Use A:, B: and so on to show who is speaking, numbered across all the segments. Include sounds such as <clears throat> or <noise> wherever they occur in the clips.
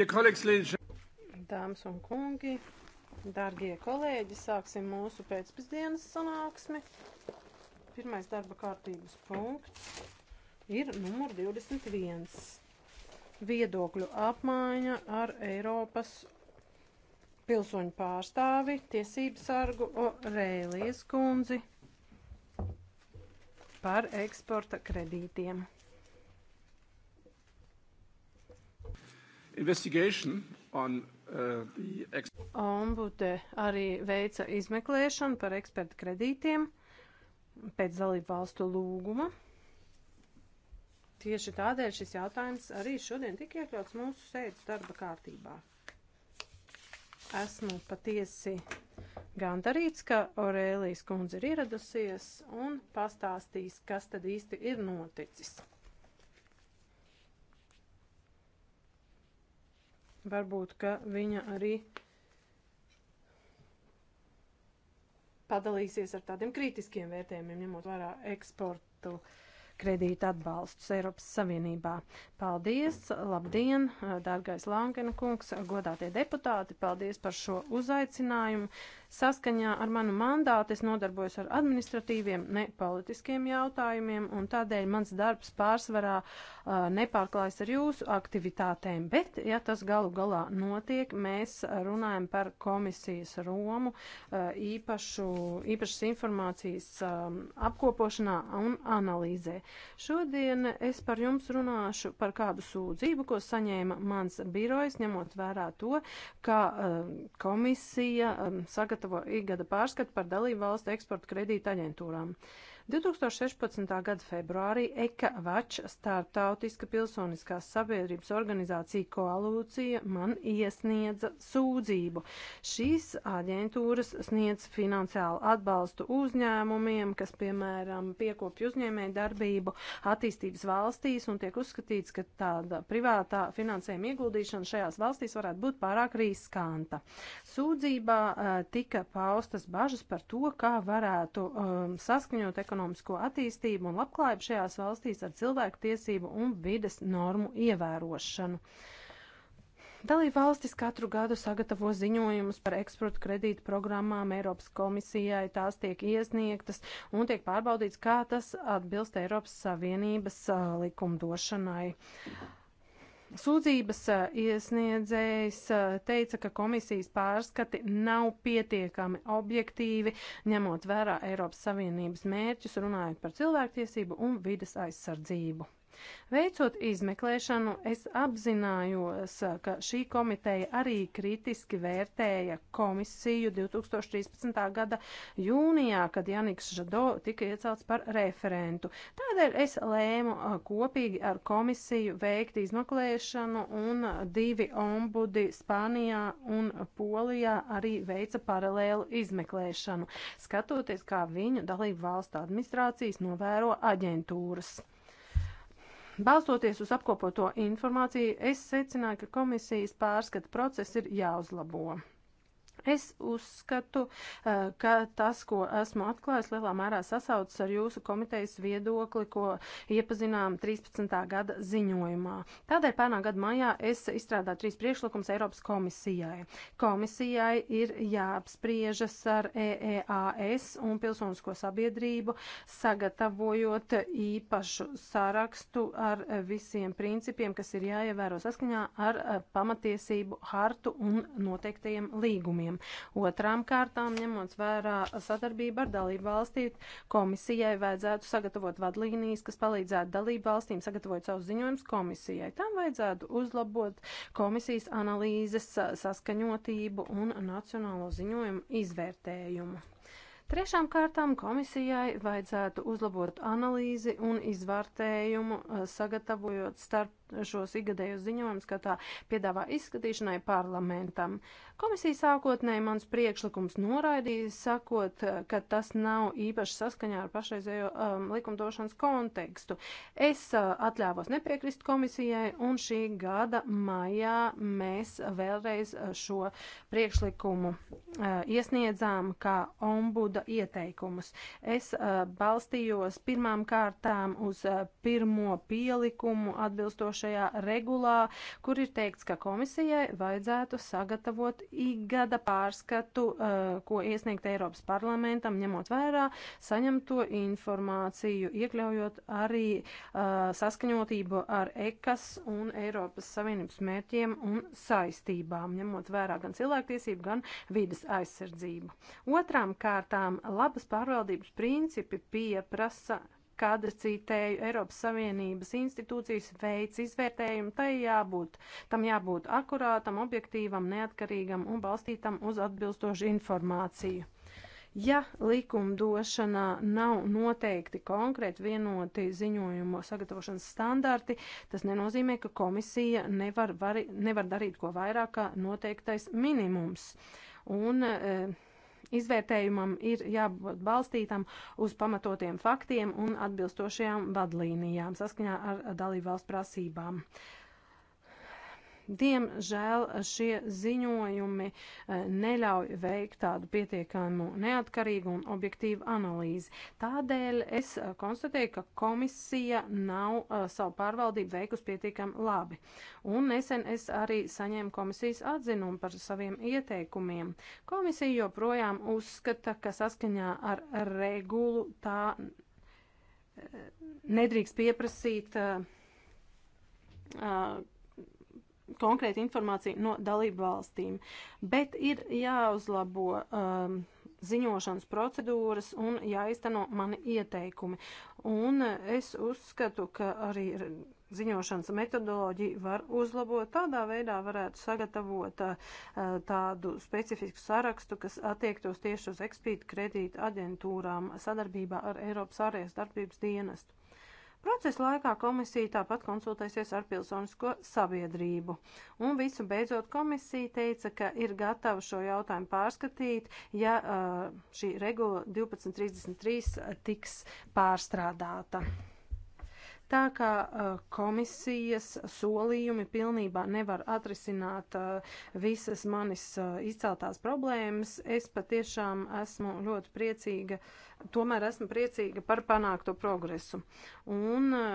A: Dāmas un kungi, dārgie kolēģi, sāksim mūsu pēcpusdienas sanāksmi. Pirmais darba kārtības punkts ir numur 21. Viedokļu apmaiņa ar Eiropas pilsoņu pārstāvi, tiesības sargu Rēlijas kundzi par eksporta kredītiem. investigation on uh, the ex- Ombude arī veica izmeklēšanu par ekspertu kredītiem pēc dalību valstu lūguma. Tieši tādēļ šis jautājums arī šodien tika iekļauts mūsu sēdes darba kārtībā. Esmu patiesi gandarīts, ka Aurēlijas kundze ir ieradusies un pastāstīs, kas tad īsti ir noticis. Varbūt, ka viņa arī padalīsies ar tādiem kritiskiem vērtējumiem, ņemot vērā eksportu kredīta atbalstus Eiropas Savienībā. Paldies, labdien, dārgais Lankena kungs, godātie deputāti, paldies par šo uzaicinājumu. Saskaņā ar manu mandātu es nodarbojos ar administratīviem, ne politiskiem jautājumiem, un tādēļ mans darbs pārsvarā uh, nepārklājas ar jūsu aktivitātēm. Bet, ja tas galu galā notiek, mēs runājam par komisijas romu uh, īpašu, īpašas informācijas um, apkopošanā un analīzē. Šodien es par jums runāšu par kādu sūdzību, ko saņēma mans birojs, ņemot vērā to, ka uh, komisija um, sagatavoja jāgatavo ikgada pārskata par dalību valstu eksporta kredīta aģentūrām. Uh, 2016. gada februārī Eka Vač, starptautiska pilsoniskās sabiedrības organizācija koalūcija, man iesniedza sūdzību. Šīs aģentūras sniedz finansiālu atbalstu uzņēmumiem, kas, piemēram, piekopja uzņēmēju darbību attīstības valstīs un tiek uzskatīts, ka tāda privātā finansējuma ieguldīšana šajās valstīs varētu būt pārāk riskanta. Sūdzībā uh, tika paustas bažas par to, kā varētu um, saskaņot ekonomiku ekonomisko attīstību un labklājību šajās valstīs ar cilvēku tiesību un vides normu ievērošanu. Dalība valstis katru gadu sagatavo ziņojumus par eksporta kredītu programmām Eiropas komisijai, tās tiek iesniegtas un tiek pārbaudīts, kā tas atbilst Eiropas Savienības likumdošanai. Uh, Sūdzības iesniedzējs teica, ka komisijas pārskati nav pietiekami objektīvi, ņemot vērā Eiropas Savienības mērķus, runājot par cilvēktiesību un vidas aizsardzību. Veicot izmeklēšanu, es apzinājos, ka šī komiteja arī kritiski vērtēja komisiju 2013. gada jūnijā, kad Janiks Žado tika iecelts par referentu. Tādēļ es lēmu kopīgi ar komisiju veikt izmeklēšanu un divi ombudi Spānijā un Polijā arī veica paralēlu izmeklēšanu, skatoties, kā viņu dalību valstu administrācijas novēro aģentūras. Balstoties uz apkopoto informāciju, es secināju, ka komisijas pārskata process ir jāuzlabo. Es uzskatu, eh, ka tas, ko esmu atklājis, lielā mērā sasaucas ar jūsu komitejas viedokli, ko iepazinām 13. gada ziņojumā. Tādēļ pērnā gada maijā es izstrādāju trīs priekšlikums Eiropas komisijai. Komisijai ir jāapspriežas ar EEAS un pilsonisko sabiedrību, sagatavojot īpašu sarakstu ar visiem principiem, kas ir jāievēro saskaņā ar eh, pamatiesību hartu un noteiktajiem līgumiem jautājumiem. Otrām kārtām, ņemot vērā sadarbību ar dalību valstīm, komisijai vajadzētu sagatavot vadlīnijas, kas palīdzētu dalību valstīm sagatavot savus ziņojumus komisijai. Tam vajadzētu uzlabot komisijas analīzes saskaņotību un nacionālo ziņojumu izvērtējumu. Trešām kārtām komisijai vajadzētu uzlabot analīzi un izvērtējumu, eh, sagatavojot starp šos igadējos ziņojumus, kā tā piedāvā izskatīšanai parlamentam. Komisija sākotnēji mans priekšlikums noraidīja, sakot, ka tas nav īpaši saskaņā ar pašreizējo um, likumdošanas kontekstu. Es uh, atļāvos nepiekrist komisijai, un šī gada maijā mēs vēlreiz uh, šo priekšlikumu uh, iesniedzām kā ombuda ieteikumus. Es uh, balstījos pirmām kārtām uz uh, pirmo pielikumu atbilstoši šajā regulā, kur ir teikts, ka komisijai vajadzētu sagatavot ikgada pārskatu, eh, ko iesniegt Eiropas parlamentam, ņemot vērā saņemto informāciju, iekļaujot arī eh, saskaņotību ar EKAS un Eiropas Savienības mērķiem un saistībām, ņemot vērā gan cilvēktiesību, gan vidas aizsardzību. Otrām kārtām labas pārvaldības principi pieprasa kad citēju Eiropas Savienības institūcijas veids izvērtējumu, tai jābūt, tam jābūt akurātam, objektīvam, neatkarīgam un balstītam uz atbilstošu informāciju. Ja likumdošanā nav noteikti konkrēti vienoti ziņojumu sagatavošanas standarti, tas nenozīmē, ka komisija nevar, vari, nevar darīt ko vairāk kā noteiktais minimums. Un, e, Izvērtējumam ir jābūt balstītam uz pamatotiem faktiem un atbilstošajām vadlīnijām saskaņā ar dalību valsts prasībām. Uh, Diemžēl šie ziņojumi eh, neļauj veikt tādu pietiekamu neatkarīgu un objektīvu analīzi. Tādēļ es eh, konstatēju, ka komisija nav eh, savu pārvaldību veikusi pietiekami labi. Un nesen es arī saņēmu komisijas atzinumu par saviem ieteikumiem. Komisija joprojām uzskata, ka saskaņā ar regulu tā nedrīkst pieprasīt. Uh, uh, konkrēta informācija no dalību valstīm. Bet ir jāuzlabo um, ziņošanas procedūras un jāizteno mani ieteikumi. Un es uzskatu, ka arī ziņošanas metodoloģija var uzlabot. Tādā veidā varētu sagatavot uh, tādu specifisku sarakstu, kas attiektos tieši uz ekspīta kredīta aģentūrām sadarbībā ar Eiropas ārējās darbības dienestu. Procesa laikā komisija tāpat konsultēsies ar pilsonisko sabiedrību. Un visu beidzot komisija teica, ka ir gatava šo jautājumu pārskatīt, ja uh, šī regula 1233 uh, tiks pārstrādāta. Tā kā uh, komisijas solījumi pilnībā nevar atrisināt uh, visas manis uh, izceltās problēmas, es patiešām esmu ļoti priecīga uh, tomēr esmu priecīga par panākto progresu. Un eh,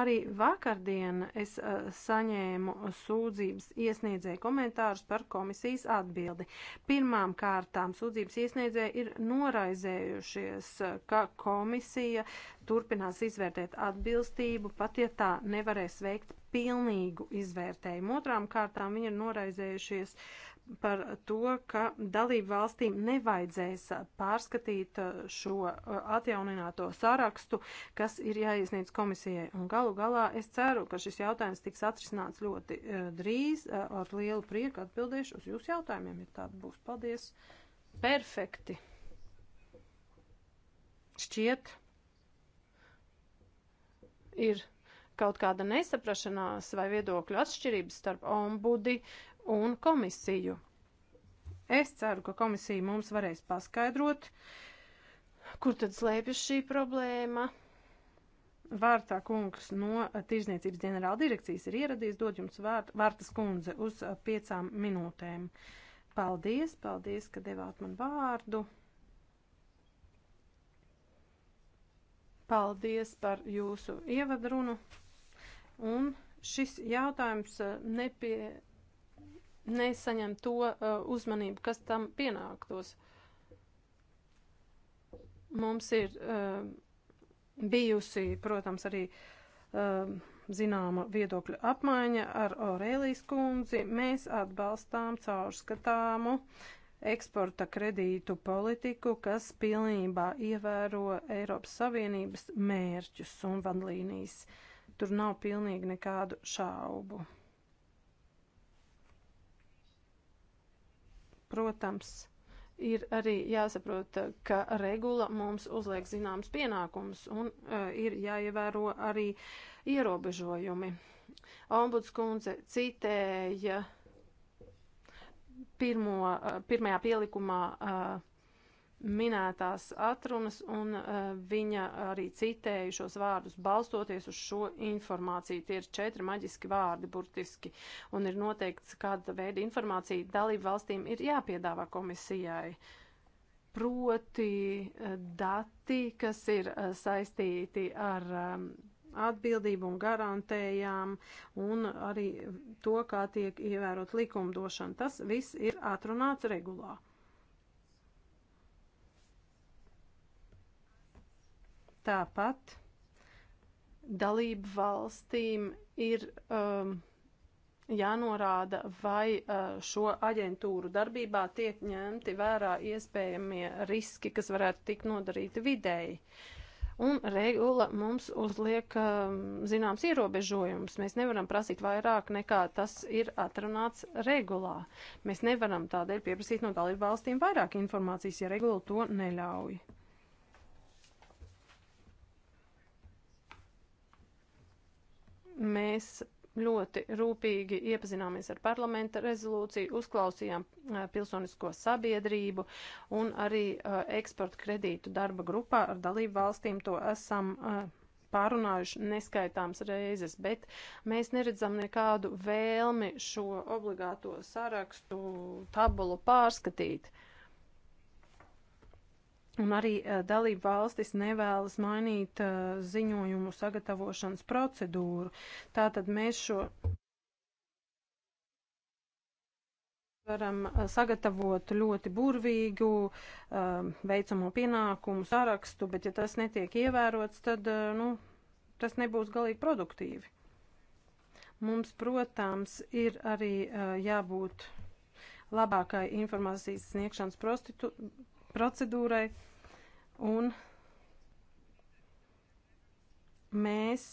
A: arī vakardien es eh, saņēmu sūdzības iesniedzēju komentārus par komisijas atbildi. Pirmām kārtām sūdzības iesniedzēji ir noraizējušies, eh, ka komisija turpinās izvērtēt atbilstību, pat ja tā nevarēs veikt pilnīgu izvērtējumu. Otrām kārtām viņi ir noraizējušies uh, par to, ka dalību valstīm nevajadzēs pārskatīt šo atjaunināto sarakstu, kas ir jāiesniedz komisijai. Un galu galā es ceru, ka šis jautājums tiks atrisināts ļoti eh, drīz. Eh, ar lielu prieku atbildēšu uz jūsu jautājumiem, ja tāda būs. Paldies! Perfekti! Šķiet, ir kaut kāda nesaprašanās vai viedokļu atšķirības starp ombudi un komisiju. Es ceru, ka komisija mums varēs paskaidrot, kur tad slēpjas šī problēma. Vārtā kungs no Tirzniecības ģenerāla direkcijas ir ieradies, dod jums vārt, Vārtas kundze uz piecām minūtēm. Paldies, paldies, ka devāt man vārdu. Paldies par jūsu ievadrunu. Un šis jautājums nepie nesaņem to uh, uzmanību, kas tam pienāktos. Mums ir uh, bijusi, protams, arī uh, zināma viedokļa apmaiņa ar Aurēlijas kundzi. Mēs atbalstām caurskatāmu eksporta kredītu politiku, kas pilnībā ievēro Eiropas Savienības mērķus un vadlīnijas. Tur nav pilnīgi nekādu šaubu. protams, ir arī jāsaprot, ka regula mums uzliek zināms pienākums un uh, ir jāievēro arī ierobežojumi. Ombuds kundze citēja pirmo, uh, pirmajā pielikumā uh, minētās atrunas, un uh, viņa arī citēja šos vārdus, balstoties uz šo informāciju. Tie ir četri maģiski vārdi, burtiski, un ir noteikts, kāda veida informācija dalību valstīm ir jāpiedāvā komisijai. Proti uh, dati, kas ir uh, saistīti ar. Um, atbildību un garantējām, un arī to, kā tiek ievērot likumdošana. Tas viss ir atrunāts regulā. Tāpat dalību valstīm ir um, jānorāda, vai uh, šo aģentūru darbībā tiek ņemti vērā iespējamie riski, kas varētu tikt nodarīti vidēji. Un regula mums uzliek um, zināms ierobežojumus. Mēs nevaram prasīt vairāk nekā tas ir atrunāts regulā. Mēs nevaram tādēļ pieprasīt no dalību valstīm vairāk informācijas, ja regula to neļauj. Mēs ļoti rūpīgi iepazināmies ar parlamenta rezolūciju, uzklausījām pilsonisko sabiedrību un arī eksporta kredītu darba grupā ar dalību valstīm to esam pārunājuši neskaitāms reizes, bet mēs neredzam nekādu vēlmi šo obligāto sarakstu tabulu pārskatīt. Uh, Un arī e, dalību valstis nevēlas mainīt e, ziņojumu sagatavošanas procedūru. Tātad mēs šo varam e, sagatavot ļoti burvīgu veicamo pienākumu sarakstu, bet ja tas netiek ievērots, tad nu, tas nebūs galīgi produktīvi. Mums, protams, ir arī jābūt labākai informācijas sniegšanas procedūrai. Un mēs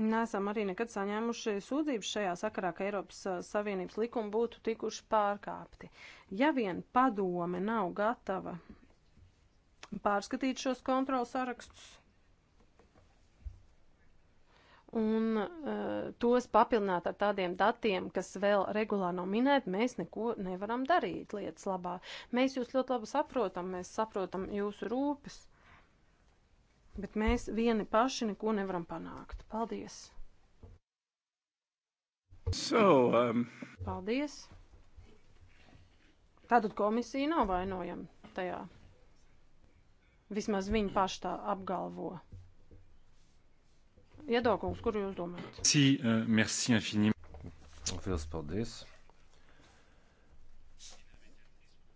A: Nesam arī nekad saņēmuši sūdzības šajā sakarā, ka Eiropas uh, Savienības likumi būtu tikuši pārkāpti. Ja vien padome nav gatava pārskatīt šos kontrols sarakstus, un uh, tos papilnāt ar tādiem datiem, kas vēl regulāri nav minēti, mēs neko nevaram darīt lietas labā. Mēs jūs ļoti labi saprotam, mēs saprotam jūsu rūpes, bet mēs vieni paši neko nevaram panākt. Paldies!
B: So, um...
A: Paldies! Tātad komisija nav vainojama tajā. Vismaz viņi paši tā apgalvo. Iedokungs, kur jūs domājat?
C: Si, uh, merci infiniment. Liels paldies.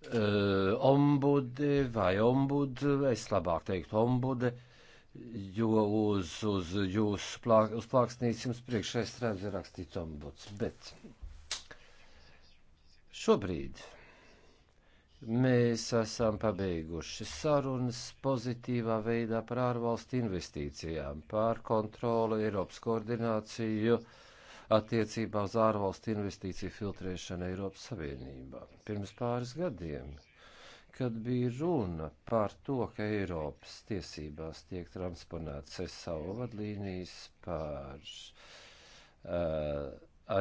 C: Uh, ombude vai ombude, es labāk teiktu ombude, jo uz, uz jūsu plāk, uz plāksnīs jums priekšā es redzu rakstīts ombuds, bet šobrīd Mēs esam pabeiguši sarunas pozitīvā veidā par ārvalstu investīcijām, pār kontroli, Eiropas koordināciju attiecībā uz ārvalstu investīciju filtrēšanu Eiropas Savienībā. Pirms pāris gadiem, kad bija runa par to, ka Eiropas tiesībās tiek transponēts SAO vadlīnijas par uh,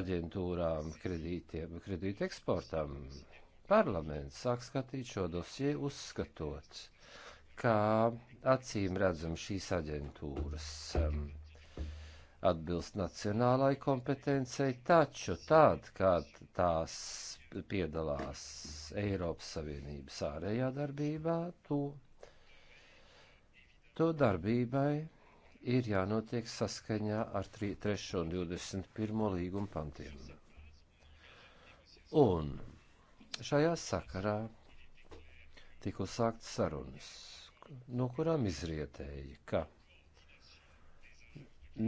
C: aģentūrām kredītiem, kredītu eksportam, Parlaments sāk skatīt šo dosie uzskatot, kā acīm redzam šīs aģentūras um, atbilst nacionālai kompetencei, taču tad, kad tās piedalās Eiropas Savienības ārējā darbībā, to, to darbībai ir jānotiek saskaņā ar 3. un 21. līguma pantiem. Un Šajā sakarā tika uzsāktas sarunas, no kurām izrietēja, ka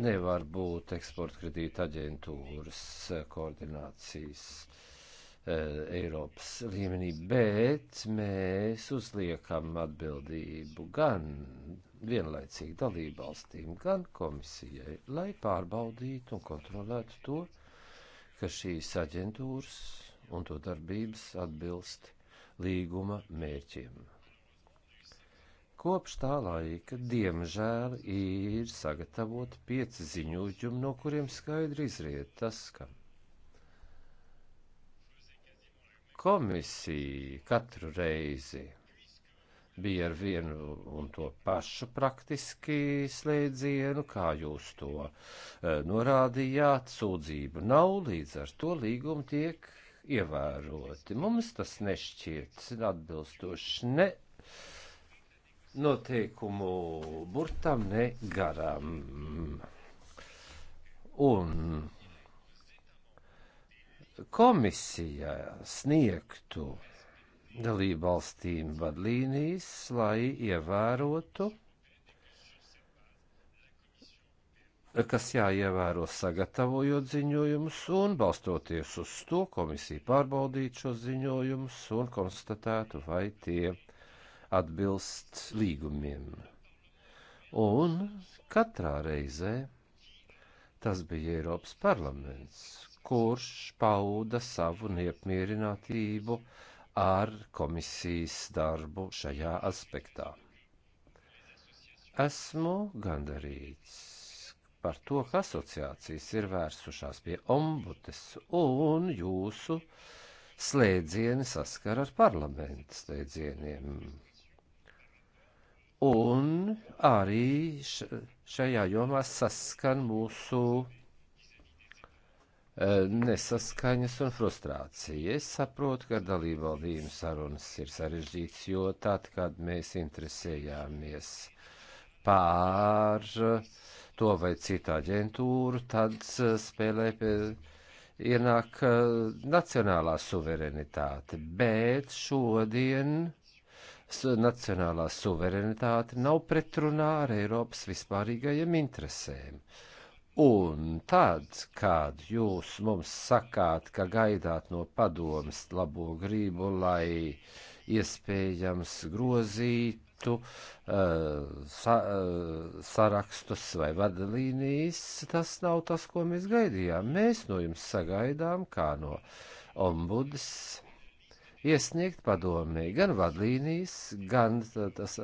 C: nevar būt eksporta kredīta aģentūras koordinācijas e, Eiropas līmenī, bet mēs uzliekam atbildību gan vienlaicīgi dalībvalstīm, gan komisijai, lai pārbaudītu un kontrolētu to, ka šīs aģentūras un to darbības atbilst līguma mērķiem. Kopš tā laika, diemžēl, ir sagatavoti pieci ziņojumi, no kuriem skaidri izriet tas, ka komisija katru reizi bija ar vienu un to pašu praktiski slēdzienu, kā jūs to e, norādījāt, sūdzību nav, līdz ar to līguma tiek ievēroti. Mums tas nešķiet atbilstoši ne noteikumu burtam, ne garam. Un komisijā sniegtu dalību valstīm vadlīnijas, lai ievērotu kas jāievēro sagatavojot ziņojumus un balstoties uz to komisija pārbaudītu šos ziņojumus un konstatētu, vai tie atbilst līgumiem. Un katrā reizē tas bija Eiropas parlaments, kurš pauda savu neapmierinātību ar komisijas darbu šajā aspektā. Esmu gandarīts par to, ka asociācijas ir vērsušās pie ombudes un jūsu slēdzieni saskar ar parlamentu slēdzieniem. Un arī šajā jomā saskan mūsu e, nesaskaņas un frustrācija. Es saprotu, ka dalībvaldību sarunas ir sarežģītas, jo tad, kad mēs interesējāmies pār uh, to vai citu aģentūru, tad eh, spēlē pie, ienāk eh, nacionālā suverenitāte. Bet šodien nacionālā suverenitāte nav pretrunā ar Eiropas vispārīgajiem interesēm. Un tad, kad jūs mums sakāt, ka gaidāt no padomas labo gribu, lai iespējams grozīt projektu eh, sa, eh, sarakstus vai vadlīnijas, tas nav tas, ko mēs gaidījām. Mēs no jums sagaidām, kā no ombudas, iesniegt padomē gan vadlīnijas, gan tas. tas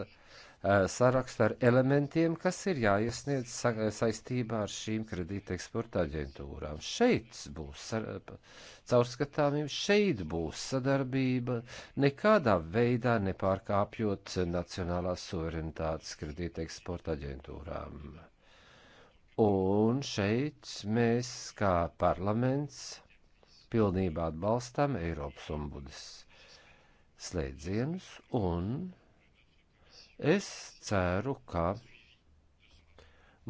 C: Eh, sarakstu ar elementiem, kas ir jāiesniedz sa saistībā ar šīm kredīta eksporta aģentūrām. Šeit būs caurskatāmība, šeit būs sadarbība, nekādā veidā nepārkāpjot nacionālās suverenitātes kredīta eksporta aģentūrām. Un šeit mēs, kā parlaments, pilnībā atbalstām Eiropas ombudas slēdzienus un Es ceru, ka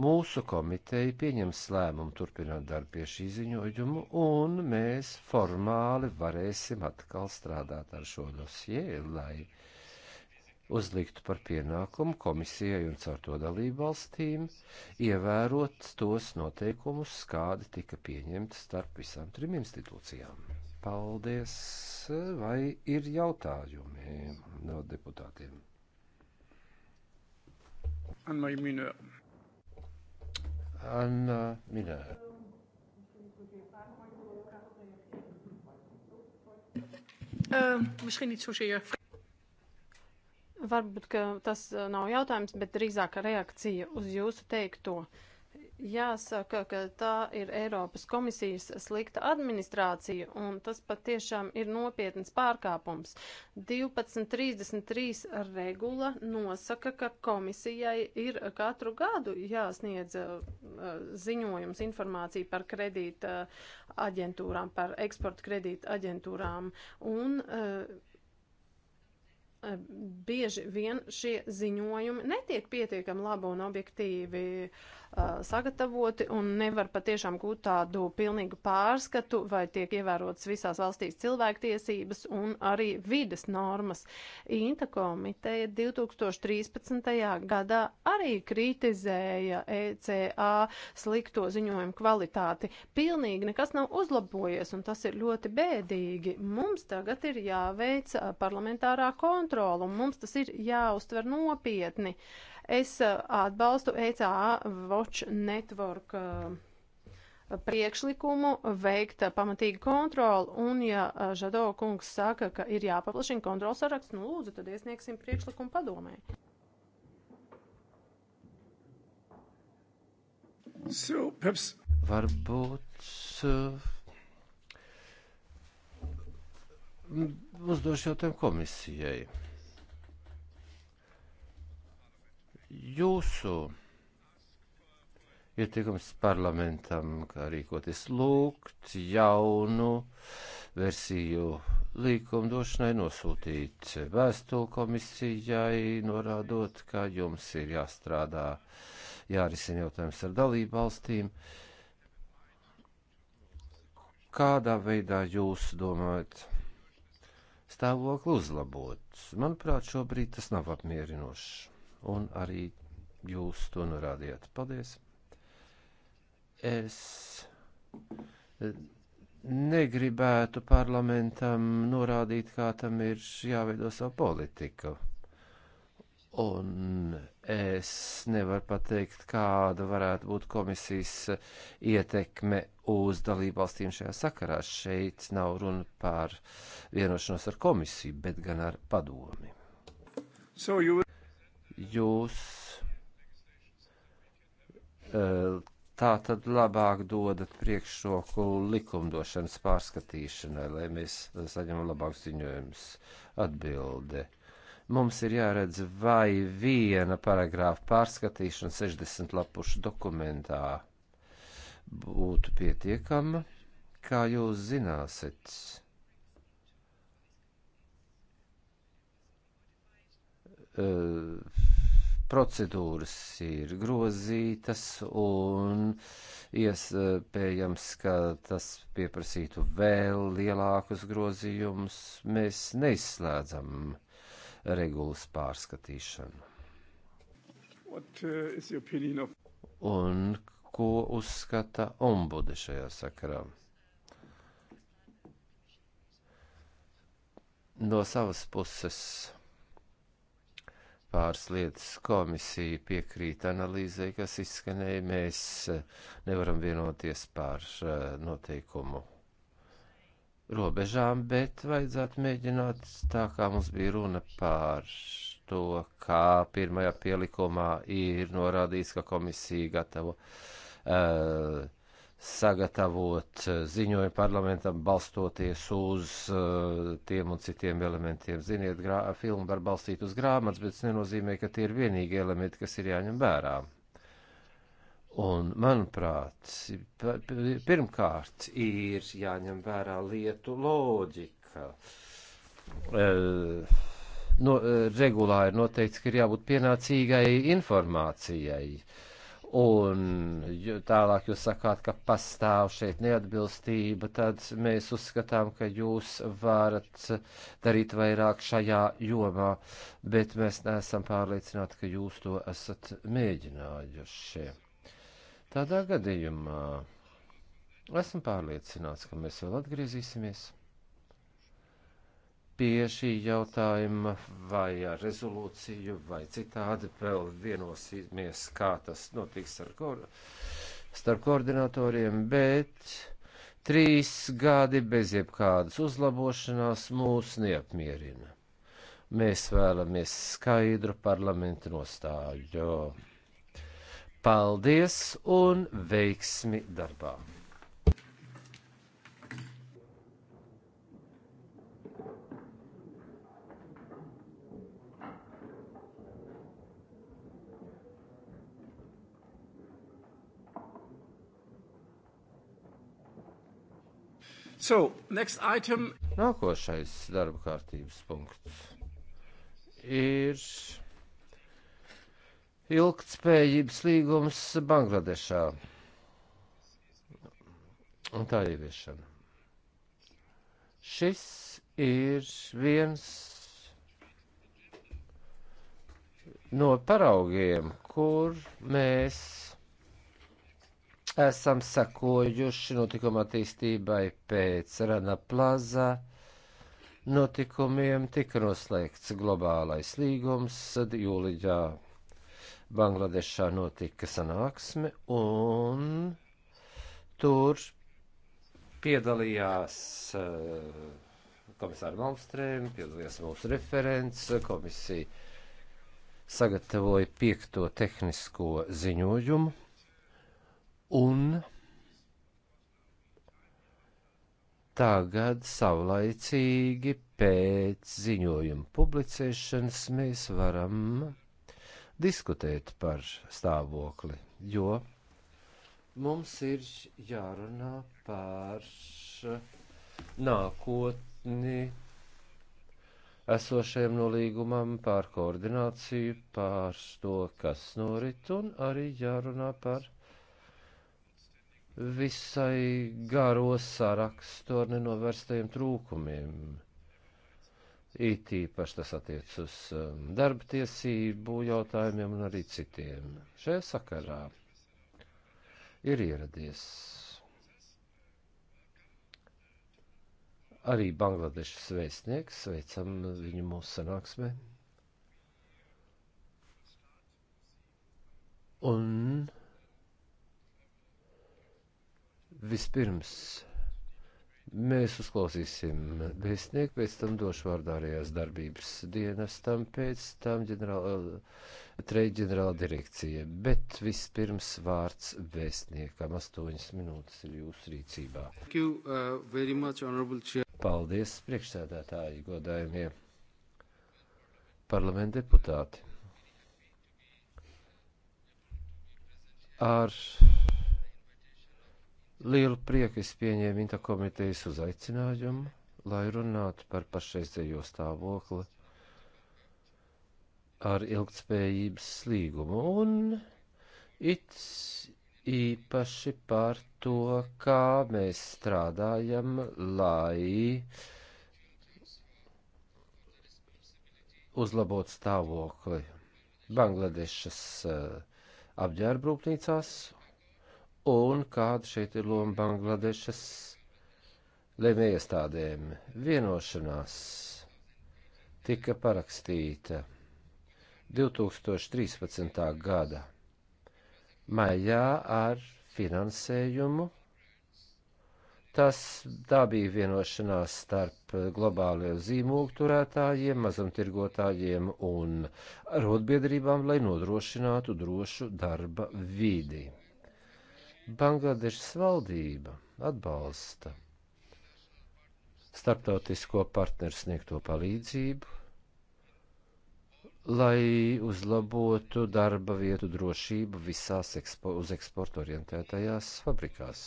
C: mūsu komiteja pieņems lēmumu turpināt darbu pie šī ziņojuma, un mēs formāli varēsim atkal strādāt ar šo dosie, lai uzliktu par pienākumu komisijai un caur to dalību valstīm ievērot tos noteikumus, kādi tika pieņemti starp visām trim institūcijām. Paldies! Vai ir jautājumi no deputātiem?
A: Anna Minēra.
C: Anna Minēra. Uh,
A: misschien niet zozeer. Varbūt tas uh, nav jautājums, bet drīzāk reakcija uz jūsu teikto. Uh, Jāsaka, ka tā ir Eiropas komisijas slikta administrācija, un tas patiešām ir nopietns pārkāpums. 12.33 regula nosaka, ka komisijai ir katru gadu jāsniedz uh, ziņojums informācija par kredīta aģentūrām, par eksporta kredīta aģentūrām, un uh, bieži vien šie ziņojumi netiek pietiekami labi un objektīvi. Uh, sagatavoti un nevar patiešām gūt tādu pilnīgu pārskatu, vai tiek ievērotas visās valstīs cilvēktiesības un arī vides normas. Inta komiteja 2013. gadā arī kritizēja ECA slikto ziņojumu kvalitāti. Pilnīgi nekas nav uzlabojies, un tas ir ļoti bēdīgi. Mums tagad ir jāveic parlamentārā kontrola, un mums tas ir jāuztver nopietni. Uh, Es eh, atbalstu ECA Watch Network eh, priekšlikumu veikt pamatīgu kontroli, un ja eh, Žado kungs saka, ka ir jāpaplašina kontrols saraksts, nu lūdzu, tad iesniegsim priekšlikumu padomē.
C: So, perhaps... Varbūt uh, uzdošu jautājumu komisijai. Jūsu ieteikums parlamentam, kā rīkoties lūgt jaunu versiju likumdošanai, nosūtīt vēstuli komisijai, norādot, ka jums ir jāstrādā, jārisina jautājums ar dalību valstīm. Kādā veidā jūs domājat stāvokli uzlabot? Manuprāt, šobrīd tas nav apmierinošs un arī jūs to norādījāt. Paldies! Es eh, negribētu parlamentam norādīt, kā tam ir jāveido savu politiku. Un es nevaru pateikt, kāda varētu būt komisijas ietekme uz dalībvalstīm šajā sakarā. Šeit nav runa par vienošanos ar komisiju, bet gan ar padomi. So you jūs eh, tā tad labāk dodat priekšroku likumdošanas pārskatīšanai, lai mēs saņemam labākus ziņojumus atbildi. Mums ir jāredz, vai viena paragrāfa pārskatīšana 60 lapušu dokumentā būtu pietiekama, kā jūs zināsiet Eh, procedūras ir grozītas un iespējams, ka tas pieprasītu vēl lielākus grozījumus. Mēs neizslēdzam regulas pārskatīšanu. What, uh, of... Un ko uzskata ombude šajā sakarā? No savas puses pāris lietas. Komisija piekrīt analīzē, kas izskanēja. Mēs eh, nevaram vienoties par eh, noteikumu robežām, bet vajadzētu mēģināt tā, kā mums bija runa par to, kā pirmajā pielikumā ir norādīts, ka komisija gatavo. Uh, sagatavot eh, ziņojumu parlamentam, balstoties uz uh, tiem un citiem elementiem. Ziniet, grā, filmu var balstīt uz grāmatas, bet tas nenozīmē, ka tie ir vienīgi elementi, kas ir jāņem vērā. Un, manuprāt, pirmkārt ir jāņem vērā lietu loģika. E, no, regulā ir noteikts, ka ir jābūt pienācīgai informācijai. E, un tālāk jūs sakāt, ka pastāv šeit neatbilstība, tad mēs uzskatām, ka jūs varat darīt vairāk šajā jomā, bet mēs neesam pārliecināti, ka jūs to esat mēģinājuši. Tādā gadījumā esmu pārliecināts, ka mēs vēl atgriezīsimies pie šī jautājuma vai ar rezolūciju vai citādi vēl vienosimies, kā tas notiks ar kor starp koordinatoriem, bet trīs gadi bez jebkādas uzlabošanās mūs neapmierina. Mēs vēlamies skaidru parlamentu nostāļu. Paldies un veiksmi darbā! So, next item. Nākošais darba kārtības punkts ir ilgtspējības līgums Bangladešā un tā ieviešana. Šis ir viens no paraugiem, kur mēs esam sekojuši notikuma attīstībai pēc Rana Plaza notikumiem, tika noslēgts globālais līgums, tad jūlijā Bangladešā notika sanāksme un tur piedalījās uh, eh, komisāra Malmstrēma, piedalījās mūsu referents, komisija sagatavoja piekto tehnisko ziņojumu un tagad savlaicīgi pēc ziņojuma publicēšanas mēs varam diskutēt par stāvokli, jo mums ir jārunā par nākotni esošajam nolīgumam, par koordināciju, par to, kas norit, un arī jārunā par visai garo sarakstu ar nenovērstajiem trūkumiem. It īpaši tas attiec uz um, darba tiesību jautājumiem un arī citiem. Šajā sakarā ir ieradies arī Bangladešas vēstnieks. Sveicam viņu mūsu sanāksmē. Un Vispirms mēs uzklausīsim vēstnieku, pēc tam došu vārdu ārējās darbības dienestam, pēc tam ģenerāla, treju ģenerāla direkcija. Bet vispirms vārds vēstniekam. Astoņas minūtes ir jūsu rīcībā. Thank you, uh, much, Paldies, priekšsēdētāji, godājumie parlamenta deputāti. Ar lielu prieku es pieņēmu interkomitejas uzaicinājumu, lai runātu par pašreizējo stāvokli ar ilgtspējības slīgumu un it īpaši par to, kā mēs strādājam, lai uzlabot stāvokli Bangladešas eh, apģērbrūpnīcās un kāda šeit ir loma Bangladešas lemiestādēm. Vienošanās tika parakstīta 2013. gada maijā ar finansējumu. Tas tā bija vienošanās starp globālajiem zīmolturētājiem, mazumtirgotājiem un rotbiedrībām, lai nodrošinātu drošu darba vīdi. Bangladešas valdība atbalsta starptautisko partneru sniegto palīdzību, lai uzlabotu darba vietu drošību visās ekspo uz eksportu orientētajās fabrikās.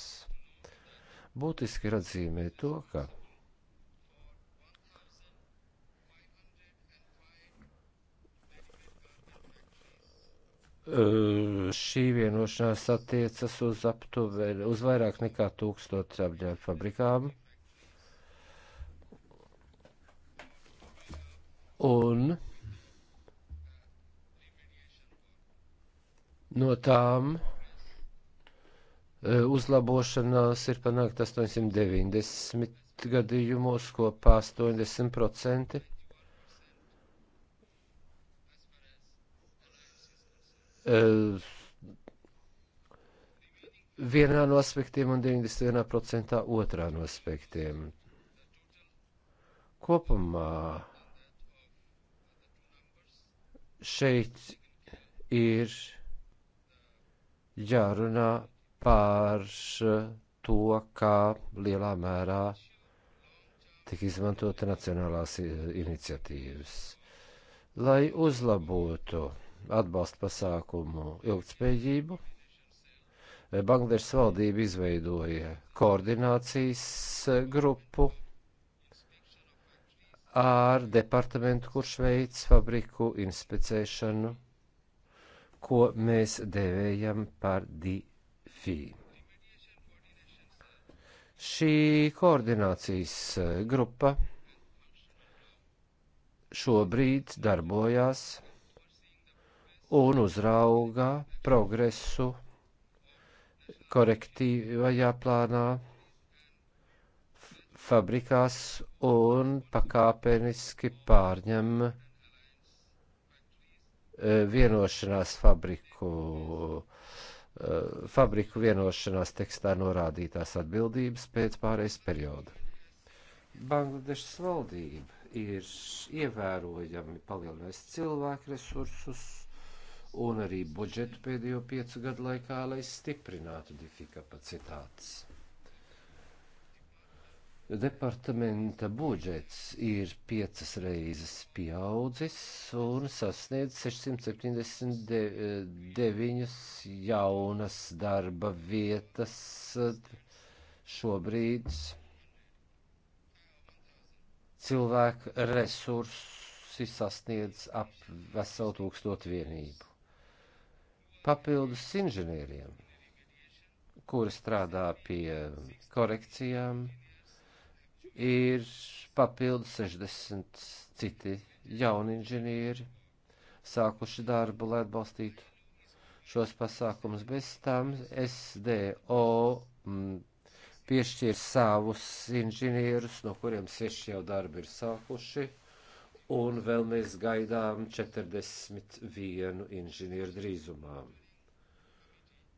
C: Būtiski ir atzīmēt to, ka šī vienošanās attiecas uz aptuveni, uz vairāk nekā tūkstot apģērbu fabrikām. Un no tām eh, uzlabošanās ir panākt 890 gadījumos kopā 80%. Eh, vienā no aspektiem un 91% otrā no aspektiem. Kopumā šeit ir jārunā par to, kā lielā mērā tika izmantota nacionālās iniciatīvas, lai uzlabotu atbalsta pasākumu ilgtspējību. Eh, Bangladešas valdība izveidoja koordinācijas eh, grupu ar departamentu, kurš veic fabriku inspecēšanu, ko mēs devējam par DFI. Šī koordinācijas eh, grupa šobrīd darbojās un uzrauga progresu korektīvajā plānā fabrikās un pakāpeniski pārņem e, vienošanās fabriku, e, fabriku vienošanās tekstā norādītās atbildības pēc pārējais perioda. Bangladešas valdība ir ievērojami palielinājusi cilvēku resursus un arī budžetu pēdējo piecu gadu laikā, lai stiprinātu difi kapacitātes. Departamenta budžets ir piecas reizes pieaudzis un sasniedz 679 jaunas darba vietas šobrīd cilvēku resursi sasniedz ap veselu tūkstotu vienību papildus inženieriem, kuri strādā pie korekcijām, ir papildus 60 citi jauni inženieri, sākuši darbu, lai atbalstītu šos pasākumus. Bez tam SDO m, mm, piešķir savus inženierus, no kuriem seši jau darbi ir sākuši un vēl mēs gaidām 41 inženieru drīzumā.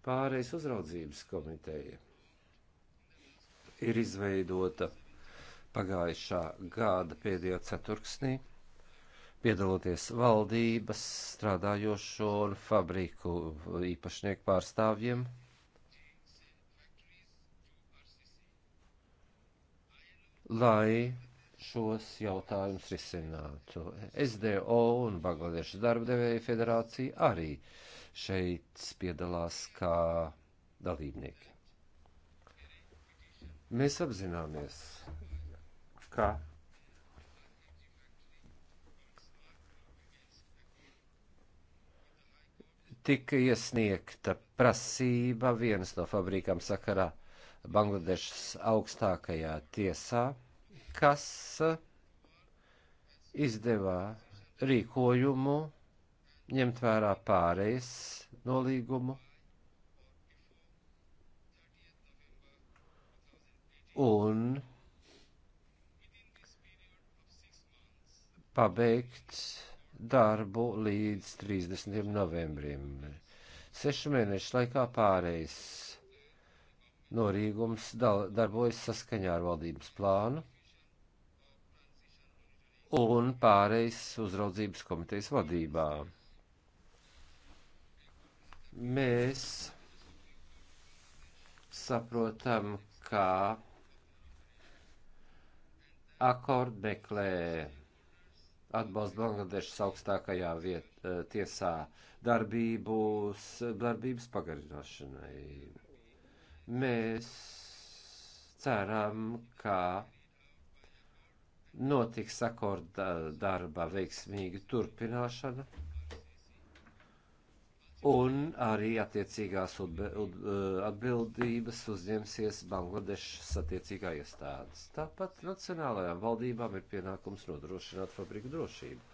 C: Pārējais uzraudzības komiteja ir izveidota pagājušā gada pēdējā ceturksnī, piedaloties valdības, strādājošo un fabriku īpašnieku pārstāvjiem. Lai šos jautājumus risinātu. SDO un Bangladešas darbdevēja federācija arī šeit piedalās kā dalībnieki. Mēs apzināmies, ka tika iesniegta prasība vienas no fabrikām sakarā Bangladešas augstākajā tiesā kas eh, izdevā rīkojumu ņemt vērā pārējais nolīgumu un pabeigt darbu līdz 30. novembrim. Sešu mēnešu laikā pārējais norīgums darbojas saskaņā ar valdības plānu un pārejas uzraudzības komitejas vadībā. Mēs saprotam, kā akord meklē atbalstu Bangladešas augstākajā viet, eh, tiesā darbības, darbības pagarināšanai. Mēs ceram, ka notiks akorda darbā veiksmīga turpināšana un arī attiecīgās eh, atbildības uzņemsies Bangladešas attiecīgā iestādes. Tāpat nacionālajām valdībām ir pienākums nodrošināt fabriku drošību.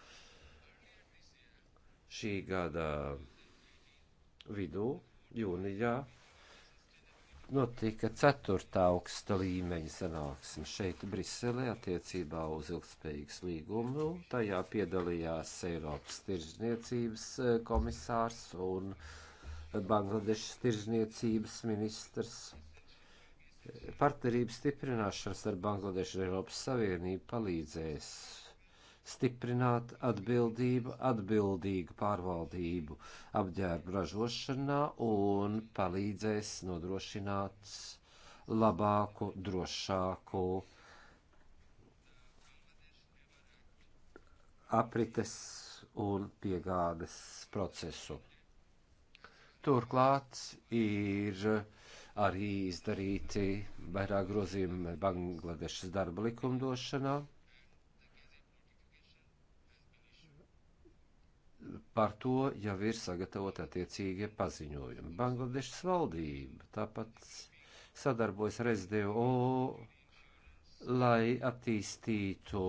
C: Šī gada vidū, jūnijā, notika 4. augsta līmeņa sanāksme šeit Briselē attiecībā uz ilgspējīgas līgumu. Tajā piedalījās Eiropas tirzniecības eh, komisārs un Bangladešas tirzniecības ministrs. Partnerības stiprināšanas ar Bangladešu un Eiropas Savienību palīdzēs stiprināt atbildību, atbildīgu pārvaldību apģērbu ražošanā un palīdzēs nodrošināt labāku, drošāku aprites un piegādes procesu. Turklāt ir arī izdarīti vairāk grozījumi Bangladešas darba likumdošanā Par to jau ir sagatavot attiecīgie paziņojumi. Bangladešas valdība tāpat sadarbojas ar SDO, lai attīstītu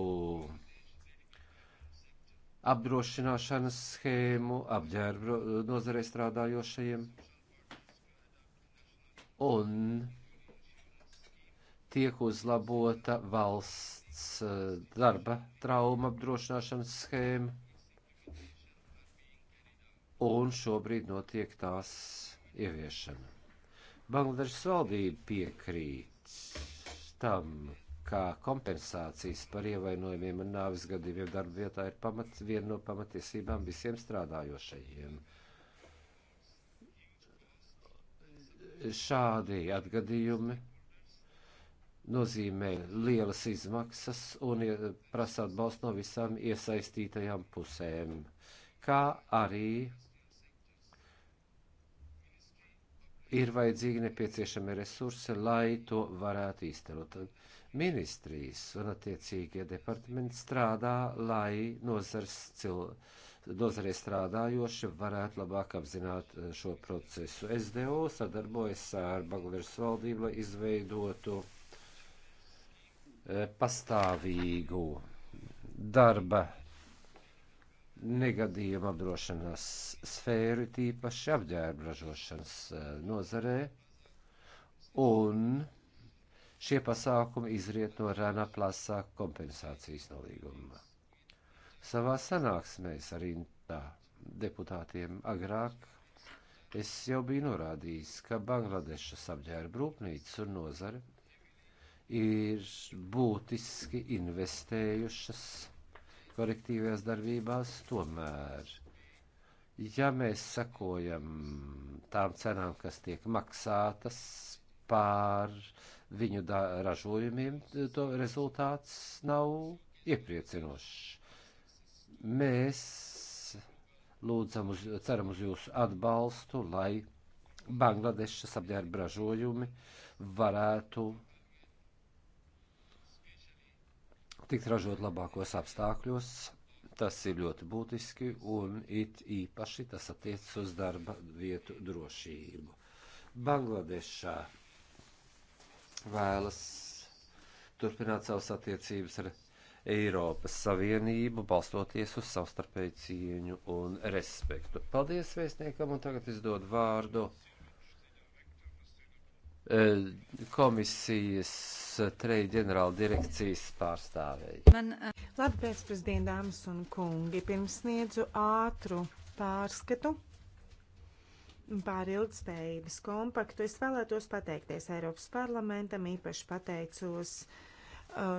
C: apdrošināšanas schēmu apģērbu nozarē strādājošajiem. Un tiek uzlabota valsts eh, darba trauma apdrošināšanas schēma un šobrīd notiek tās ieviešana. Bangladešas valdība piekrīt tam, kā kompensācijas par ievainojumiem un nāvis gadījumiem darba vietā ir pamat, viena no pamatiesībām visiem strādājošajiem. Šādi atgadījumi nozīmē lielas izmaksas un prasa atbalstu no visām iesaistītajām pusēm, kā arī ir vajadzīgi nepieciešami resursi, lai to varētu īstenot. Ministrijas un attiecīgie departamenti strādā, lai nozars cilvēki nozarē strādājoši varētu labāk apzināt eh, šo procesu. SDO sadarbojas ar Bangladešas valdību, lai izveidotu eh, pastāvīgu darba negadījuma apdrošanās sfēru, tīpaši apģērba ražošanas e, nozarē, un šie pasākumi izriet no Rana plasā kompensācijas nolīguma. Savā sanāksmēs ar Intā deputātiem agrāk es jau biju norādījis, ka Bangladešas apģērba rūpnīcas un nozare ir būtiski investējušas korektīvajās darbībās, tomēr, ja mēs sakojam tām cenām, kas tiek maksātas pār viņu ražojumiem, to rezultāts nav iepriecinošs. Mēs lūdzam, uz, ceram uz jūsu atbalstu, lai Bangladešas apģērba ražojumi varētu tikt ražot labākos apstākļos. Tas ir ļoti būtiski un it īpaši tas attiecas uz darba vietu drošību. Bangladešā vēlas turpināt savas attiecības ar Eiropas Savienību, balstoties uz savstarpēju cieņu un respektu. Paldies vēstniekam, un tagad es dodu vārdu uh, E, komisijas treju ģenerāla direkcijas pārstāvēji.
B: Man, e, labi pēcpusdien, dāmas un kungi, pirms sniedzu ātru pārskatu pār ilgspējības kompaktu. Es vēlētos pateikties Eiropas parlamentam, īpaši pateicos uh,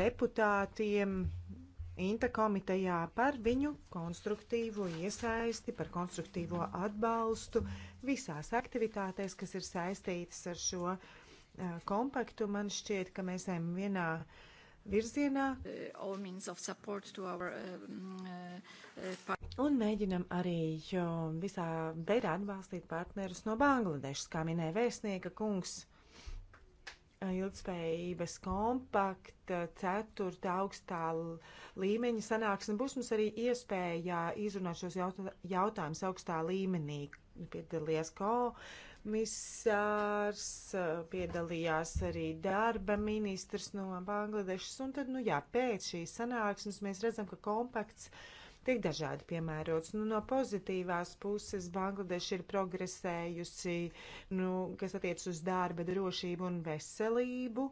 B: deputātiem, Inta komitejā par viņu konstruktīvo iesaisti, par konstruktīvo atbalstu visās aktivitātēs, kas ir saistītas ar šo kompaktu. Man šķiet, ka mēs ejam vienā virzienā un mēģinam arī visā veidā atbalstīt partnerus no Bangladešas, kā minēja vēstnieka kungs ilgspējības kompakta ceturta augstā līmeņa sanāksme būs mums arī iespēja izrunāt šos jautājumus augstā līmenī. Piedalījās komisārs, piedalījās arī darba ministrs no Bangladešas, un tad, nu jā, pēc šīs sanāksmes mēs redzam, ka kompakts uh, tik dažādi piemērots. Nu, no pozitīvās puses Bangladeša ir progresējusi, nu, kas attiec uz darba drošību un veselību.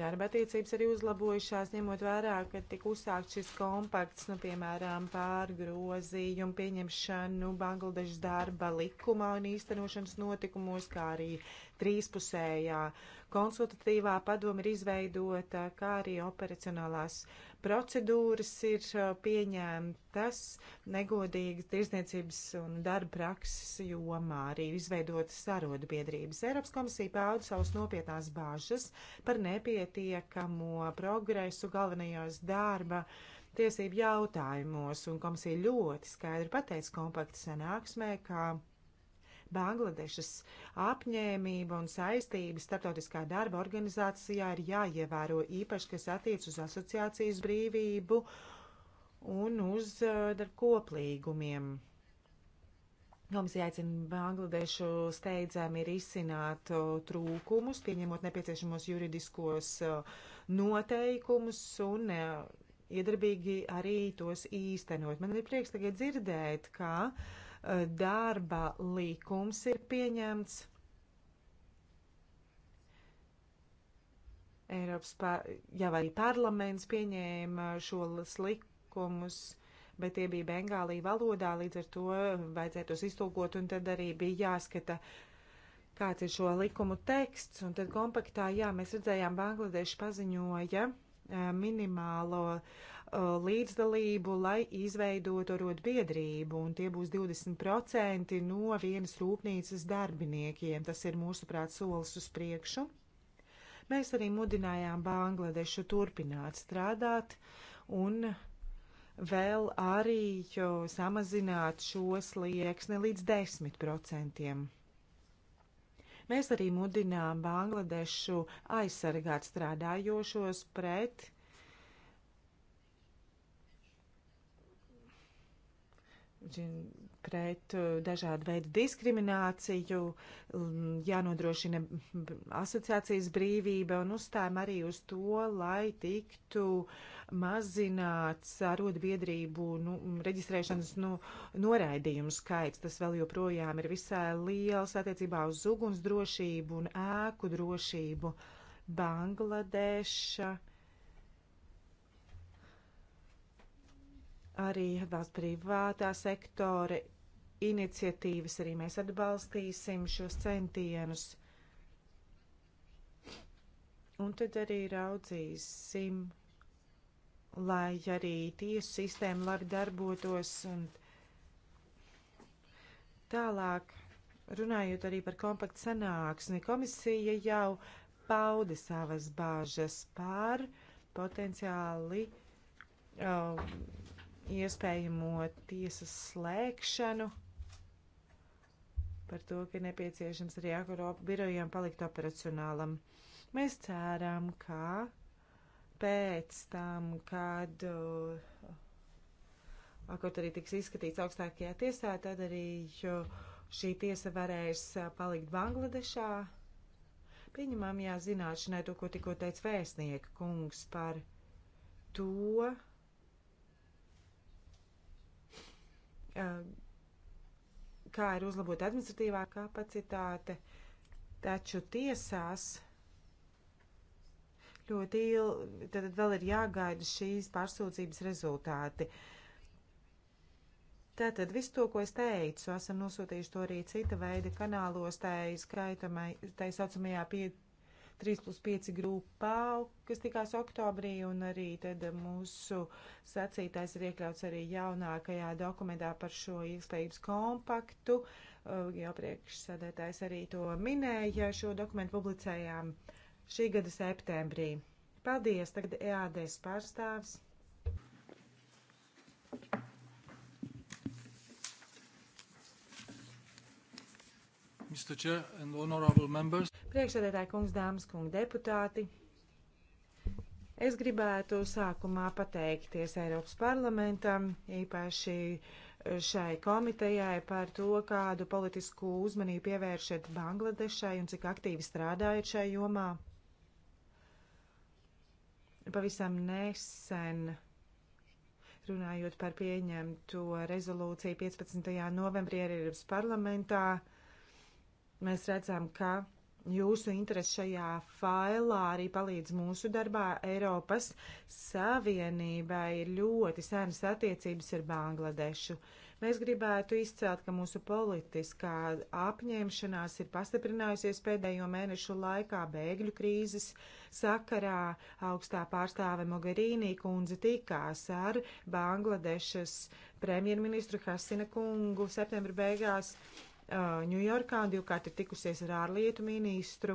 B: Darba attiecības arī uzlabojušās, ņemot vērā, ka tika uzsākt šis kompakts, nu, piemēram, pār grozījumu pieņemšanu Bangladešas darba likumā un īstenošanas notikumos, kā arī trīspusējā konsultatīvā padoma ir izveidota, kā arī operacionālās procedūras ir pieņēmtas negodīgas tirsniecības un darba prakses jomā, arī izveidotas sarodu biedrības. Eiropas komisija pauda savus nopietnās bāžas par nepietiekamo progresu galvenajos darba tiesību jautājumos, un komisija ļoti skaidri pateica kompakta sanāksmē, ka Bangladešas apņēmība un saistības starptautiskā darba organizācijā ir jāievēro īpaši, kas attiec uz asociācijas brīvību un uz uh, koplīgumiem. Komisija aicina Bangladešu steidzami risināt eh, trūkumus, pieņemot nepieciešamos juridiskos eh, noteikumus un iedarbīgi arī tos īstenot. Man ir prieks tagad dzirdēt, ka uh, darba līkums ir pieņemts. Eiropas, jau arī parlaments pieņēma šos likumus, bet tie bija bengālī valodā, līdz ar to vajadzēja tos iztulkot, un tad arī bija jāskata, kāds ir šo likumu teksts, un tad kompaktā, jā, mēs redzējām, Bangladeša paziņoja eh, minimālo uh, Uh, līdzdalību, lai izveidotu arotbiedrību, un tie būs 20% no vienas rūpnīcas darbiniekiem. Tas ir mūsuprāt solis uz priekšu. Mēs arī mudinājām Bangladešu turpināt strādāt un vēl arī samazināt šo slieksni līdz 10%. Mēs arī mudinām Bangladešu aizsargāt strādājošos pret pret uh, dažādu veidu diskrimināciju, um, jānodrošina asociācijas brīvība un uzstājam arī uz to, lai tiktu mazināts arotbiedrību nu, reģistrēšanas nu, noraidījumu skaits. Tas vēl joprojām ir visai liels attiecībā uz ugunsdrošību un ēku drošību. Bangladeša Arī atbalsta privātā sektora iniciatīvas, arī mēs atbalstīsim šos centienus. Un tad arī raudzīsim, lai arī tiesu sistēma labi darbotos. Un tālāk, runājot arī par kompaktu sanāksmi, komisija jau pauda savas bāžas par potenciāli. Um, iespējamo tiesas slēgšanu, par to, ka nepieciešams arī Akropa birojām palikt operacionālam. Mēs ceram, ka pēc tam, kad uh, akort arī tiks izskatīts augstākajā tiesā, tad arī šī tiesa varēs uh, palikt Bangladešā. Pieņemam, jā, zināšanai to, ko tikko teica vēstnieka kungs par to, Um, kā ir uzlabota administratīvā kapacitāte, taču tiesās ļoti ilgi, tad vēl ir jāgaida šīs pārsūdzības rezultāti. Tātad visu to, ko es teicu, esam nosūtījuši to arī cita veida kanālos, tā, skaitamai, tā saucamajā pie, 3 plus 5 grupā, kas tikās oktobrī, un arī tad mūsu sacītais ir iekļauts arī jaunākajā dokumentā par šo ilgspējības kompaktu. Jau priekšsēdētājs arī to minēja, šo dokumentu publicējām šī gada septembrī. Paldies, tagad EADS pārstāvs.
C: Mr. Chair and honorable members.
B: Priekšsēdētāji kungs, dāmas kungi, deputāti. Es gribētu sākumā pateikties Eiropas parlamentam, īpaši šai komitejai par to, kādu politisku uzmanību pievēršat Bangladešai un cik aktīvi strādājat šai jomā. Pavisam nesen runājot par pieņemto rezolūciju 15. novembrī Eiropas parlamentā, mēs redzam, ka Jūsu interesi šajā failā arī palīdz mūsu darbā. Eiropas Savienībai ir ļoti senas attiecības ar Bangladešu. Mēs gribētu izcelt, ka mūsu politiskā apņemšanās ir pastiprinājusies pēdējo mēnešu laikā bēgļu krīzes sakarā. Augstā pārstāve Mogherīnī kundze tikās ar Bangladešas premjerministru Hasina kungu septembra beigās Ņujorkā, uh, divkārt ir tikusies ar ārlietu ministru.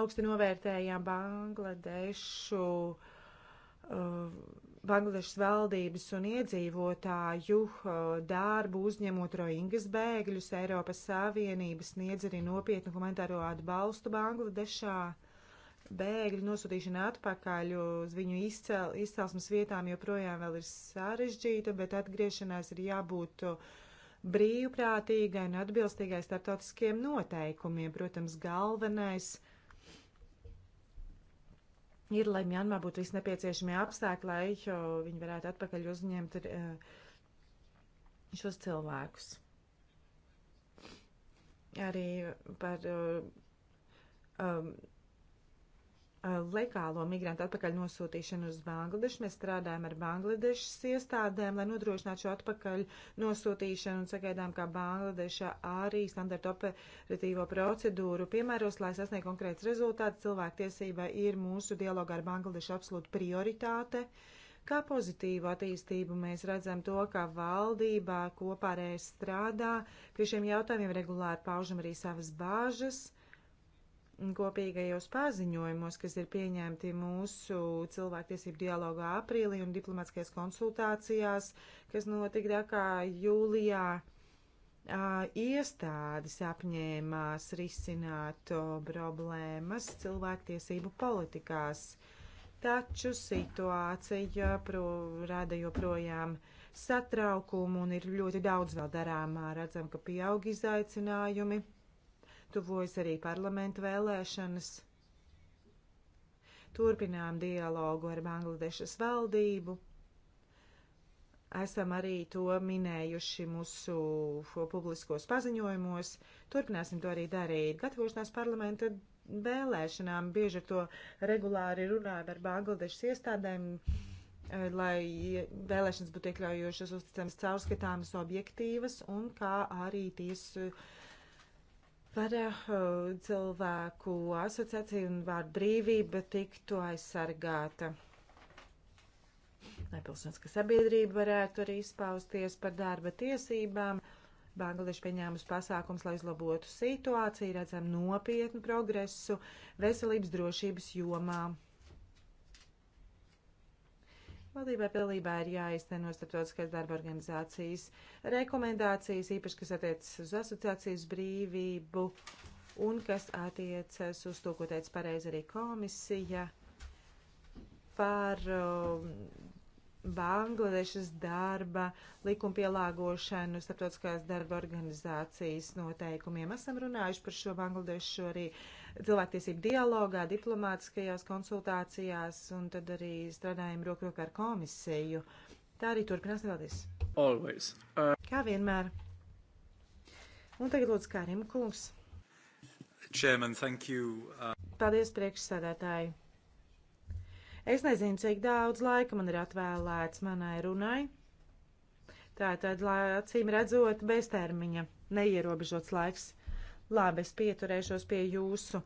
B: Augsti novērtējām Bangladešu, uh, Bangladešas valdības un iedzīvotāju uh, darbu uzņemot roingas bēgļus. Eiropas Savienības sniedz arī nopietnu komentāro atbalstu Bangladešā bēgļu nosūtīšana atpakaļ uz viņu izcel, izcelsmes vietām joprojām ir sarežģīta, bet atgriešanās ir jābūt brīvprātīgai un atbilstīgai starptautiskiem noteikumiem. Protams, galvenais ir, lai Mjanmā būtu visi nepieciešamie apstākļi, lai viņi varētu atpakaļ uzņemt eh, šos cilvēkus. Arī par eh, um, Uh, legālo migrantu atpakaļ nosūtīšanu uz Bangladešu. Mēs strādājam ar Bangladešas iestādēm, lai nodrošinātu šo atpakaļ nosūtīšanu un sagaidām, kā Bangladeša arī standarta operatīvo procedūru piemēros, lai sasniegtu konkrēts rezultāts. Cilvēktiesība ir mūsu dialogā ar Bangladešu absolūta prioritāte. Kā pozitīvu attīstību mēs redzam to, ka valdībā kopā arī strādā pie šiem jautājumiem, regulāri paužam arī savas bāžas kopīgajos paziņojumos, kas ir pieņemti mūsu cilvēktiesību dialogā aprīlī un diplomatiskajās konsultācijās, kas notika Dakā jūlijā. Iestādes apņēmās risināt problēmas cilvēktiesību politikās, taču situācija pro, rada joprojām satraukumu un ir ļoti daudz vēl darāmā. Redzam, ka pieaug izaicinājumi tuvojas arī parlamentu vēlēšanas. Turpinām dialogu ar Bangladešas valdību. Esam arī to minējuši mūsu publiskos paziņojumos. Turpināsim to arī darīt. Gatavošanās parlamenta vēlēšanām. Bieži ar to regulāri runājam ar Bangladešas iestādēm, eh, lai vēlēšanas būtu iekļaujošas, uzticamas, caurskatāmas, objektīvas un kā arī tiesu par eh, cilvēku asociāciju un vārdu brīvība tiktu aizsargāta. Lai pilsoniskā sabiedrība varētu arī izpausties par darba tiesībām, Bangladeša pieņēmus pasākums, lai uzlabotu situāciju, redzam nopietnu progresu veselības drošības jomā. Valdībai pilnībā ir jāizteno starptautiskās darba organizācijas rekomendācijas, īpaši, kas attiecas uz asociācijas brīvību un kas attiecas uz to, ko teica pareizi arī komisija par um, Bangladešas darba likuma pielāgošanu starptautiskās darba organizācijas noteikumiem. Esam runājuši par šo Bangladešu arī uh, cilvēktiesību dialogā, diplomātiskajās konsultācijās un tad arī strādājam roku rokā ar komisiju. Tā arī turpinās vēlties. Always. Uh... Kā vienmēr. Un tagad lūdzu Kārim Kungs.
C: Chairman, thank you. Uh...
B: Paldies priekšsēdētāji. Es nezinu, cik daudz laika man ir atvēlēts manai runai. Tā tad, acīm redzot, beztermiņa, neierobežots laiks. Uh, Labi, es pieturēšos pie jūsu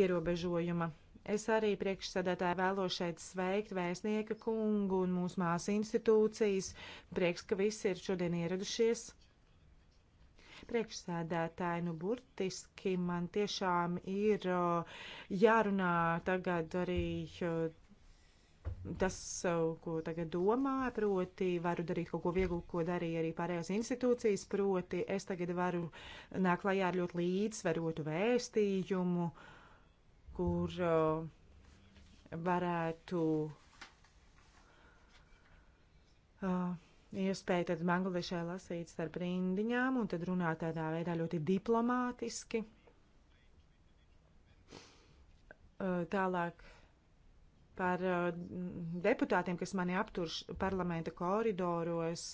B: ierobežojuma. Es arī priekšsēdētāji vēlos šeit sveikt vēstnieka kungu un mūsu māsu institūcijas. Prieks, ka visi ir šodien ieradušies. Priekšsēdētāji, nu burtiski man tiešām ir jārunā tagad arī tas, eh, ko tagad domāju, proti varu darīt kaut ko vieglu, ko darīja arī pārējās institūcijas, proti es tagad varu nākt klajā ar ļoti līdzsvarotu vēstījumu, kur eh, varētu eh, iespēja tad Bangladešai lasīt starp rindiņām un tad runāt tādā veidā ļoti diplomātiski. Tālāk par uh, deputātiem, kas mani aptur parlamenta koridoros,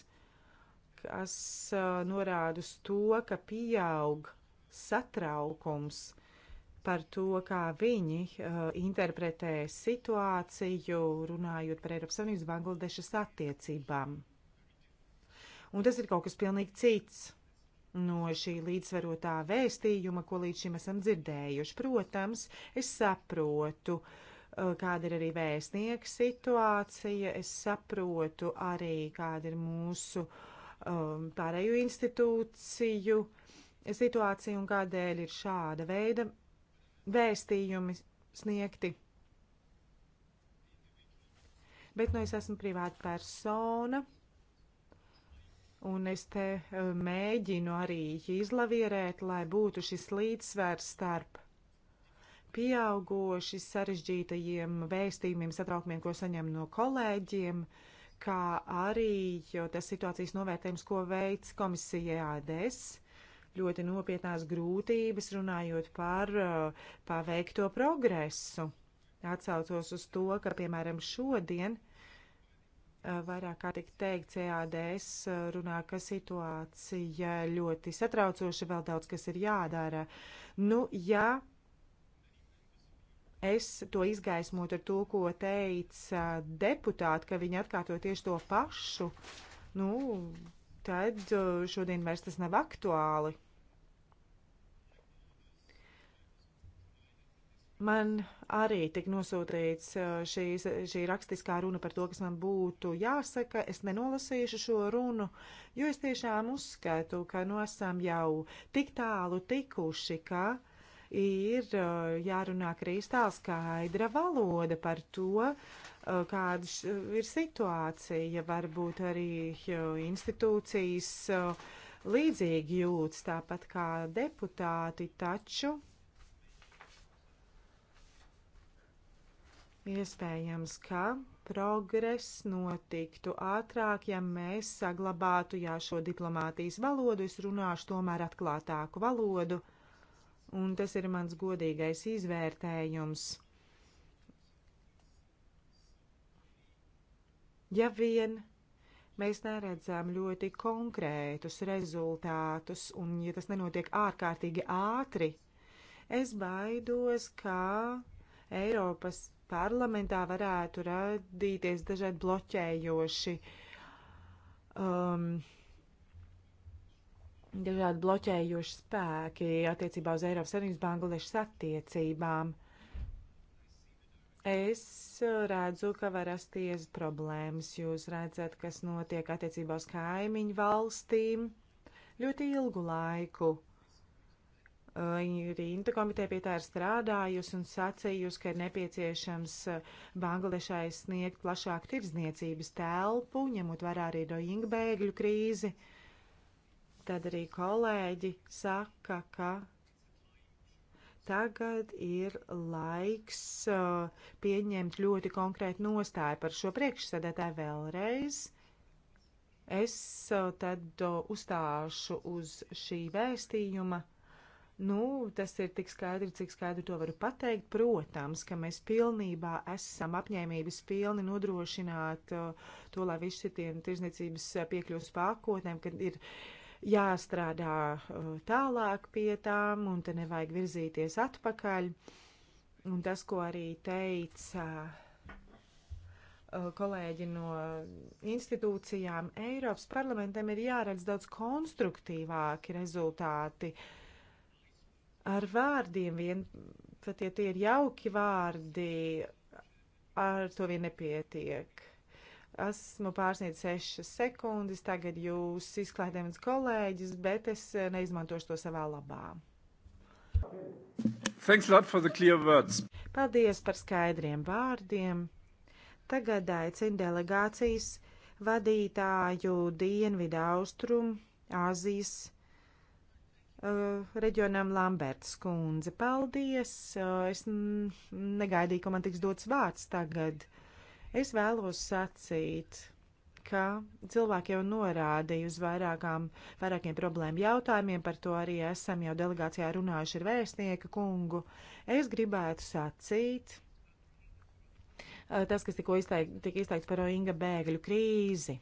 B: kas uh, norāda uz to, ka pieaug satraukums par to, kā viņi uh, interpretē situāciju, runājot par Eiropas Savienības Bangladešas attiecībām. Un tas ir kaut kas pilnīgi cits no šī līdzsvarotā vēstījuma, ko līdz šim esam dzirdējuši. Protams, es saprotu uh, Eh, kāda ir arī vēstnieka situācija. Es saprotu arī, kāda ir mūsu um, pārēju institūciju situācija un kādēļ ir šāda veida vēstījumi sniegti. Bet nu es esmu privāta persona. Un es te eh, mēģinu arī izlavierēt, lai būtu šis līdzsvers starp pieaugoši sarežģītajiem vēstījumiem, satraukumiem, ko saņem no kolēģiem, kā arī tas situācijas novērtējums, ko veids komisija ADS ļoti nopietnās grūtības runājot par uh, paveikto progresu. Atcaucos uz to, ka, piemēram, šodien uh, vairāk kā tik teikt CADS uh, runā, ka situācija ļoti satraucoša, vēl daudz kas ir jādara. Nu, ja Es to izgaismotu ar to, ko teica deputāti, ka viņi atkārto tieši to pašu. Nu, tad eh, šodien vairs tas nav aktuāli. Man arī tika nosūtīts eh, šī, šī rakstiskā runa par to, kas man būtu jāsaka. Es nenolasīšu šo runu, jo es tiešām uzskatu, ka nu esam jau tik tālu tikuši, ka uh, ir jārunā kristāli skaidra valoda par to, kāda ir situācija. Varbūt arī institūcijas līdzīgi jūtas tāpat kā deputāti, taču iespējams, ka progress notiktu ātrāk, ja mēs saglabātu jā, šo diplomātijas valodu. Es runāšu tomēr atklātāku valodu un tas ir mans godīgais izvērtējums. Ja vien mēs neredzam ļoti konkrētus rezultātus, un ja tas nenotiek ārkārtīgi ātri, es baidos, ka Eiropas parlamentā varētu radīties dažādi bloķējoši um, dažādi bloķējoši spēki attiecībā uz Eiropas Savienības Bangladešas attiecībām. Es uh, redzu, ka var rasties problēmas. Jūs redzat, kas notiek attiecībā uz kaimiņu valstīm ļoti ilgu laiku. Uh, Rīnta komiteja pie tā ir strādājusi un sacījusi, ka ir nepieciešams uh, Bangladešai sniegt plašāku tirdzniecības telpu, ņemot vērā arī Rohingya bēgļu krīzi. Uh, Tad arī kolēģi saka, ka tagad ir laiks uh, pieņemt ļoti konkrētu nostāju par šo priekšsēdētāju vēlreiz. Es uh, tad uh, uzstāšu uz šī vēstījuma. Nu, tas ir tik skaidri, cik skaidri to varu pateikt. Protams, ka mēs pilnībā esam apņēmības pilni nodrošināt to, lai visi šitiem tirzniecības piekļūst pakotnēm, kad ir uh, jāstrādā uh, tālāk pie tām, un te nevajag virzīties atpakaļ. Un tas, ko arī teica uh, kolēģi no institūcijām, Eiropas parlamentam ir jāredz daudz konstruktīvāki rezultāti. Ar vārdiem vien, pat ja tie ir jauki vārdi, ar to vien nepietiek. Esmu pārsniedzis 6 sekundes, tagad jūs izklaidējat mans kolēģis, bet es eh, neizmantošu to savā labā. Thanks a lot for the clear words. Paldies par skaidriem vārdiem. Tagad aicinu delegācijas vadītāju Dienvidu Austrum Āzijas uh, eh, reģionam Lamberts kundze. Paldies! Uh, es negaidīju, ka man tiks dots vārds tagad. Es vēlos sacīt, ka cilvēki jau norādīja uz vairākām, vairākiem problēmu jautājumiem, par to arī esam jau delegācijā runājuši ar vēstnieku kungu. Es gribētu sacīt, eh, tas, kas tikko izteik, tika izteikts par Oinga bēgļu krīzi.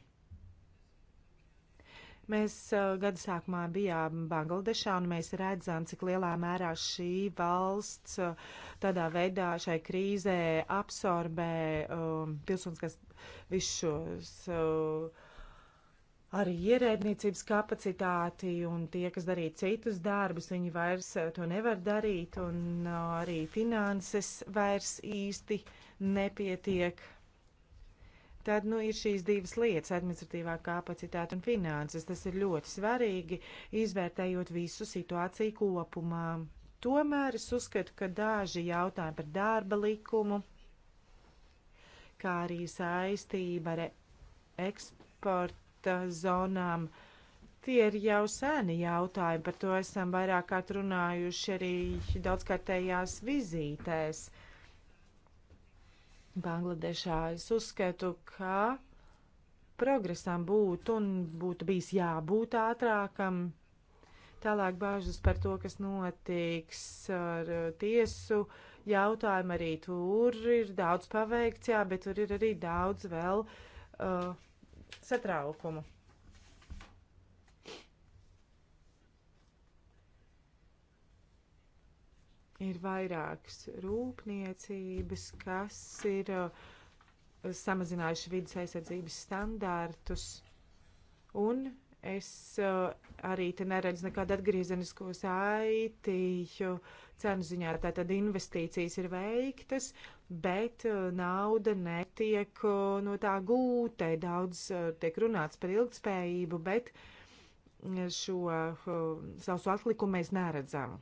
B: Mēs uh, gada sākumā bijām Bangladešā un mēs redzam, cik lielā mērā šī valsts uh, tādā veidā šai krīzē absorbē um, pilsoniskās visus uh, arī ierēdniecības kapacitāti un tie, kas darīja citus darbus, viņi vairs to nevar darīt un arī finanses vairs īsti nepietiek Tad nu, ir šīs divas lietas - administratīvā kapacitāte un finanses. Tas ir ļoti svarīgi, izvērtējot visu situāciju kopumā. Tomēr es uzskatu, ka daži jautājumi par darba likumu, kā arī saistība ar eksporta zonām, tie ir jau sēni jautājumi. Par to esam vairāk kārt runājuši arī daudzkārtējās vizītēs. Uh, Bangladešā. Es uzskatu, ka progresam būtu un būtu bijis jābūt ātrākam. Tālāk bāžas par to, kas notiks ar tiesu jautājumu arī tur ir daudz paveikts, jā, bet tur ir arī daudz vēl uh, satraukumu. Ir vairākas rūpniecības, kas ir uh, samazinājuši vidus aizsardzības standārtus, un es uh, arī te neredzu nekādu atgriezenisko saiti, jo cenu ziņā tātad investīcijas ir veiktas, bet uh, nauda netiek no tā gūta. Daudz tiek runāts par ilgspējību, bet šo savus atlikumu mēs neredzam.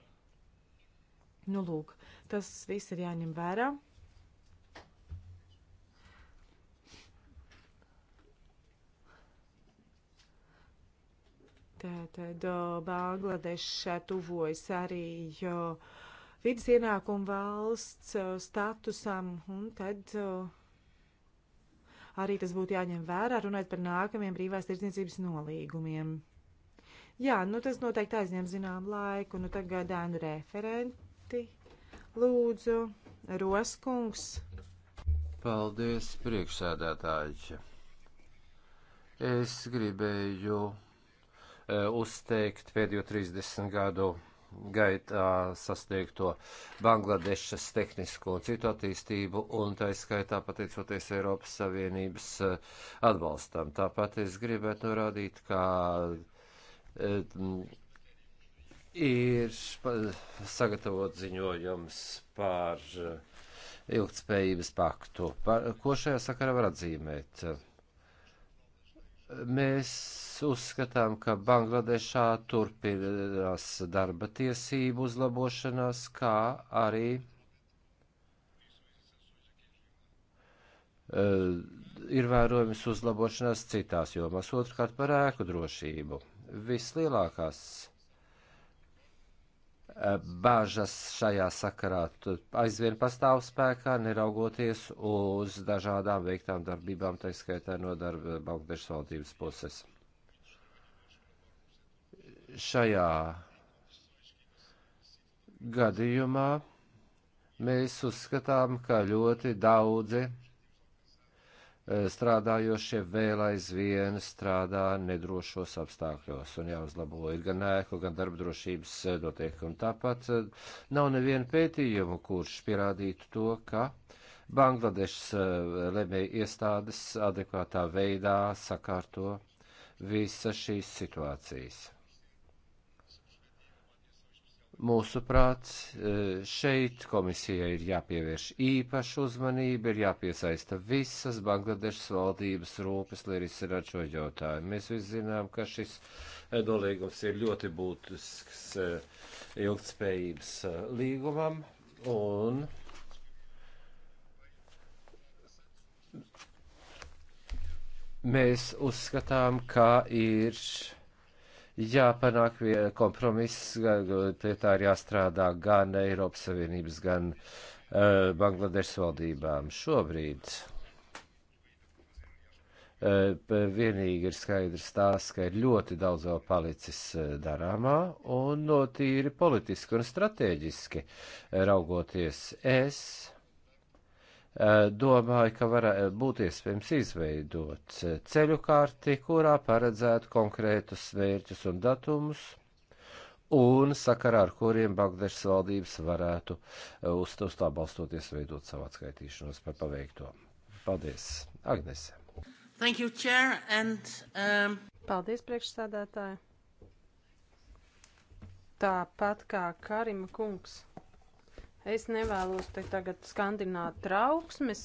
B: Nu, lūk, tas viss ir jāņem vērā. Tātad Bangladešā tuvojas arī vidas ienākuma valsts statusam, un tad arī tas būtu jāņem vērā, runājot par nākamiem brīvās tirdzniecības nolīgumiem. Jā, nu tas noteikti aizņem zinām laiku, nu tagad ēnu referenti minūti. Lūdzu, Roskungs.
C: Paldies, priekšsēdētāji. Es gribēju e, uzteikt pēdējo 30 gadu gaitā sasniegto Bangladešas tehnisko un citu attīstību, un tā izskaitā pateicoties Eiropas Savienības e, atbalstam. Tāpat es gribētu norādīt, ka e, ir sagatavot ziņojums par eh, ilgtspējības paktu. Par, ko šajā sakarā var atzīmēt? Mēs uzskatām, ka Bangladešā turpinās darba tiesību uzlabošanās, kā arī uh, ir vērojams uzlabošanās citās jomās, otrkārt par ēku drošību. Vislielākās bāžas šajā sakarā aizvien pastāv spēkā, neraugoties uz dažādām veiktām darbībām, tā skaitā no darba Bangladešas valdības puses. Šajā gadījumā mēs uzskatām, ka ļoti daudzi E, strādājošie vēl aizvien strādā nedrošos apstākļos un jāuzlabo ir gan ēku, gan darba drošības e, noteikumi. Tāpat e, nav neviena pētījuma, kurš pierādītu to, ka Bangladešas lemēja iestādes adekvātā veidā sakārto visas šīs situācijas. Mūsuprāt, eh, šeit komisijai ir jāpievērš īpaša uzmanība, ir jāpiesaista visas Bangladešas valdības rūpes, lai risinātu šo jautājumu. Mēs visi zinām, ka šis eh, nolīgums ir ļoti būtisks eh, ilgtspējības līgumam un mēs uzskatām, ka ir jāpanāk kompromiss, pie tā ir jāstrādā gan Eiropas Savienības, gan uh, Bangladešas valdībām. Šobrīd uh, vienīgi ir skaidrs tās, ka ir ļoti daudz vēl palicis eh, darāmā un no tīri politiski un strateģiski raugoties es Eh, domāju, ka var eh, būt iespējams izveidot eh, ceļu karti, kurā paredzētu konkrētus mērķus un datumus, un sakarā ar kuriem Bagdešas valdības varētu uz, uz tā balstoties veidot savu atskaitīšanos par paveikto. Paldies, Agnese!
A: Thank you, Chair, and, um... Paldies, priekšsādātāji! Tāpat kā Karima kungs. Es nevēlos te tagad skandināt trauksmes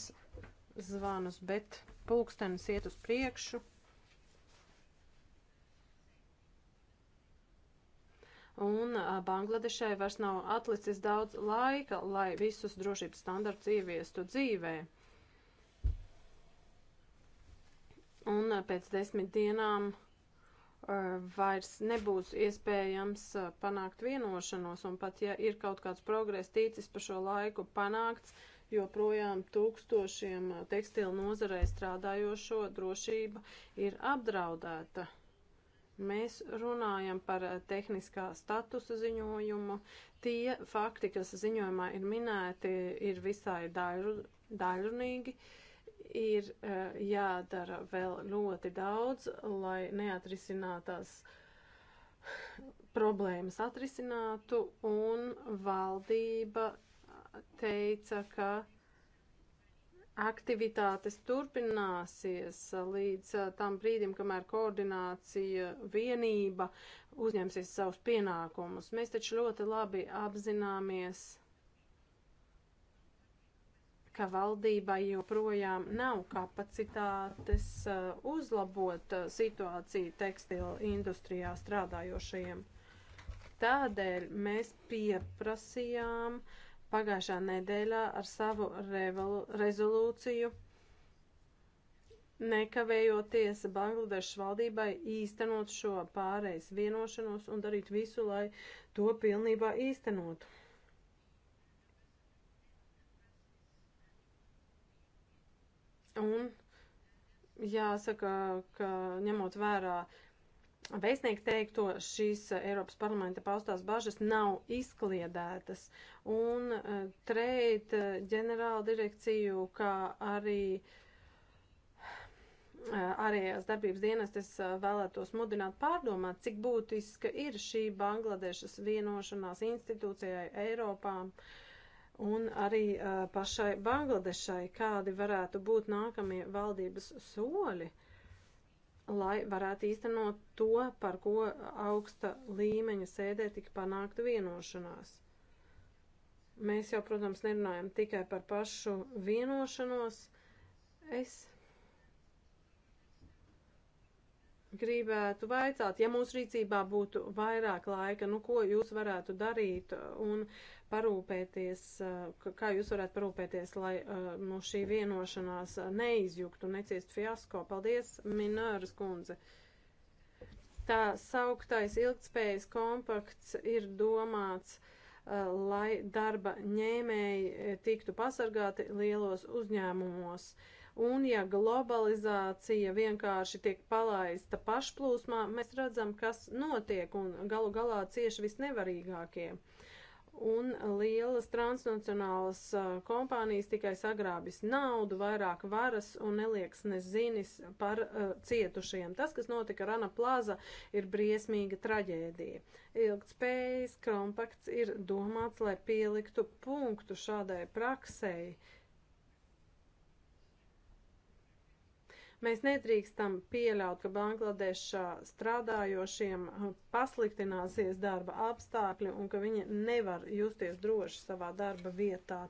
A: zvanus, bet pulkstenis iet uz priekšu. Un Bangladešai vairs nav atlicis daudz laika, lai visus drošības standarts ieviestu dzīvē. Un pēc desmit dienām uh, Eh, vairs nebūs iespējams eh, panākt vienošanos, un pat ja ir kaut kāds progress ticis pa šo laiku panākts, joprojām tūkstošiem eh, tekstilu nozarei strādājošo drošība ir apdraudēta. Mēs runājam par tehniskā statusa ziņojumu. Tie fakti, kas ziņojumā ir minēti, ir visai daļrunīgi. Daļru, ir eh, jādara vēl ļoti daudz, lai neatrisinātās problēmas atrisinātu, un valdība teica, ka aktivitātes turpināsies līdz eh, tam brīdim, kamēr koordinācija vienība uzņemsies savus pienākumus. Mēs taču ļoti labi apzināmies, ka valdībai joprojām nav kapacitātes uh, uzlabot uh, situāciju tekstilu industrijā strādājošajiem. Tādēļ mēs pieprasījām pagājušā nedēļā ar savu rezolūciju nekavējoties Bangladešas valdībai īstenot šo pārejas vienošanos un darīt visu, lai to pilnībā īstenotu. Un jāsaka, ka ņemot vērā Vēstnieki teikto, šīs Eiropas parlamenta paustās bažas nav izkliedētas, un e, treit e, ģenerāla direkciju, kā arī e, ārējās darbības dienestes vēlētos mudināt pārdomāt, cik būtiska ir šī Bangladešas vienošanās institūcijai Eiropām. Uh, un arī uh, pašai Bangladešai, kādi varētu būt nākamie valdības soļi, lai varētu īstenot to, par ko augsta līmeņa sēdē tika panākta vienošanās. Mēs jau, protams, nerunājam tikai par pašu vienošanos. Es gribētu vaicāt, ja mūsu rīcībā būtu vairāk laika, nu ko jūs varētu darīt un parūpēties, kā jūs varētu parūpēties, lai eh, no šī vienošanās neizjuktu, neciest fiasko. Paldies, Minēras kundze. Tā sauktais ilgtspējas kompakts ir domāts eh, lai darba ņēmēji eh, tiktu pasargāti lielos uzņēmumos. Uh, Un ja globalizācija vienkārši tiek palaista pašplūsmā, mēs redzam, kas notiek un galu galā cieši visnevarīgākie. Un lielas transnacionālas kompānijas tikai sagrābis naudu, vairāk varas un nelieks nezinis par uh, cietušiem. Tas, kas notika Rana plaza, ir briesmīga traģēdija. Ilgtspējas kompakts ir domāts, lai pieliktu punktu šādai praksēji. Uh, Mēs nedrīkstam pieļaut, ka Bangladešā strādājošiem hm, pasliktināsies darba apstākļi un ka viņi nevar justies droši savā darba vietā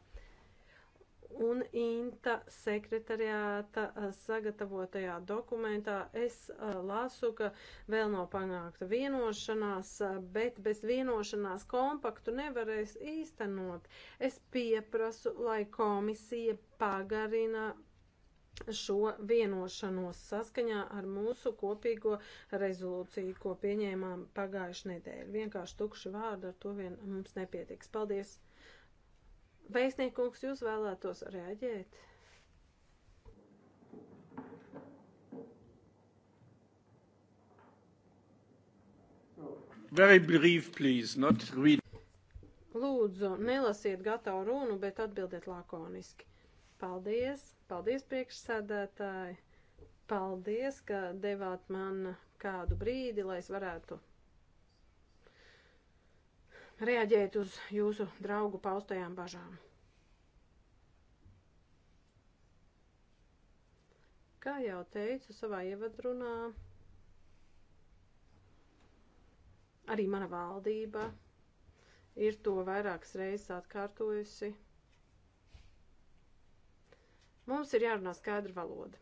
A: un Inta sekretariāta hm, sagatavotajā dokumentā es hm, lasu, ka vēl nav panākta vienošanās, bet bez vienošanās kompaktu nevarēs īstenot. Es pieprasu, lai komisija pagarina šo vienošanos saskaņā ar mūsu kopīgo rezolūciju, ko pieņēmām pagājuši nedēļu. Vienkārši tukši vārdi ar to vien mums nepietiks. Paldies! Vēstniekungs, jūs vēlētos reaģēt?
C: Very brief, please, not read.
A: Lūdzu, nelasiet gatavu runu, bet atbildiet lakoniski. Paldies, paldies priekšsādātāji, paldies, ka devāt man kādu brīdi, lai es varētu reaģēt uz jūsu draugu paustajām bažām. Kā jau teicu savā ievadrunā, arī mana valdība ir to vairākas reizes atkārtojusi. Mums ir jārunā skaidra valoda.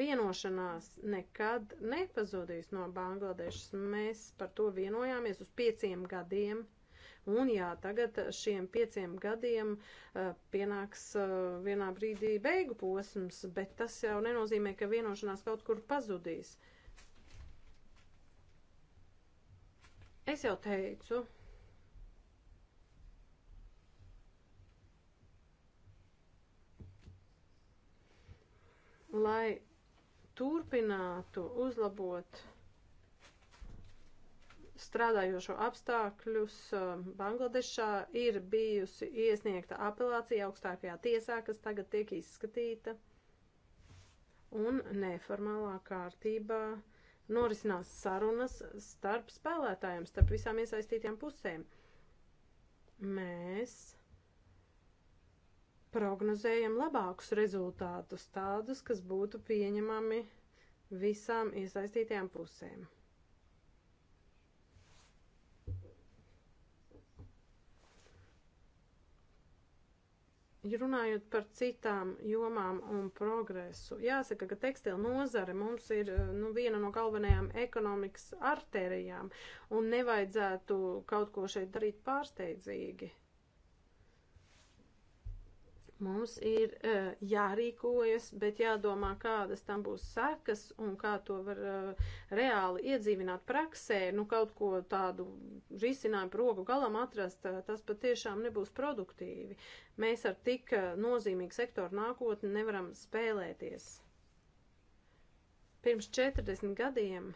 A: Vienošanās nekad nepazudīs no Bangladešas. Mēs par to vienojāmies uz pieciem gadiem. Un jā, tagad šiem pieciem gadiem uh, pienāks uh, vienā brīdī beigu posms, bet tas jau nenozīmē, ka vienošanās kaut kur pazudīs. Uh, Es jau teicu, lai turpinātu uzlabot strādājošo apstākļus um, Bangladešā, ir bijusi iesniegta apelācija augstākajā tiesā, kas tagad tiek izskatīta un neformālā kārtībā uh, norisinās sarunas starp spēlētājiem, starp visām iesaistītiem pusēm. Mēs prognozējam labākus rezultātus, tādus, kas būtu pieņemami visām iesaistītajām pusēm. runājot par citām jomām un progresu, jāsaka, ka tekstila nozare mums ir eh, nu, viena no galvenajām ekonomikas artērijām, un nevajadzētu kaut ko šeit darīt pārsteidzīgi. Mums ir uh, jārīkojas, bet jādomā, kādas tam būs sekas un kā to var uh, reāli iedzīvināt praksē. Nu, kaut ko tādu risinājumu rogu galam atrast, uh, tas patiešām nebūs produktīvi. Mēs ar tik uh, nozīmīgu sektoru nākotni nevaram spēlēties. Pirms 40 gadiem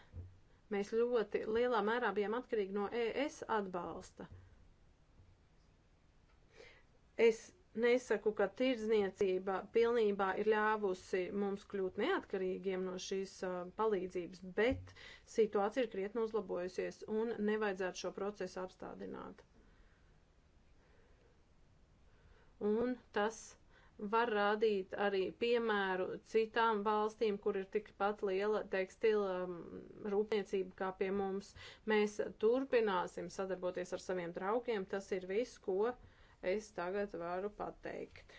A: mēs ļoti lielā mērā bijām atkarīgi no ES atbalsta. Es nesaku, ka tirdzniecība pilnībā ir ļāvusi mums kļūt neatkarīgiem no šīs uh, palīdzības, bet situācija ir krietni uzlabojusies un nevajadzētu šo procesu apstādināt. Un tas var rādīt arī piemēru citām valstīm, kur ir tikpat liela tekstila rūpniecība kā pie mums. Mēs turpināsim sadarboties ar saviem draugiem, tas ir viss, ko uh, es tagad varu pateikt.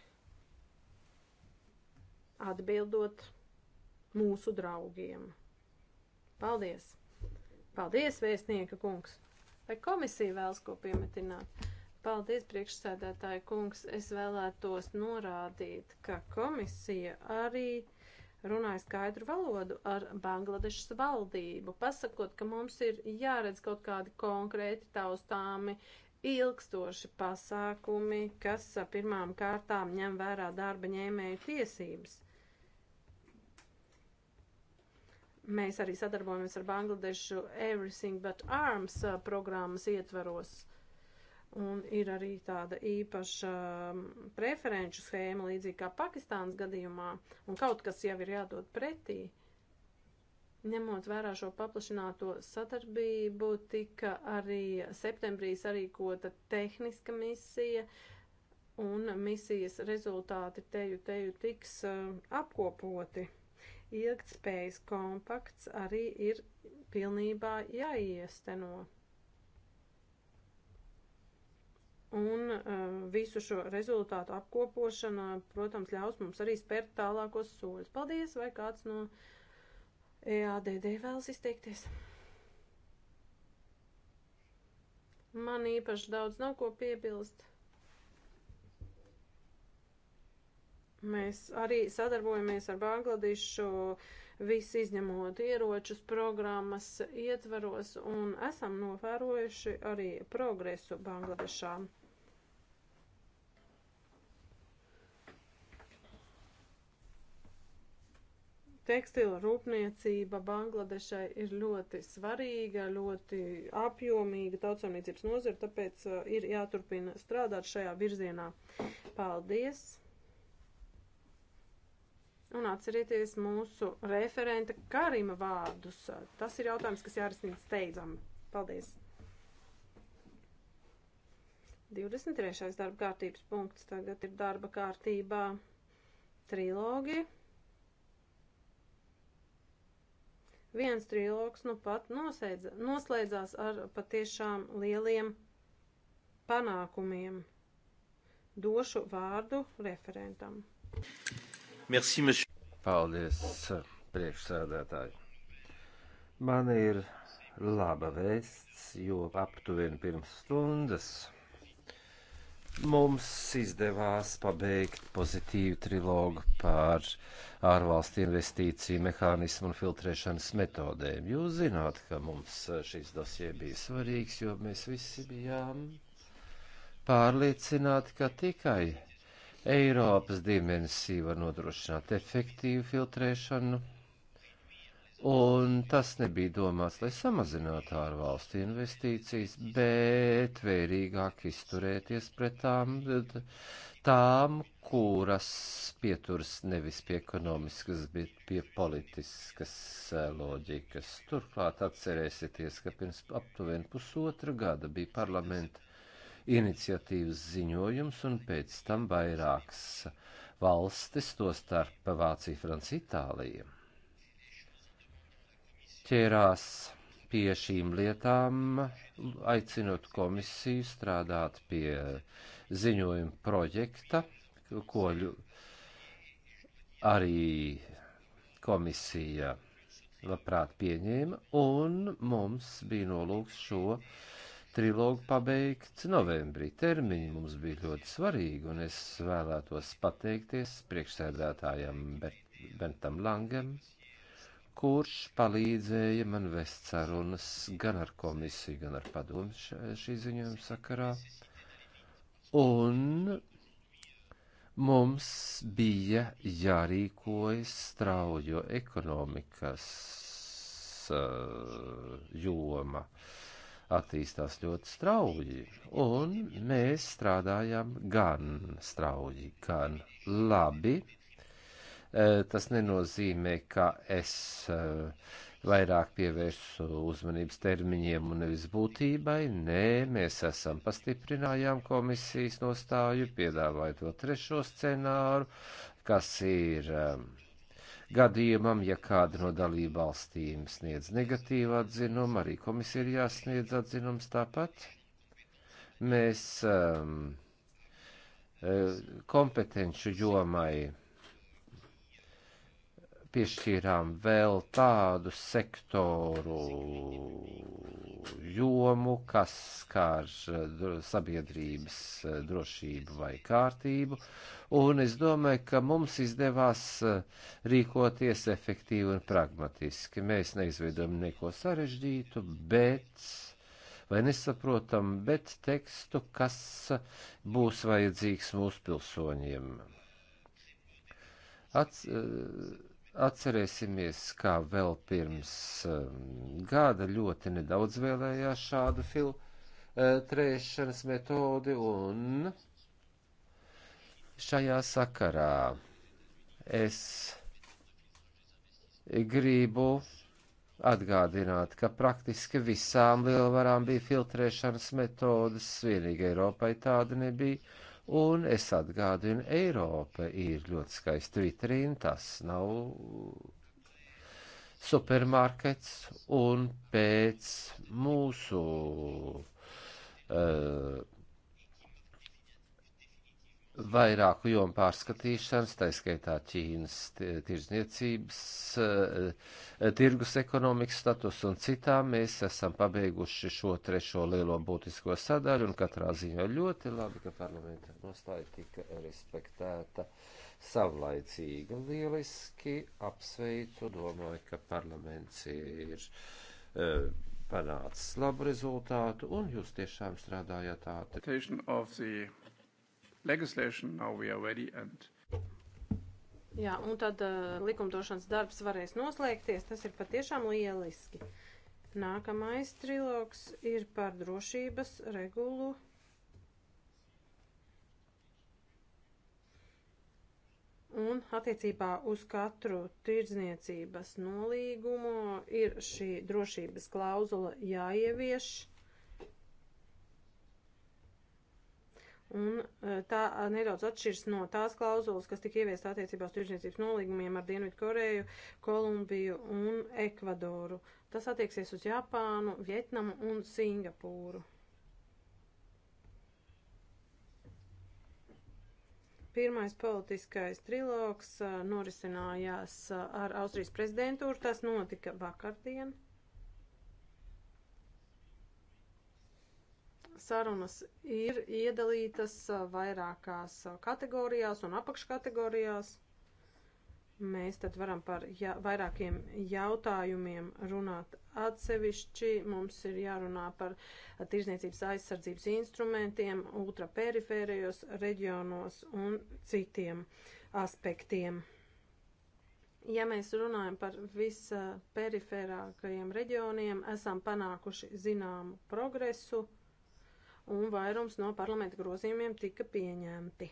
A: Atbildot mūsu draugiem. Paldies! Paldies, vēstnieka kungs! Vai komisija vēlas ko piemetināt? Paldies, priekšsēdētāja kungs! Es vēlētos norādīt, ka komisija arī runāja skaidru valodu ar Bangladešas valdību, pasakot, ka mums ir jāredz kaut kādi konkrēti taustāmi ilgstoši pasākumi, kas pirmām kārtām ņem vērā darba ņēmēju tiesības. Mēs arī sadarbojamies ar Bangladešu Everything But Arms uh, programmas ietveros. Un ir arī tāda īpaša um, preferenču schēma, līdzīgi kā Pakistānas gadījumā, un kaut kas jau ir jādod pretī. Uh, Ņemot vērā šo paplašināto sadarbību, tika arī septembrī sarīkota tehniska misija, un misijas rezultāti teju teju tiks uh, apkopoti. Ilgtspējas kompakts arī ir pilnībā jāiesteno. Un uh, visu šo rezultātu apkopošana, protams, ļaus mums arī spērt tālākos soļus. Paldies, vai kāds no. Uh, EADD vēlas izteikties. Man īpaši daudz nav ko piebilst. Mēs arī sadarbojamies ar Bangladešu visu izņemot ieročus programmas ietvaros un esam novērojuši arī progresu Bangladešām. Tekstila rūpniecība Bangladešai ir ļoti svarīga, ļoti apjomīga tautsāmniecības nozara, tāpēc uh, ir jāturpina strādāt šajā virzienā. Paldies! Un atcerieties mūsu referenta Karima vārdus. Tas ir jautājums, kas jārisina steidzami. Paldies! 23. darba kārtības punkts tagad ir darba kārtībā trilogi. Viens trilogs nu pat noseidz, noslēdzās ar patiešām lieliem panākumiem. Došu vārdu referentam.
C: Merci, monsieur. Paldies, priekšsēdētāji. Man ir laba vēsts, jo aptuveni pirms stundas mums izdevās pabeigt pozitīvu trilogu par ārvalstu investīciju mehānismu un filtrēšanas metodēm. Jūs zināt, ka mums šīs dosie bija svarīgs, jo mēs visi bijām pārliecināti, ka tikai Eiropas dimensija var nodrošināt efektīvu filtrēšanu Un tas nebija domāts, lai samazinātu ārvalstu investīcijas, bet vērīgāk izturēties pret tām, tām, kuras pieturas nevis pie ekonomiskas, bet pie politiskas eh, loģikas. Turklāt atcerēsieties, ka pirms aptuveni pusotra gada bija parlamenta iniciatīvas ziņojums un pēc tam vairākas valstis, to starp Vācija, Francija, Itālija ķērās pie šīm lietām, aicinot komisiju strādāt pie ziņojuma projekta, ko arī komisija labprāt pieņēma, un mums bija nolūks šo trilogu pabeigt novembrī. Termiņi mums bija ļoti svarīgi, un es vēlētos pateikties priekšsēdētājam Bentam Langam, kurš palīdzēja man vest sarunas gan ar komisiju, gan ar padomu šī ziņojuma sakarā. Un mums bija jārīkojas straujo ekonomikas uh, joma. Attīstās ļoti strauji, un mēs strādājam gan strauji, gan labi Eh, tas nenozīmē, ka es eh, vairāk pievērsu uzmanības termiņiem un nevis būtībai. Nē, mēs esam pastiprinājām komisijas nostāju, piedāvājot vēl trešo scenāru, kas ir eh, gadījumam, ja kāda no dalību valstīm sniedz negatīvu atzinumu, arī komisija ir jāsniedz atzinums tāpat. Mēs um, kompetenci jomai piešķīrām vēl tādu sektoru jomu, kas skar eh, sabiedrības eh, drošību vai kārtību, un es domāju, ka mums izdevās eh, rīkoties efektīvi un pragmatiski. Mēs neizveidojam neko sarežģītu, bet vai nesaprotam, bet tekstu, kas būs vajadzīgs mūsu pilsoņiem. Ats, uh, Atcerēsimies, kā vēl pirms um, gada ļoti nedaudz vēlējās šādu filtrēšanas uh, metodi un šajā sakarā es gribu atgādināt, ka praktiski visām lielvarām bija filtrēšanas metodas, vienīgi Eiropai tāda nebija, Un es atgādinu, Eiropa ir ļoti skaista vitrīna, tas nav supermarkets, un pēc mūsu uh, vairāku jomu pārskatīšanas, taiskaitā Ķīnas tirzniecības, eh, tirgus ekonomikas status un citām, mēs esam pabeiguši šo trešo lielo būtisko sadaļu un katrā ziņā ļoti labi, ka parlamenta nostāja tika respektēta savlaicīgi. Lieliski apsveicu, domāju, ka parlaments ir. Uh, panācis labu rezultātu, un jūs tiešām strādājāt ātri legislation. Now we are ready and.
A: Jā, un tad uh, likumdošanas darbs varēs noslēgties. Tas ir patiešām lieliski. Nākamais trilogs ir par drošības regulu. Un attiecībā uz katru tirdzniecības nolīgumu ir šī drošības klauzula jāievieš. Un eh, tā eh, nedaudz atšķirs no tās klauzulas, kas tika ieviesta attiecībā uz tirzniecības nolīgumiem ar Dienvidu Koreju, Kolumbiju un Ekvadoru. Tas attieksies uz Japānu, Vietnamu un Singapūru. Pirmais politiskais trilogs eh, norisinājās ar Austrijas prezidentūru. Tas notika vakardien. sarunas ir iedalītas vairākās kategorijās un apakškategorijās. Mēs tad varam par ja, vairākiem jautājumiem runāt atsevišķi. Mums ir jārunā par tirzniecības aizsardzības instrumentiem, ultraperifērajos reģionos un citiem aspektiem. Ja mēs runājam par visperifērākajiem reģioniem, esam panākuši zināmu progresu un vairums no parlamenta grozījumiem tika pieņemti.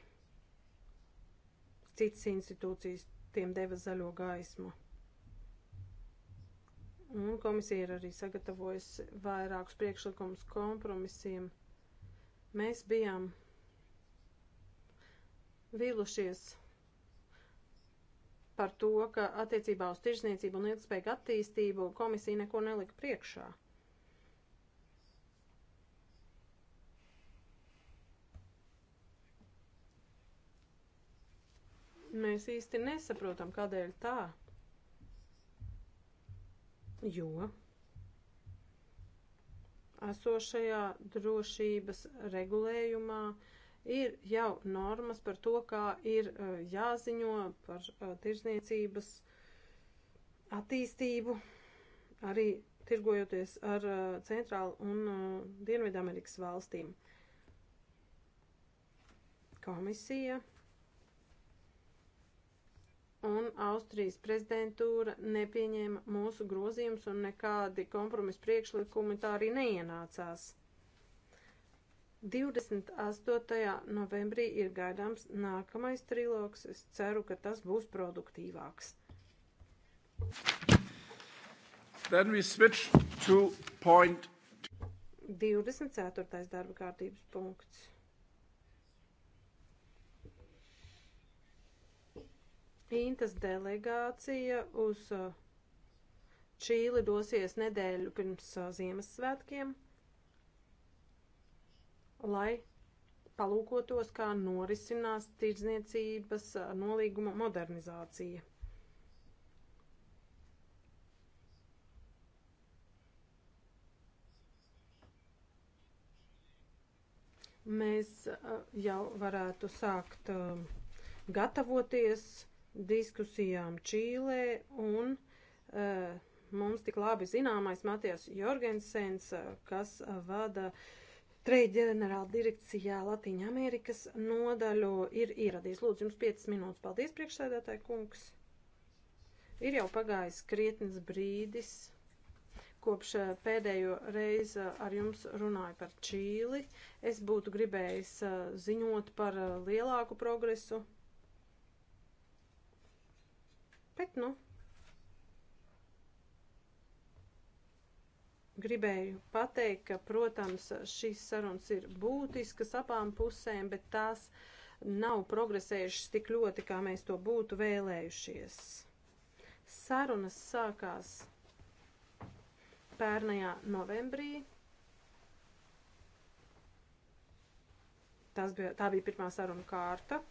A: Citas institūcijas tiem deva zaļo gaismu. Un komisija ir arī sagatavojusi vairākus priekšlikumus kompromisiem. Mēs bijām vīlušies par to, ka attiecībā uz tirzniecību un ilgspējīgu attīstību komisija neko nelika priekšā. Mēs īsti nesaprotam, kādēļ tā. Jo esošajā drošības regulējumā ir jau normas par to, kā ir e, jāziņo par e, tirzniecības attīstību, arī tirgojoties ar e, Centrālu un Dienvidamerikas valstīm. Komisija un Austrijas prezidentūra nepieņēma mūsu grozījumus un nekādi kompromisa priekšlikumi tā arī neienācās. 28. novembrī ir gaidāms nākamais trilogs. Es ceru, ka tas būs produktīvāks.
C: Then we switch to point
A: 24. darba kārtības punkts. Intas delegācija uz uh, Čīli dosies nedēļu pirms uh, Ziemassvētkiem, lai palūkotos, kā norisinās tirdzniecības uh, nolīguma modernizācija. Mēs jau varētu sākt gatavoties diskusijām Čīlē un uh, mums tik labi zināmais Matijas Jorgensens, eh, kas eh, vada Trade ģenerāla direkcijā Latīņa Amerikas nodaļu, ir ieradies. Lūdzu, jums 5 minūtes. Paldies, priekšsēdētāji kungs. Ir jau pagājis krietnes brīdis, kopš pēdējo reizi ar jums runāju par Čīli. Es būtu gribējis ziņot par lielāku progresu Bet, nu, gribēju pateikt, ka, protams, šīs sarunas ir būtiskas abām pusēm, bet tās nav progresējušas tik ļoti, kā mēs to būtu vēlējušies. Sarunas sākās pērnajā novembrī. Tas bija, tā bija pirmā saruna kārta.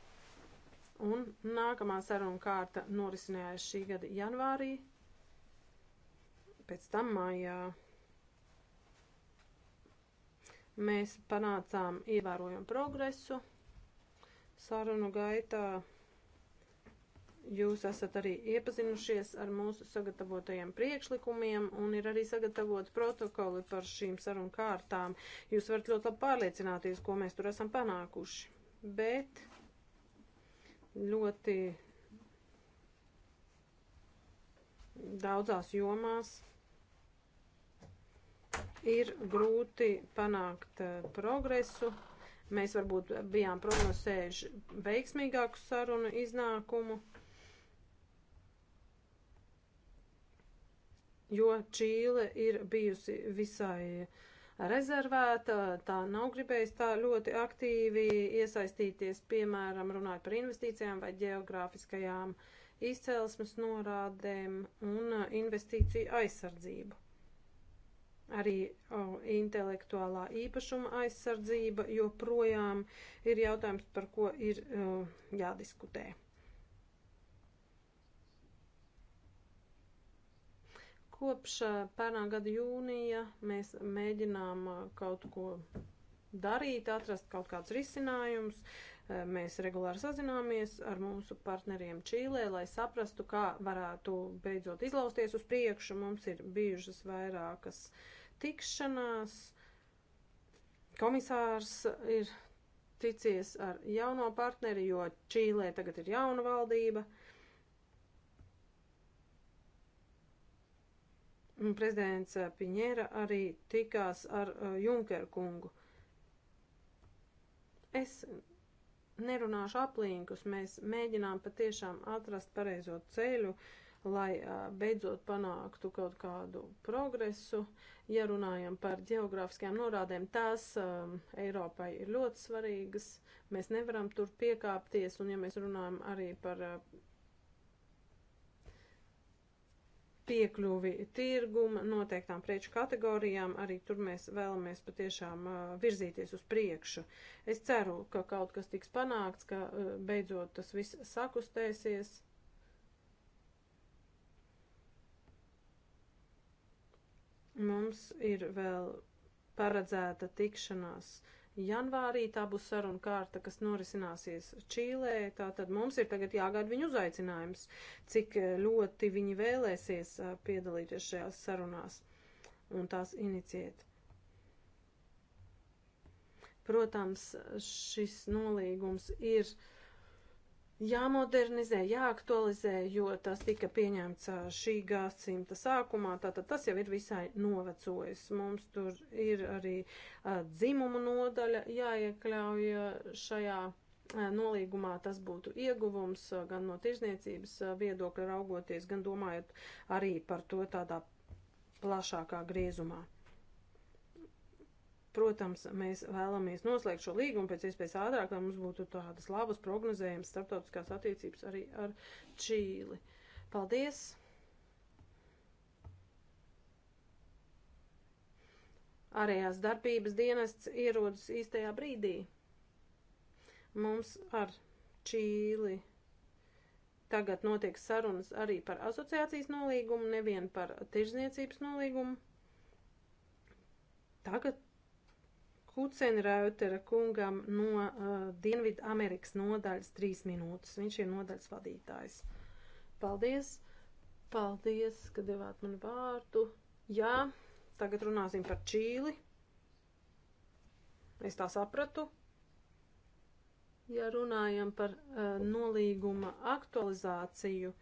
A: Un nākamā saruna kārta norisinājās šī gada janvārī, pēc tam mājā. Mēs panācām ievērojumu progresu sarunu gaitā. Jūs esat arī iepazinušies ar mūsu sagatavotajiem priekšlikumiem un ir arī sagatavots protokoli par šīm sarunu kārtām. Jūs varat ļoti labi pārliecināties, ko mēs tur esam panākuši. Bet ļoti daudzās jomās ir grūti panākt eh, progresu. Mēs varbūt bijām prognozējuši veiksmīgāku sarunu iznākumu, jo Čīle ir bijusi visai uh, rezervēta, tā nav gribējusi tā ļoti aktīvi iesaistīties, piemēram, runājot par investīcijām vai geogrāfiskajām izcelsmes norādēm un uh, investīciju aizsardzību. Arī o, intelektuālā īpašuma aizsardzība joprojām ir jautājums, par ko ir o, jādiskutē. Kopš pērnā gada jūnija mēs mēģinām kaut ko darīt, atrast kaut kādus risinājumus. Mēs regulāri sazināmies ar mūsu partneriem Čīlē, lai saprastu, kā varētu beidzot izlausties uz priekšu. Mums ir bijušas vairākas tikšanās. Komisārs ir ticies ar jauno partneri, jo Čīlē tagad ir jauna valdība. Uh, Prezidents Piņēra arī tikās ar uh, Junkeru kungu. Es nerunāšu aplinkus, mēs mēģinām patiešām atrast pareizo ceļu, lai uh, beidzot panāktu kaut kādu progresu. Ja runājam par geogrāfiskajām norādēm, tās um, Eiropai ir ļoti svarīgas, mēs nevaram tur piekāpties, un ja mēs runājam arī par uh, piekļuvi tirgum, noteiktām preču kategorijām, arī tur mēs vēlamies patiešām virzīties uz priekšu. Es ceru, ka kaut kas tiks panākts, ka beidzot tas viss sakustēsies. Mums ir vēl paredzēta tikšanās uh, Janvārī tā būs saruna kārta, kas norisināsies Čīlē, tātad mums ir tagad jāgaida viņu uzaicinājums, cik ļoti viņi vēlēsies piedalīties šajās sarunās un tās iniciēt. Protams, šis nolīgums ir uh, jāmodernizē, jāaktualizē, jo tas tika pieņemts šī gadsimta sākumā, tātad tas jau ir visai novecojis. Mums tur ir arī dzimumu nodaļa jāiekļauj šajā nolīgumā tas būtu ieguvums gan no tirzniecības viedokļa raugoties, gan domājot arī par to tādā plašākā griezumā. Protams, mēs vēlamies noslēgt šo līgumu pēc iespējas ātrāk, lai mums būtu tādas labas prognozējumas starptautiskās attiecības arī ar Čīli. Paldies! Arējās darbības dienests ierodas īstajā brīdī. Mums ar Čīli tagad notiek sarunas arī par asociācijas nolīgumu, nevien par tirzniecības nolīgumu. Tagad Kucenrautera kungam no uh, Dienvidu Amerikas nodaļas trīs minūtes. Viņš ir nodaļas vadītājs. Paldies! Paldies, ka devāt man vārdu. Jā, tagad runāsim par Čīli. Es tā sapratu. Ja runājam par uh, nolīguma aktualizāciju,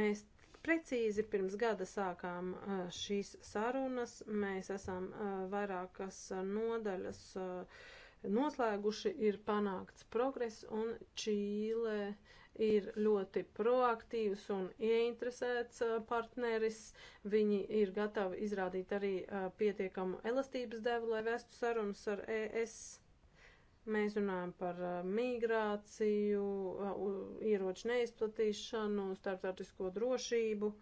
A: mēs Precīzi pirms gada sākām šīs sarunas, mēs esam vairākas nodaļas noslēguši, ir panākts progress un Čīle ir ļoti proaktīvs un ieinteresēts partneris. Viņi ir gatavi izrādīt arī pietiekamu elastības devu, lai vestu sarunas ar ES. Mēs runājam par migrāciju, ieroču neizplatīšanu, starptautisko drošību.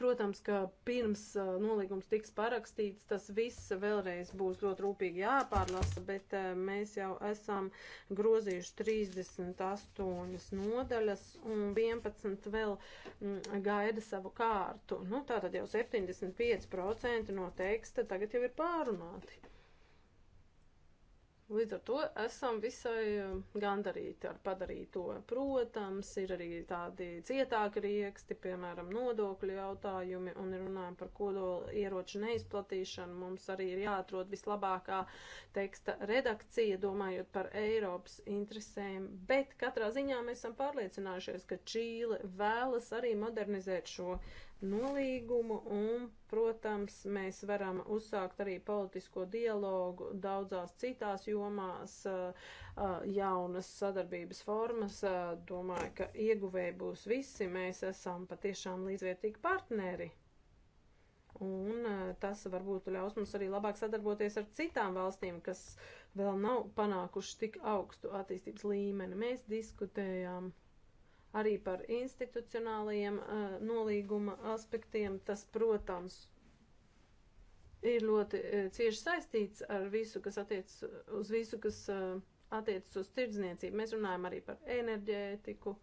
A: Protams, ka pirms uh, nolīgums tiks parakstīts, tas viss vēlreiz būs ļoti rūpīgi jāpārlasa, bet uh, mēs jau esam grozījuši 38 nodaļas un 11 vēl mm, gaida savu kārtu. Nu, tātad jau 75% no teksta tagad jau ir pārunāti. Līdz ar to esam visai eh, gandarīti ar padarīto. Protams, ir arī tādi cietāki rieksti, piemēram, nodokļu jautājumi, un runājam par kodola ieroču neizplatīšanu. Mums arī ir jāatrod vislabākā teksta redakcija, domājot par Eiropas interesēm, bet katrā ziņā mēs esam pārliecinājušies, ka Čīle vēlas arī modernizēt šo nolīgumu un, protams, mēs varam uzsākt arī politisko dialogu daudzās citās jomās, eh, eh, jaunas sadarbības formas. Eh, domāju, ka ieguvēji būs visi, mēs esam patiešām līdzvērtīgi partneri. Un tas varbūt ļaus mums arī labāk sadarboties ar citām valstīm, kas vēl nav panākuši tik augstu attīstības līmeni. Mēs diskutējām arī par institucionālajiem uh, nolīguma aspektiem. Tas, protams, ir ļoti uh, cieši saistīts ar visu, kas attiecas uz visu, kas uh, attiecas uz tirdzniecību. Mēs runājam arī par enerģētiku.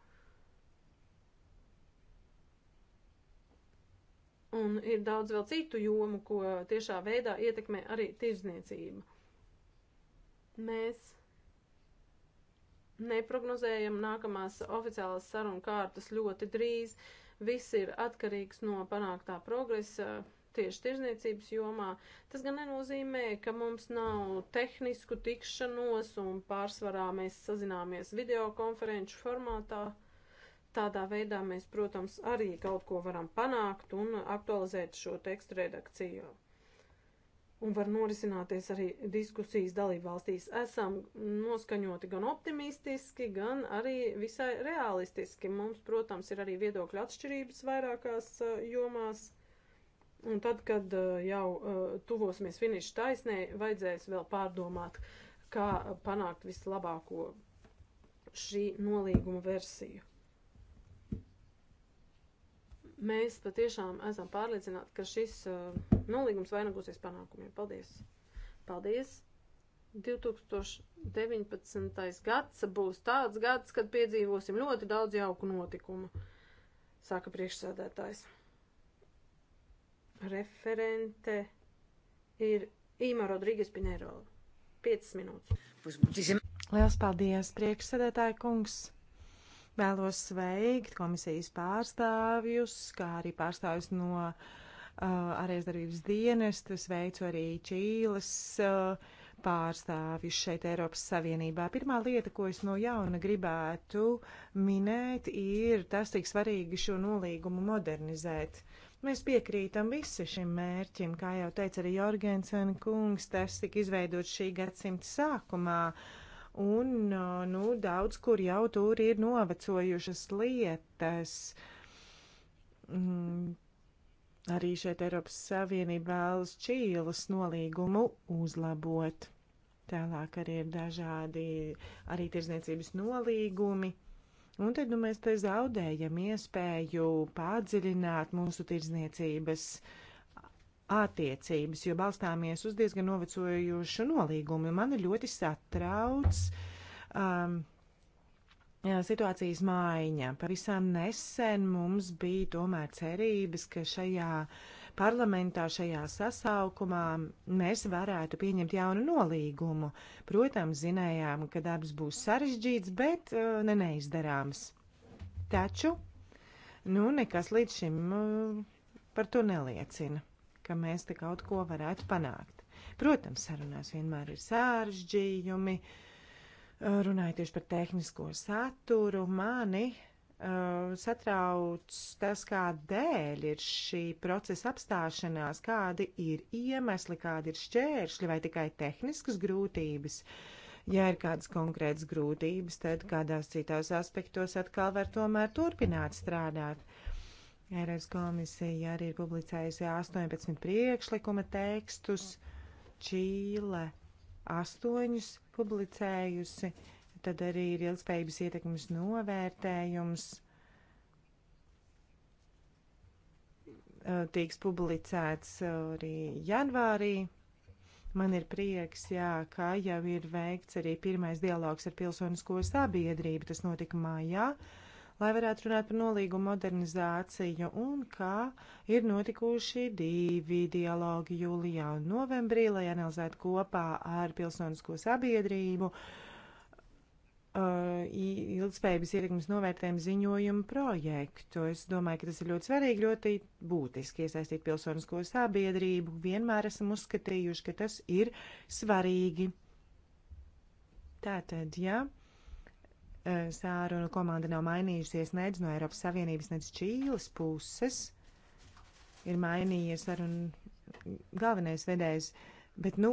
A: Un ir daudz vēl citu jomu, ko tiešā veidā ietekmē arī tirdzniecība. Mēs neprognozējam nākamās oficiālās sarunu kārtas ļoti drīz. Viss ir atkarīgs no panāktā progresa tieši tirzniecības jomā. Tas gan nenozīmē, ka mums nav tehnisku tikšanos un pārsvarā mēs sazināmies video konferenču formātā. Tādā veidā mēs, protams, arī kaut ko varam panākt un aktualizēt šo tekstu redakciju un var norisināties arī diskusijas dalībvalstīs. Esam noskaņoti gan optimistiski, gan arī visai realistiski. Mums, protams, ir arī viedokļu atšķirības vairākās eh, jomās. Un tad, kad eh, jau eh, tuvosimies finiša taisnē, vajadzēs vēl pārdomāt, kā panākt vislabāko šī nolīguma versiju mēs patiešām esam pārliecināti, ka šis uh, nolīgums vainagosies panākumiem. Paldies! Paldies! 2019. gads būs tāds gads, kad piedzīvosim ļoti daudz jauku notikumu, saka priekšsēdētājs. Referente ir Īma Rodrīgas Pinero. 5 minūtes.
B: Liels paldies, priekšsēdētāja kungs! Vēlos sveikt komisijas pārstāvjus, kā arī pārstāvjus no uh, arēsdarbības dienesta. Sveicu arī Čīles uh, pārstāvjus šeit Eiropas Savienībā. Pirmā lieta, ko es no jauna gribētu minēt, ir tas, cik svarīgi šo nolīgumu modernizēt. Mēs piekrītam visi šim mērķim, kā jau teica arī Jorgensen kungs, tas tika izveidots šī gadsimta sākumā. Uh, un, uh, nu, daudz kur jau tur ir novecojušas lietas. Mm, arī šeit Eiropas Savienība vēlas čīlas nolīgumu uzlabot. Tālāk arī ir dažādi arī tirzniecības nolīgumi. Un tad nu, mēs te zaudējam iespēju padziļināt mūsu tirzniecības uh, attiecības, jo balstāmies uz diezgan novecojušu nolīgumu. Man ir ļoti satrauc um, situācijas maiņa. Pavisam nesen mums bija tomēr cerības, ka šajā parlamentā šajā sasaukumā mēs varētu pieņemt jaunu nolīgumu. Protams, zinājām, ka darbs būs sarežģīts, bet uh, ne neizdarāms. Taču, nu, nekas līdz šim uh, par to neliecina ka mēs te kaut ko varētu panākt. Protams, sarunās vienmēr ir sāržģījumi. Runājot tieši par tehnisko saturu, mani uh, satrauc tas, kādēļ ir šī procesa apstāšanās, kādi ir iemesli, kādi ir šķēršļi vai tikai tehniskas grūtības. Ja ir kādas konkrētas grūtības, tad kādās citās aspektos atkal var tomēr turpināt strādāt. Uh, Eiropas komisija arī ir publicējusi 18 priekšlikuma tekstus, Čīle 8 publicējusi, tad arī ir ilgspējības ietekmes novērtējums. Tiks publicēts arī janvārī. Man ir prieks, jā, ka jau ir veikts arī pirmais dialogs ar pilsonisko sabiedrību. Tas notika mājā. Ja? lai varētu runāt par nolīgumu modernizāciju un kā ir notikuši divi dialogi jūlijā un novembrī, lai analizētu kopā ar pilsonisko sabiedrību uh, ilgspējības ietekmes novērtējumu ziņojumu projektu. Es domāju, ka tas ir ļoti svarīgi, ļoti būtiski iesaistīt pilsonisko sabiedrību. Vienmēr esam uzskatījuši, ka tas ir svarīgi. Tātad, jā. Ja Eh, sārunu komanda nav mainījusies nec no Eiropas Savienības, nec Čīles puses. Ir mainījies sarunu galvenais vedējs, bet, nu,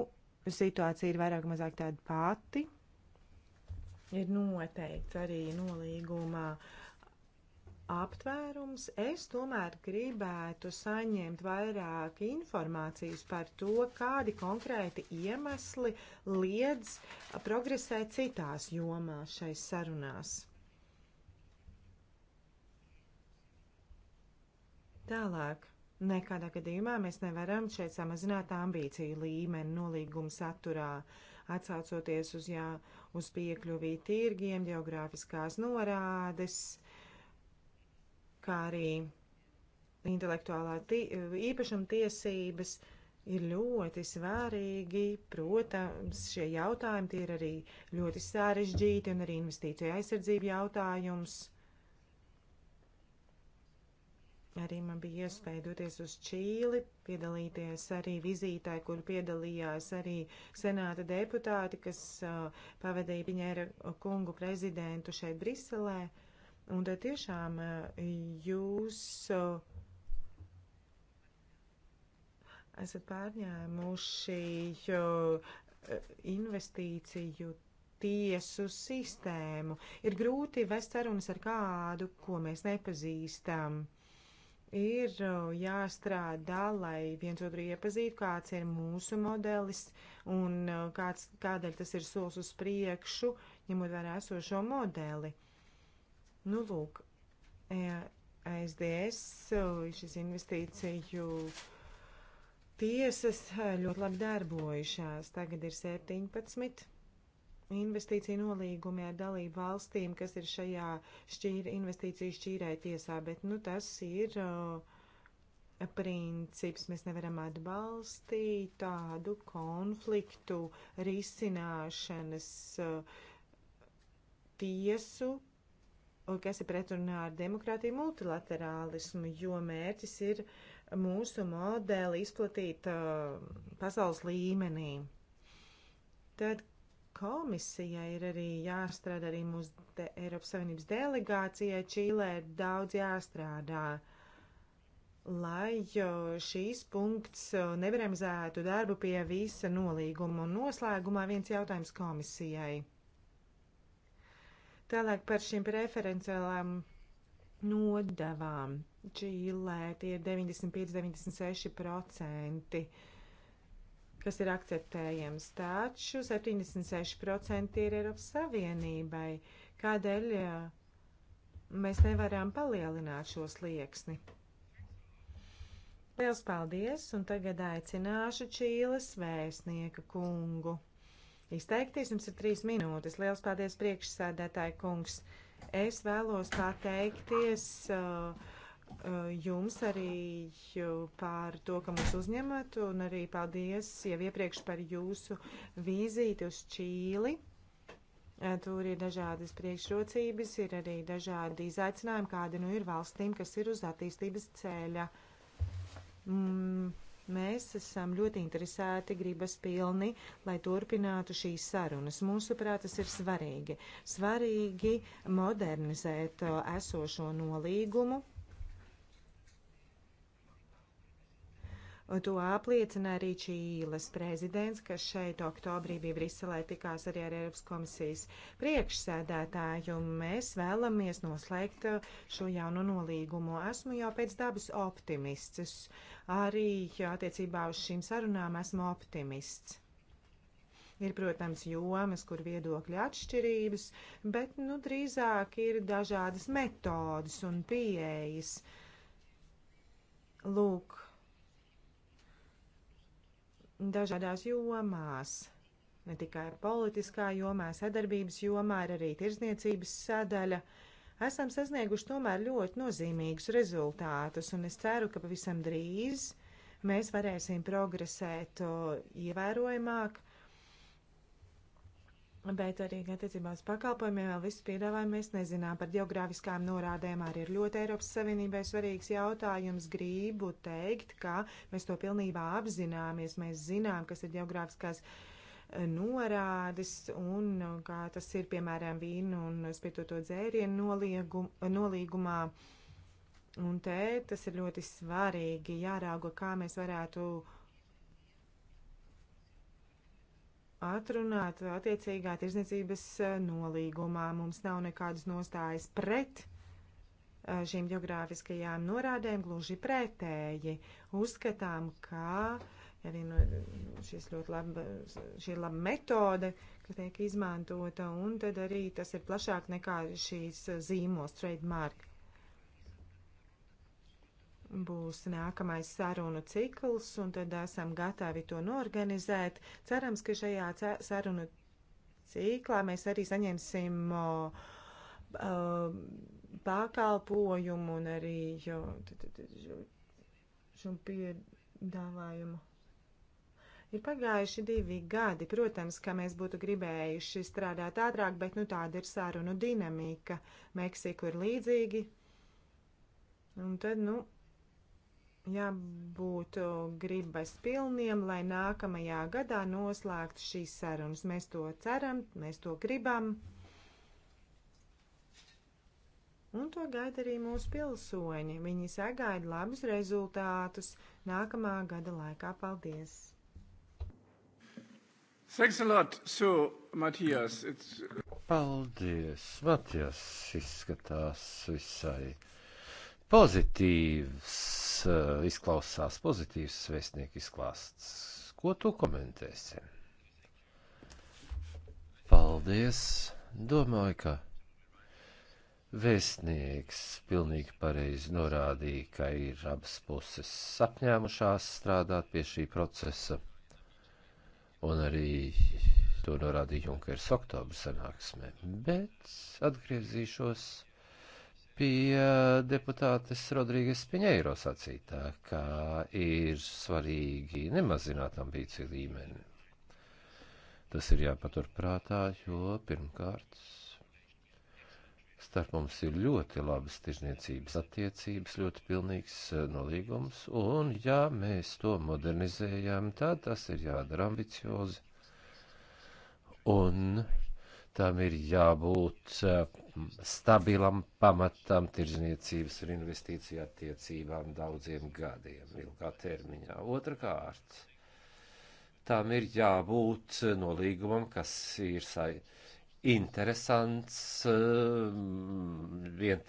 B: situācija ir vairāk mazāk tāda pati. Ir noteikts arī nolīgumā uh, aptvērums, es tomēr gribētu saņemt vairāk informācijas par to, kādi konkrēti iemesli liedz progresēt citās jomās šais sarunās. Tālāk. Nekādā gadījumā mēs nevaram šeit samazināt ambīciju līmeni nolīguma saturā, atsaucoties uz, jā, uz piekļuvī tirgiem, geogrāfiskās norādes, uh, kā arī intelektuālā tī, īpašuma tiesības ir ļoti svarīgi. Protams, šie jautājumi tie ir arī ļoti sarežģīti un arī investīcija aizsardzība jautājums. Arī man bija iespēja doties uz Čīli, piedalīties arī vizītē, kur piedalījās arī senāta deputāti, kas uh, pavadīja Piņēra kungu prezidentu šeit Briselē. Uh, Un tad tiešām eh, jūs eh, esat pārņēmuši eh, investīciju tiesu sistēmu. Ir grūti vest sarunas ar kādu, ko mēs nepazīstam. Ir jāstrādā, lai viens otru iepazītu, kāds ir mūsu modelis un kāds, kādēļ tas ir solis uz priekšu, ņemot vērā esošo modeli. Nu, lūk, SDS, e, šis investīciju tiesas e, ļoti labi darbojušās. Tagad ir 17 investīciju nolīgumi ar dalību valstīm, kas ir šajā šķīra, investīciju šķīrē tiesā, bet nu, tas ir uh, princips. Mēs nevaram atbalstīt tādu konfliktu risināšanas uh, tiesu, un kas ir pretrunā ar demokrātiju multilaterālismu, jo mērķis ir mūsu modeli izplatīt uh, pasaules līmenī. Tad komisijai ir arī jāstrādā arī mūsu de Eiropas Savienības delegācijai Čīlē ir daudz jāstrādā lai uh, šīs punkts uh, nebremzētu darbu pie visa nolīguma un noslēgumā viens jautājums komisijai. Tālāk par šīm preferenciālām nodavām. Čīlē tie ir 95-96%, kas ir akceptējams. Taču 76% ir Eiropas Savienībai. Kādēļ mēs nevaram palielināt šo slieksni? Liels paldies, un tagad aicināšu Čīles vēstnieka kungu izteikties. Jums ir trīs minūtes. Liels paldies, priekšsēdētāji kungs. Es vēlos pateikties uh, uh, jums arī uh, par to, ka mūs uzņemat, un arī paldies jau iepriekš par jūsu vizīti uz Čīli. Tur ir dažādas priekšrocības, ir arī dažādi izaicinājumi, kādi nu ir valstīm, kas ir uz attīstības ceļa. Mm Mēs esam ļoti interesēti, gribas pilni, lai turpinātu šīs sarunas. Mūsuprāt, tas ir svarīgi. Svarīgi modernizēt uh, esošo nolīgumu, Un to apliecina arī Čīles prezidents, kas šeit oktobrī bija Briselē tikās arī ar Eiropas komisijas priekšsēdētāju. Mēs vēlamies noslēgt uh, šo jauno nolīgumu. Esmu jau pēc dabas optimists. Arī attiecībā uz šīm sarunām esmu optimists. Ir, protams, jomas, kur viedokļi atšķirības, bet, nu, drīzāk ir dažādas metodas un pieejas. Lūk, dažādās jomās. Ne tikai politiskā jomā, sadarbības jomā, ir arī tirzniecības sadaļa. Esam sasnieguši tomēr ļoti nozīmīgus rezultātus, un es ceru, ka pavisam drīz mēs varēsim progresēt ievērojamāk Bet arī attiecībā uz pakalpojumiem vēl visu piedāvājumu mēs nezinām. Par geogrāfiskām norādēm arī ir ļoti Eiropas Savienībai svarīgs jautājums. Gribu teikt, ka mēs to pilnībā apzināmies. Mēs zinām, kas ir geogrāfiskās eh, norādes un eh, kā tas ir, piemēram, vīnu un eh, spietoto dzērienu nolīgumā. Un te tas ir ļoti svarīgi jārauga, kā mēs varētu atrunāt attiecīgā tirzniecības eh, nolīgumā. Mums nav nekādas nostājas pret eh, šīm geogrāfiskajām norādēm, gluži pretēji. Uzskatām, ka ja vien, eh, šis ļoti laba, šī ir laba metode, kas tiek izmantota, un tad arī tas ir plašāk nekā šīs zīmos trademark būs nākamais sarunu cikls, un tad esam gatavi to norganizēt. Cerams, ka šajā sarunu ciklā mēs arī saņemsim uh, uh, pakalpojumu un arī šo piedāvājumu. Ir pagājuši divi gadi. Protams, ka mēs būtu gribējuši strādāt ātrāk, bet nu, tāda ir sarunu dinamika. Meksika ir līdzīgi. Un tad, nu, jābūt gribas pilniem, lai nākamajā gadā noslēgtu šīs sarunas. Mēs to ceram, mēs to gribam. Un to gaida arī mūsu pilsoņi. Viņi sagaida labus rezultātus nākamā gada laikā. Paldies!
C: Thanks a lot. So, Matijas, it's... Paldies, Matijas, izskatās visai Pozitīvs eh, izklausās, pozitīvs vēstnieku izklāsts. Ko tu komentēsi? Paldies! Domāju, ka vēstnieks pilnīgi pareizi norādīja, ka ir abas puses apņēmušās strādāt pie šī procesa, un arī to norādīja Junkers oktobra sanāksmē. Bet atgriezīšos pie deputātes Rodrīgas Piņeiro sacītā, ka ir svarīgi nemazināt ambīciju līmeni. Tas ir jāpaturprātā, jo pirmkārt starp mums ir ļoti labas tirzniecības attiecības, ļoti pilnīgs eh, nolīgums, un ja mēs to modernizējam, tad tas ir jādara ambiciozi. Un tam ir jābūt eh, stabilam pamatam tirzniecības un investīciju attiecībām daudziem gadiem ilgā termiņā. Otrakārt, tam ir jābūt nolīgumam, kas ir sai interesants mm, vien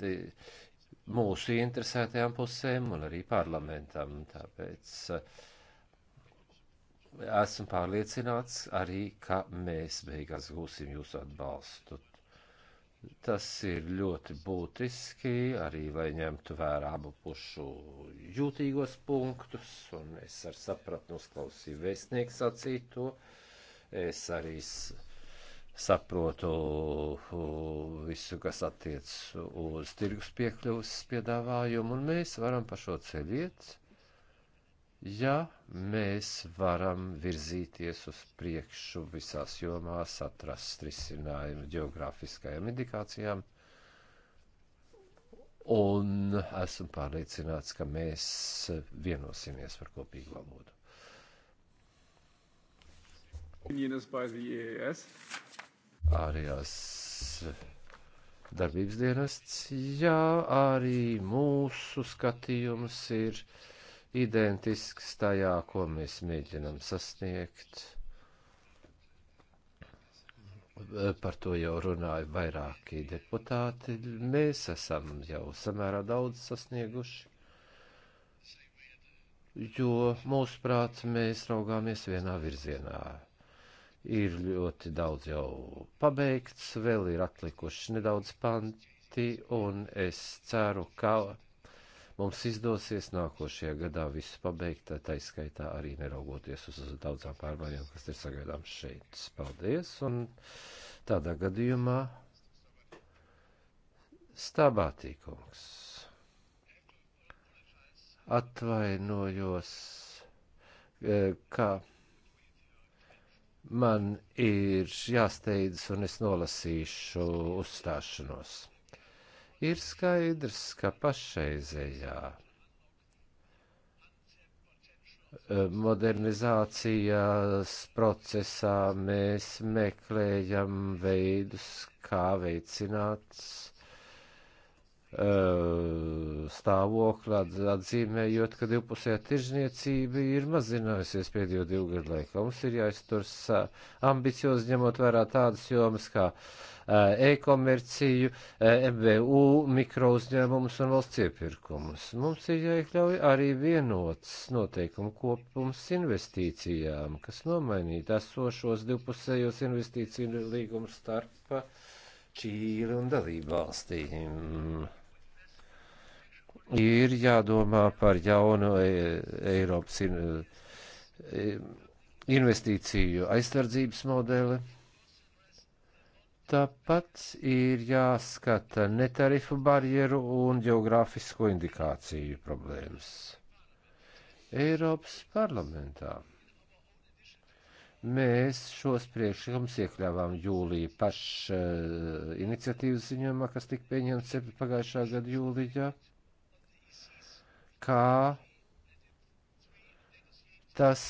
C: mūsu interesētajām pusēm un arī parlamentam. Tāpēc eh, esmu pārliecināts arī, ka mēs beigās gūsim jūsu atbalstu. Tas ir ļoti būtiski arī, lai ņemtu vērā abu pušu jūtīgos punktus, un es ar sapratni uzklausīju vēstnieku sacīto. Es arī saprotu visu, kas attiec uz tirgus piekļuvas piedāvājumu, un mēs varam pa šo ceļu iet ja mēs varam virzīties uz priekšu visās jomās, atrast risinājumu geogrāfiskajām indikācijām. Un esmu pārliecināts, ka mēs vienosimies par kopīgu valodu. E Ārējās darbības dienests, jā, arī mūsu skatījums ir identisks tajā, ko mēs mēģinam sasniegt. Par to jau runāja vairāki deputāti. Mēs esam jau samērā daudz sasnieguši, jo mūsuprāt mēs raugāmies vienā virzienā. Ir ļoti daudz jau pabeigts, vēl ir atlikuši nedaudz panti, un es ceru, ka Mums izdosies nākošajā gadā viss pabeigt, tā izskaitā arī neraugoties uz daudzām pārmaiņām, kas ir sagaidāms šeit. Paldies! Un tādā gadījumā stābātīkums. Atvainojos, e, ka man ir jāsteidz un es nolasīšu uzstāšanos. Ir skaidrs, ka pašreizējā e, modernizācijas procesā mēs meklējam veidus, kā veicināt Eh, stāvokli, atzīmējot, ka divpusējā tirzniecība ir mazinājusies pēdējo divu gadu laikā. Mums ir jāizturas ambiciozi ņemot vērā tādas jomas kā eh, e-komerciju, eh, MVU, mikrouzņēmumus un valsts iepirkumus. Mums ir jāiekļauj arī vienots noteikumu kopums investīcijām, kas nomainītu esošos divpusējos investīciju līgumus starp Čīli un dalību valstīm ir jādomā par jaunu e, Eiropas e, investīciju aizsardzības modeli. Tāpat ir jāskata netarifu barjeru un geogrāfisko indikāciju problēmas. Eiropas parlamentā. Mēs šos priekšlikumus iekļāvām jūlija paša uh, iniciatīvas ziņojumā, kas tika pieņemts pagājušā gada jūlijā. Ja? kā tas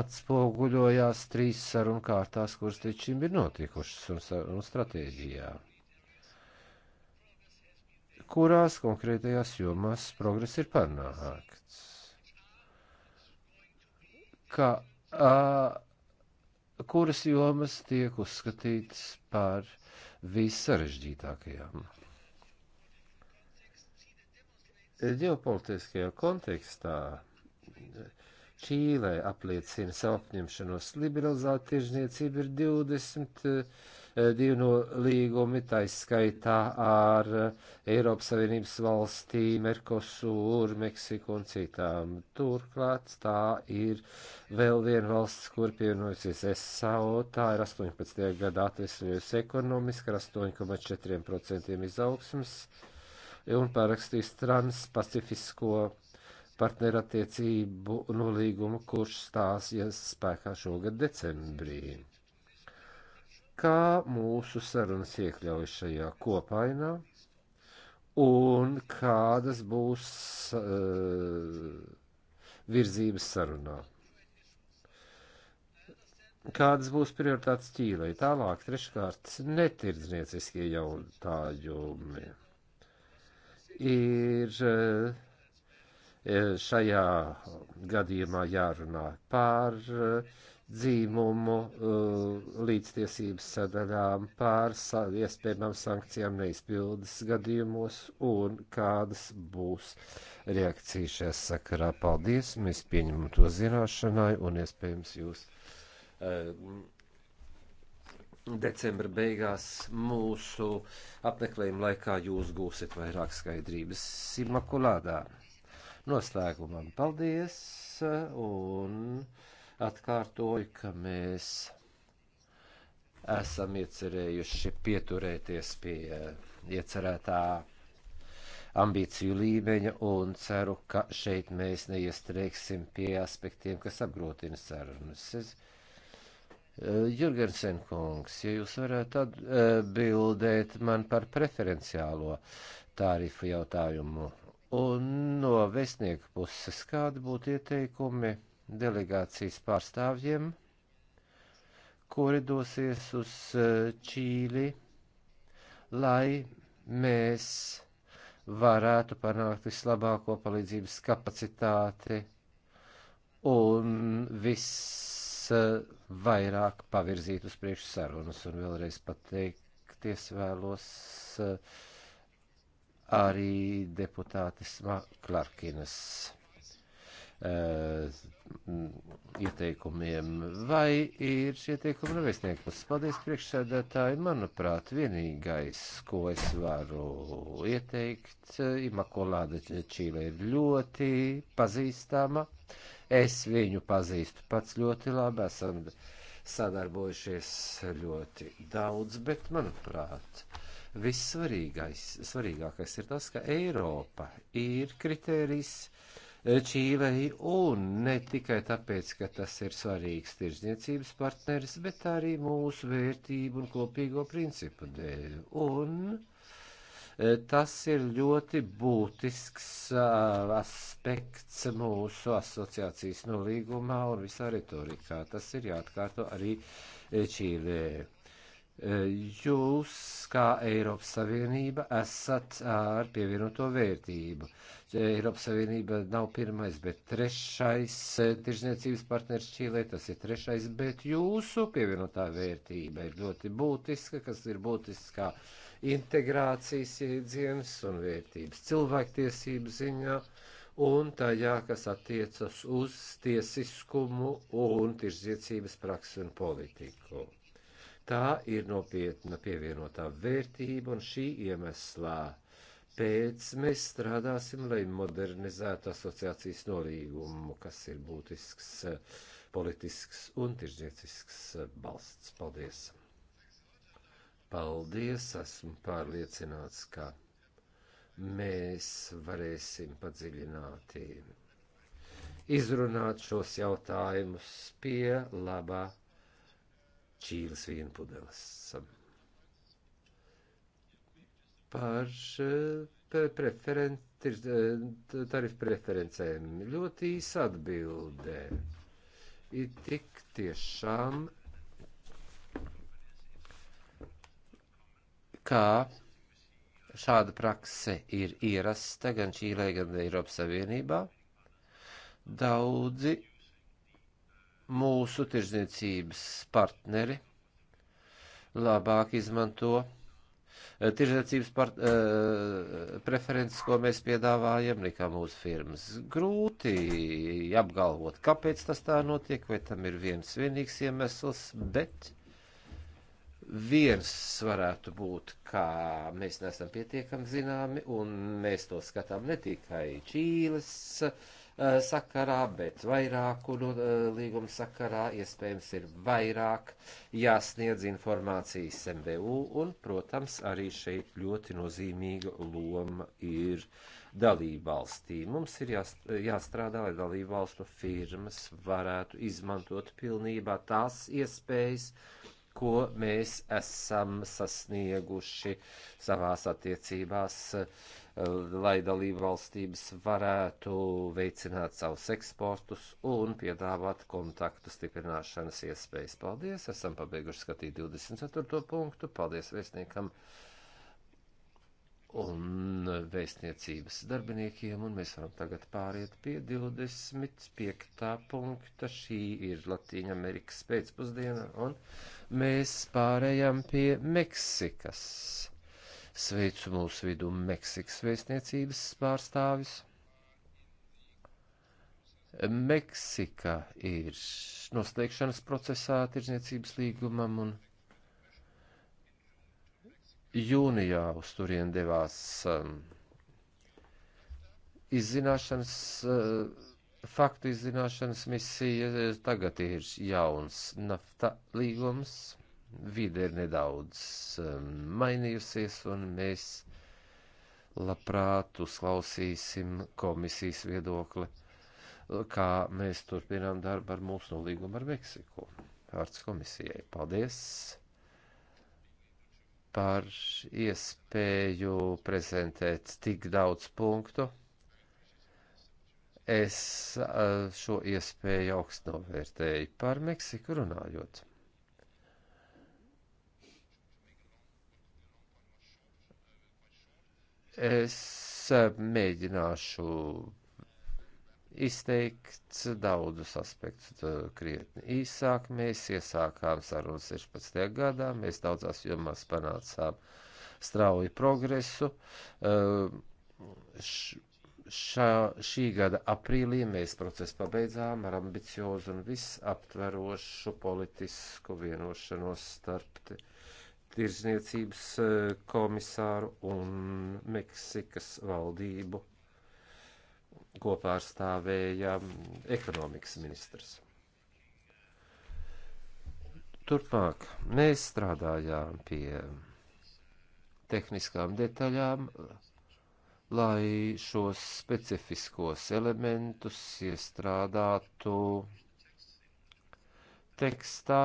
C: atspoguļojās trīs sarunu kārtās, kuras līdz šim ir notikušas un, un stratēģijā, kurās konkrētajās jomās progress ir panākts. Kā, a, kuras jomas tiek uzskatītas par vissarežģītākajām? ģeopolitiskajā kontekstā Čīlē apliecina savu apņemšanos liberalizēt tirzniecību ir 22 eh, no līgumi, tā izskaitā ar eh, Eiropas Savienības valstīm, Merkosūr, Meksiku un citām. Turklāt tā ir vēl viena valsts, kur pievienojusies SAO, tā ir 18. gadā atvesļojusi ekonomiski ar 8,4% izaugsmas un parakstīs transpacifisko partnerattiecību nolīgumu, kurš stāsies spēkā šogad decembrī. Kā mūsu sarunas iekļauj šajā kopainā un kādas būs uh, virzības sarunā? Kādas būs prioritātes Ķīlei? Tālāk, treškārt, netirdznieciskie jautājumi ir eh, eh, šajā gadījumā jārunā par eh, dzīmumu līdztiesības sadaļām, par iespējamām sankcijām neizpildes gadījumos un kādas būs reakcija šajā sakarā. Paldies, mēs pieņemam to zināšanai un iespējams jūs. Uh, decembra beigās mūsu apmeklējuma laikā jūs gūsiet vairāk skaidrības Imakulādā. Noslēgumam paldies un atkārtoju, ka mēs esam iecerējuši pieturēties pie iecerētā ambīciju līmeņa un ceru, ka šeit mēs neiestrēgsim pie aspektiem, kas apgrūtina sarunas. Es Eh, Jurgensen kungs, ja jūs varētu atbildēt eh, man par preferenciālo tārifu jautājumu un no vēstnieku puses, kādi būtu ieteikumi delegācijas pārstāvjiem, kuri dosies uz eh, Čīli, lai mēs varētu panākt vislabāko palīdzības kapacitāti un viss Eh, vairāk pavirzīt uz priekšu sarunas un vēlreiz pateikties vēlos eh, arī deputātis Klarkinas eh, ieteikumiem, vai ir šie ieteikumi nevēstniekus. Paldies priekšsēdētāji, manuprāt, vienīgais, ko es varu ieteikt, Imakolāda Čīle ir ļoti pazīstama. Uh, Es viņu pazīstu pats ļoti labi, esam sadarbojušies ļoti daudz, bet, manuprāt, vissvarīgākais ir tas, ka Eiropa ir kritērijs e, Čīlei un ne tikai tāpēc, ka tas ir svarīgs tirzniecības partneris, bet arī mūsu vērtību un kopīgo principu dēļ. Un, uh, Eh, tas ir ļoti būtisks eh, aspekts mūsu asociācijas nolīgumā un visā retorikā. Tas ir jāatkārto arī eh, Čīlē. Jūs, kā Eiropas Savienība, esat ar pievienoto vērtību. Eiropas Savienība nav pirmais, bet trešais tirzniecības partners Čīlē, tas ir trešais, bet jūsu pievienotā vērtība ir ļoti būtiska, kas ir būtiskā. Kā integrācijas jēdziens un vērtības cilvēktiesību ziņā un tajā, kas attiecas uz tiesiskumu un tirzniecības praksi un politiku. Tā ir nopietna pievienotā vērtība, un šī iemeslā pēc mēs strādāsim, lai modernizētu asociācijas norīgumu, kas ir būtisks politisks un tirzniecisks balsts. Paldies! Paldies, esmu pārliecināts, ka mēs varēsim padziļināti izrunāt šos jautājumus pie labā Čīles vienpudeles. Par preferent, tarifu preferencēm ļoti īsa atbildē. Ir tik tiešām kā šāda prakse ir ierasta gan Čīlē, gan Eiropas Savienībā. Daudzi mūsu tirzniecības partneri labāk izmanto eh, tirzniecības part, uh, preferences, ko mēs piedāvājam, nekā mūsu firmas. Grūti apgalvot, kāpēc tas tā notiek, vai tam ir viens vienīgs iemesls, bet viens varētu būt, kā mēs neesam pietiekami zināmi, un mēs to skatām ne tikai Čīles uh, sakarā, bet vairāku uh, eh, līgumu sakarā, iespējams, ir vairāk jāsniedz informācijas MBU, un, protams, arī šeit ļoti nozīmīga loma ir dalībvalstī. Mums ir jāstrādā, lai dalībvalstu firmas varētu izmantot pilnībā tās iespējas, ko mēs esam sasnieguši savās attiecībās, eh, lai dalību valstības varētu veicināt savus eksportus un piedāvāt kontaktu stiprināšanas iespējas. Paldies! Esam pabeiguši skatīt 24. punktu. Paldies vēstniekam un vēstniecības darbiniekiem, un mēs varam tagad pāriet pie 25. punkta. Šī ir Latīņa Amerikas pēcpusdiena, un mēs pārējām pie Meksikas. Sveicu mūsu vidu Meksikas vēstniecības pārstāvis. Meksika ir noslēgšanas procesā tirzniecības līgumam un jūnijā uz turien devās um, izzināšanas uh, faktu izzināšanas misija e, tagad ir jauns nafta līgums, vide ir nedaudz e, mainījusies, un mēs labprāt uzklausīsim komisijas viedokli, kā mēs turpinām darbu ar mūsu nolīgumu ar Meksiku. Vārds komisijai. Paldies! par iespēju prezentēt tik daudz punktu. Es eh, šo iespēju augstu novērtēju par Meksiku runājot. Es eh, mēģināšu izteikts daudzus aspektus eh, krietni īsāk. Mēs iesākām sarunas 16. gadā, mēs daudzās jomās panācām strauju progresu. Š, šā, šī gada aprīlī mēs procesu pabeidzām ar ambiciozu un visaptverošu politisku vienošanos starp tirzniecības e, komisāru un Meksikas valdību, ko pārstāvēja ekonomikas ministrs. Turpmāk mēs strādājām pie tehniskām detaļām, lai šos specifiskos elementus iestrādātu tekstā,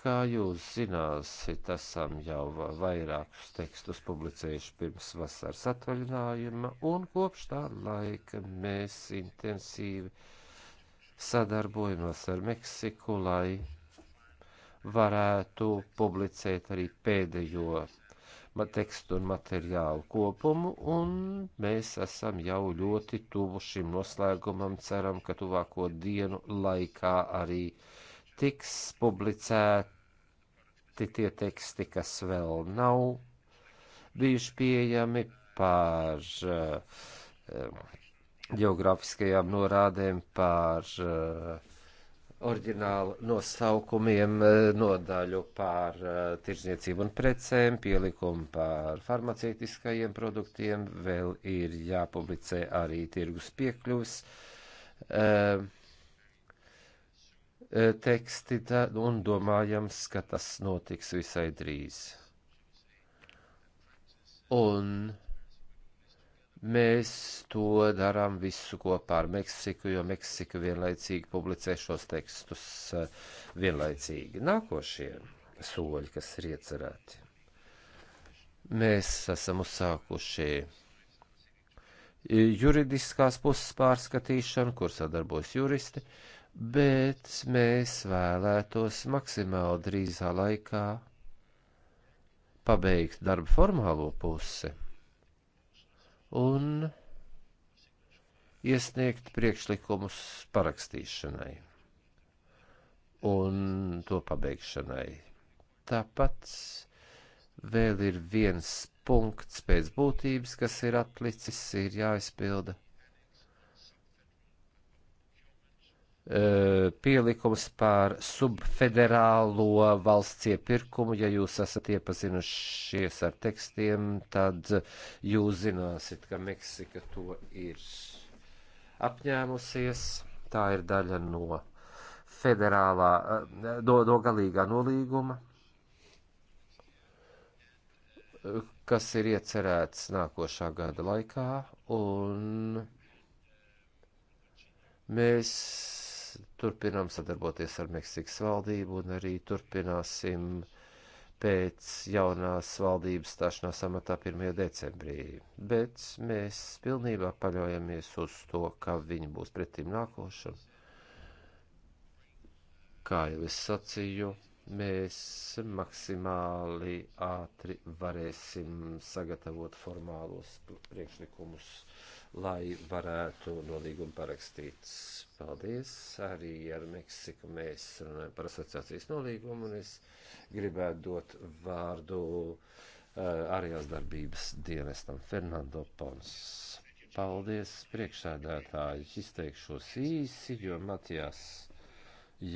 C: kā jūs zināsiet, esam jau vairākus tekstus publicējuši pirms vasaras atvaļinājuma, un kopš tā laika mēs intensīvi sadarbojamies ar Meksiku, lai varētu publicēt arī pēdējo tekstu un materiālu kopumu, un mēs esam jau ļoti tuvu šim noslēgumam. Ceram, ka tuvāko dienu laikā arī tiks publicēti tie teksti, kas vēl nav bijuši pieejami par uh, geogrāfiskajām norādēm, par uh, oriģinālu nosaukumiem eh, nodaļu par eh, tirzniecību un precēm, pielikumu par farmaceitiskajiem produktiem, vēl ir jāpublicē arī tirgus piekļuvis eh, teksti un domājams, ka tas notiks visai drīz. Un Mēs to darām visu kopā ar Meksiku, jo Meksika vienlaicīgi publicē šos tekstus eh, vienlaicīgi. Nākošie soļi, kas ir iecerēti. Mēs esam uzsākuši eh, juridiskās puses pārskatīšanu, kur sadarbojas juristi, bet mēs vēlētos maksimāli drīzā laikā pabeigt darba formālo pusi un iesniegt priekšlikumus parakstīšanai un to pabeigšanai. Tāpat vēl ir viens punkts pēc būtības, kas ir atlicis, ir jāizpilda Eh, pielikums par subfederālo valsts iepirkumu. Ja jūs esat iepazinušies ar tekstiem, tad jūs zināsiet, ka Meksika to ir apņēmusies. Tā ir daļa no federālā, eh, no, no galīgā nolīguma, kas ir iecerēts nākošā gada laikā, un mēs turpinām sadarboties ar Meksikas valdību un arī turpināsim pēc jaunās valdības stāšanās amatā 1. decembrī. Bet mēs pilnībā paļaujamies uz to, ka viņi būs pretīm nākošam. Kā jau es sacīju, mēs maksimāli ātri varēsim sagatavot formālos priekšlikumus uh, lai varētu no līguma parakstīt. Paldies! Arī ar Meksiku mēs runājam par asociācijas nolīgumu, un es gribētu dot vārdu uh, ārējās darbības dienestam Fernando Pons. Paldies, priekšsēdētāji! Izteikšos īsi, jo Matijas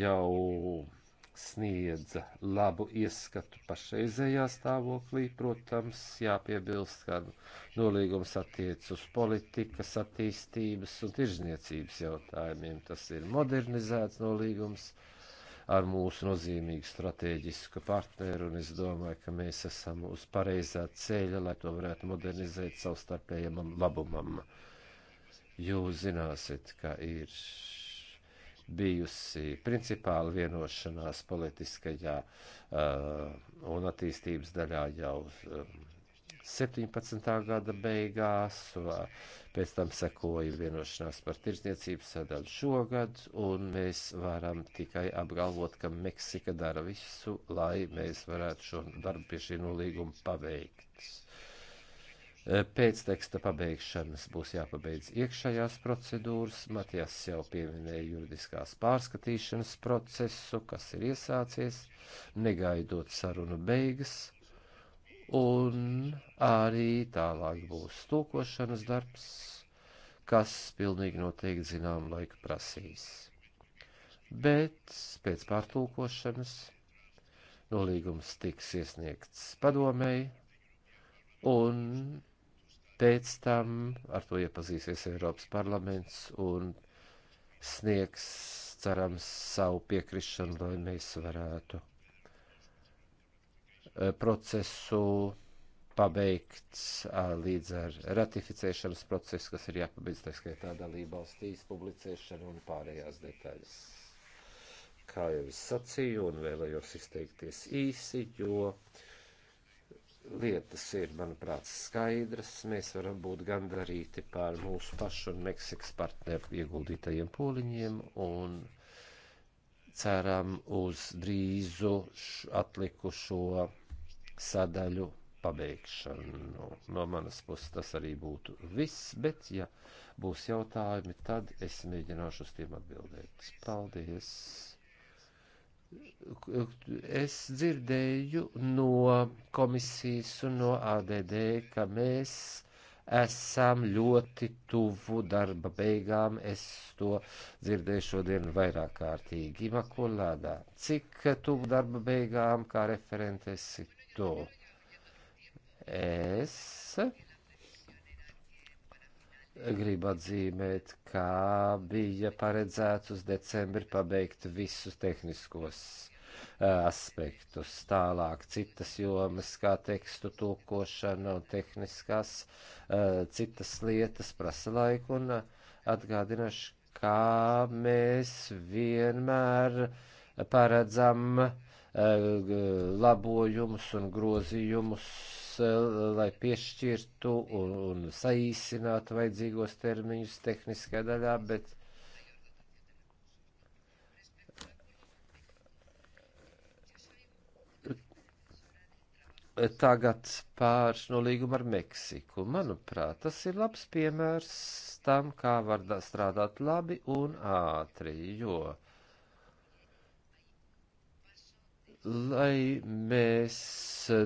C: jau sniedza labu ieskatu pašreizējā stāvoklī. Protams, jāpiebilst, ka nolīgums attiec uz politikas, attīstības un tirzniecības jautājumiem. Tas ir modernizēts nolīgums ar mūsu nozīmīgu strateģisku partneru, un es domāju, ka mēs esam uz pareizā ceļa, lai to varētu modernizēt savstarpējam labumam. Jūs zināsiet, ka ir bijusi principāla vienošanās politiskajā uh, un attīstības daļā jau uh, um, 17. gada beigās, uh, pēc tam sekoja vienošanās par tirdzniecības sadaļu šogad, un mēs varam tikai apgalvot, ka Meksika dara visu, lai mēs varētu šo darbu pie šī nolīguma paveikt. Eh, pēc teksta pabeigšanas būs jāpabeidz iekšējās procedūras. Matijas jau pieminēja juridiskās pārskatīšanas procesu, kas ir iesācies, negaidot sarunu beigas. Un arī tālāk būs tūkošanas darbs, kas pilnīgi noteikti zinām laiku prasīs. Bet pēc pārtūkošanas nolīgums tiks iesniegts padomēji un pēc tam ar to iepazīsies Eiropas parlaments un sniegs, cerams, savu piekrišanu, lai mēs varētu eh, procesu pabeigt līdz ar ratificēšanas procesu, kas ir jāpabeidz, tā skaitā dalība valstīs, publicēšana un pārējās detaļas. Kā jau es sacīju, un vēlējos izteikties īsi, jo uh, lietas ir, manuprāt, skaidras. Mēs varam būt gandarīti par mūsu pašu un Meksikas partneru ieguldītajiem pūliņiem un ceram uz drīzu atlikušo sadaļu pabeigšanu. No manas puses tas arī būtu viss, bet ja būs jautājumi, tad es mēģināšu uz tiem atbildēt. Paldies! es dzirdēju no komisijas un no ADD, ka mēs esam ļoti tuvu darba beigām. Es to dzirdēju šodien vairāk kārtīgi. Imakulādā, cik tuvu darba beigām kā referentesi to? Es gribu atzīmēt, kā bija paredzēts uz decembri pabeigt visus tehniskos eh, aspektus, tālāk citas jomas, kā tekstu tūkošana un tehniskās eh, citas lietas prasa laiku un eh, atgādināšu, kā mēs vienmēr paredzam uh, Eh, labojumus un grozījumus, eh, lai piešķirtu un, un saīsinātu vajadzīgos termiņus tehniskajā daļā, bet tagad pār no līguma ar Meksiku. Manuprāt, tas ir labs piemērs tam, kā var strādāt labi un ātri, jo lai mēs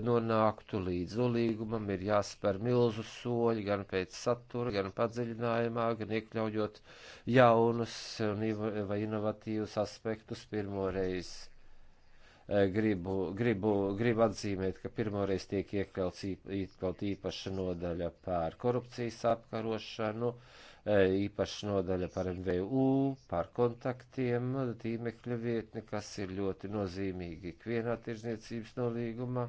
C: nonāktu līdz nolīgumam, ir jāspēr milzu soļi gan pēc satura, gan padziļinājumā, gan iekļaujot jaunus vai inovatīvus aspektus pirmoreiz. Eh, gribu, gribu, gribu atzīmēt, ka pirmoreiz tiek iekļauts, iekļaut īpaša nodaļa pār korupcijas apkarošanu. No E, īpaša nodaļa par MVU, par kontaktiem, tīmekļa vietne, kas ir ļoti nozīmīgi ikvienā tirzniecības nolīgumā.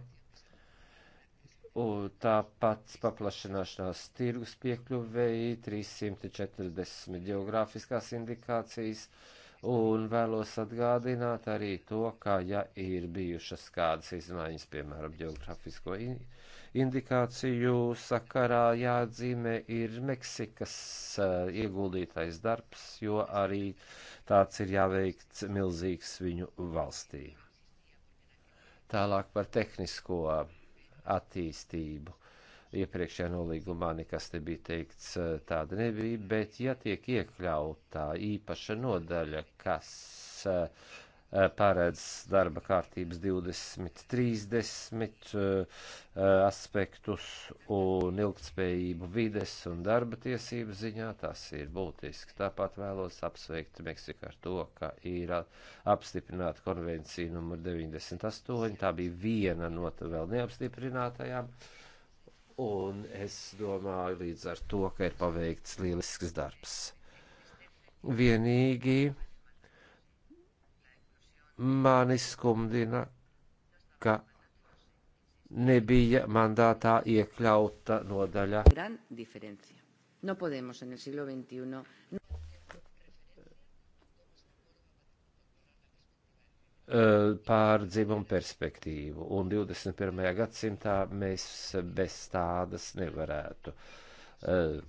C: Un tāpat paplašanāšanās tirgus piekļuvēji 340 geogrāfiskās indikācijas. Un vēlos atgādināt arī to, ka, ja ir bijušas kādas izmaiņas, piemēram, geogrāfisko indikāciju, indikāciju sakarā jāatzīmē ir Meksikas uh, ieguldītais darbs, jo arī tāds ir jāveikt milzīgs viņu valstī. Tālāk par tehnisko attīstību iepriekšējā nolīgumā nekas nebija teikts, eh, tāda nebija, bet ja tiek iekļautā īpaša nodaļa, kas eh, Eh, paredz darba kārtības 2030 eh, eh, aspektus un ilgtspējību vides un darba tiesību ziņā. Tas ir būtiski. Tāpat vēlos apsveikt Meksiku ar to, ka ir apstiprināta konvencija numur 98. Tā bija viena no vēl neapstiprinātajām. Un es domāju līdz ar to, ka ir paveikts lielisks darbs. Vienīgi mani skumdina, ka nebija mandātā iekļauta nodaļa.
A: No podemos en el siglo XXI. No...
C: Eh, pār dzimumu perspektīvu, un 21. gadsimtā mēs bez tādas nevarētu. Eh,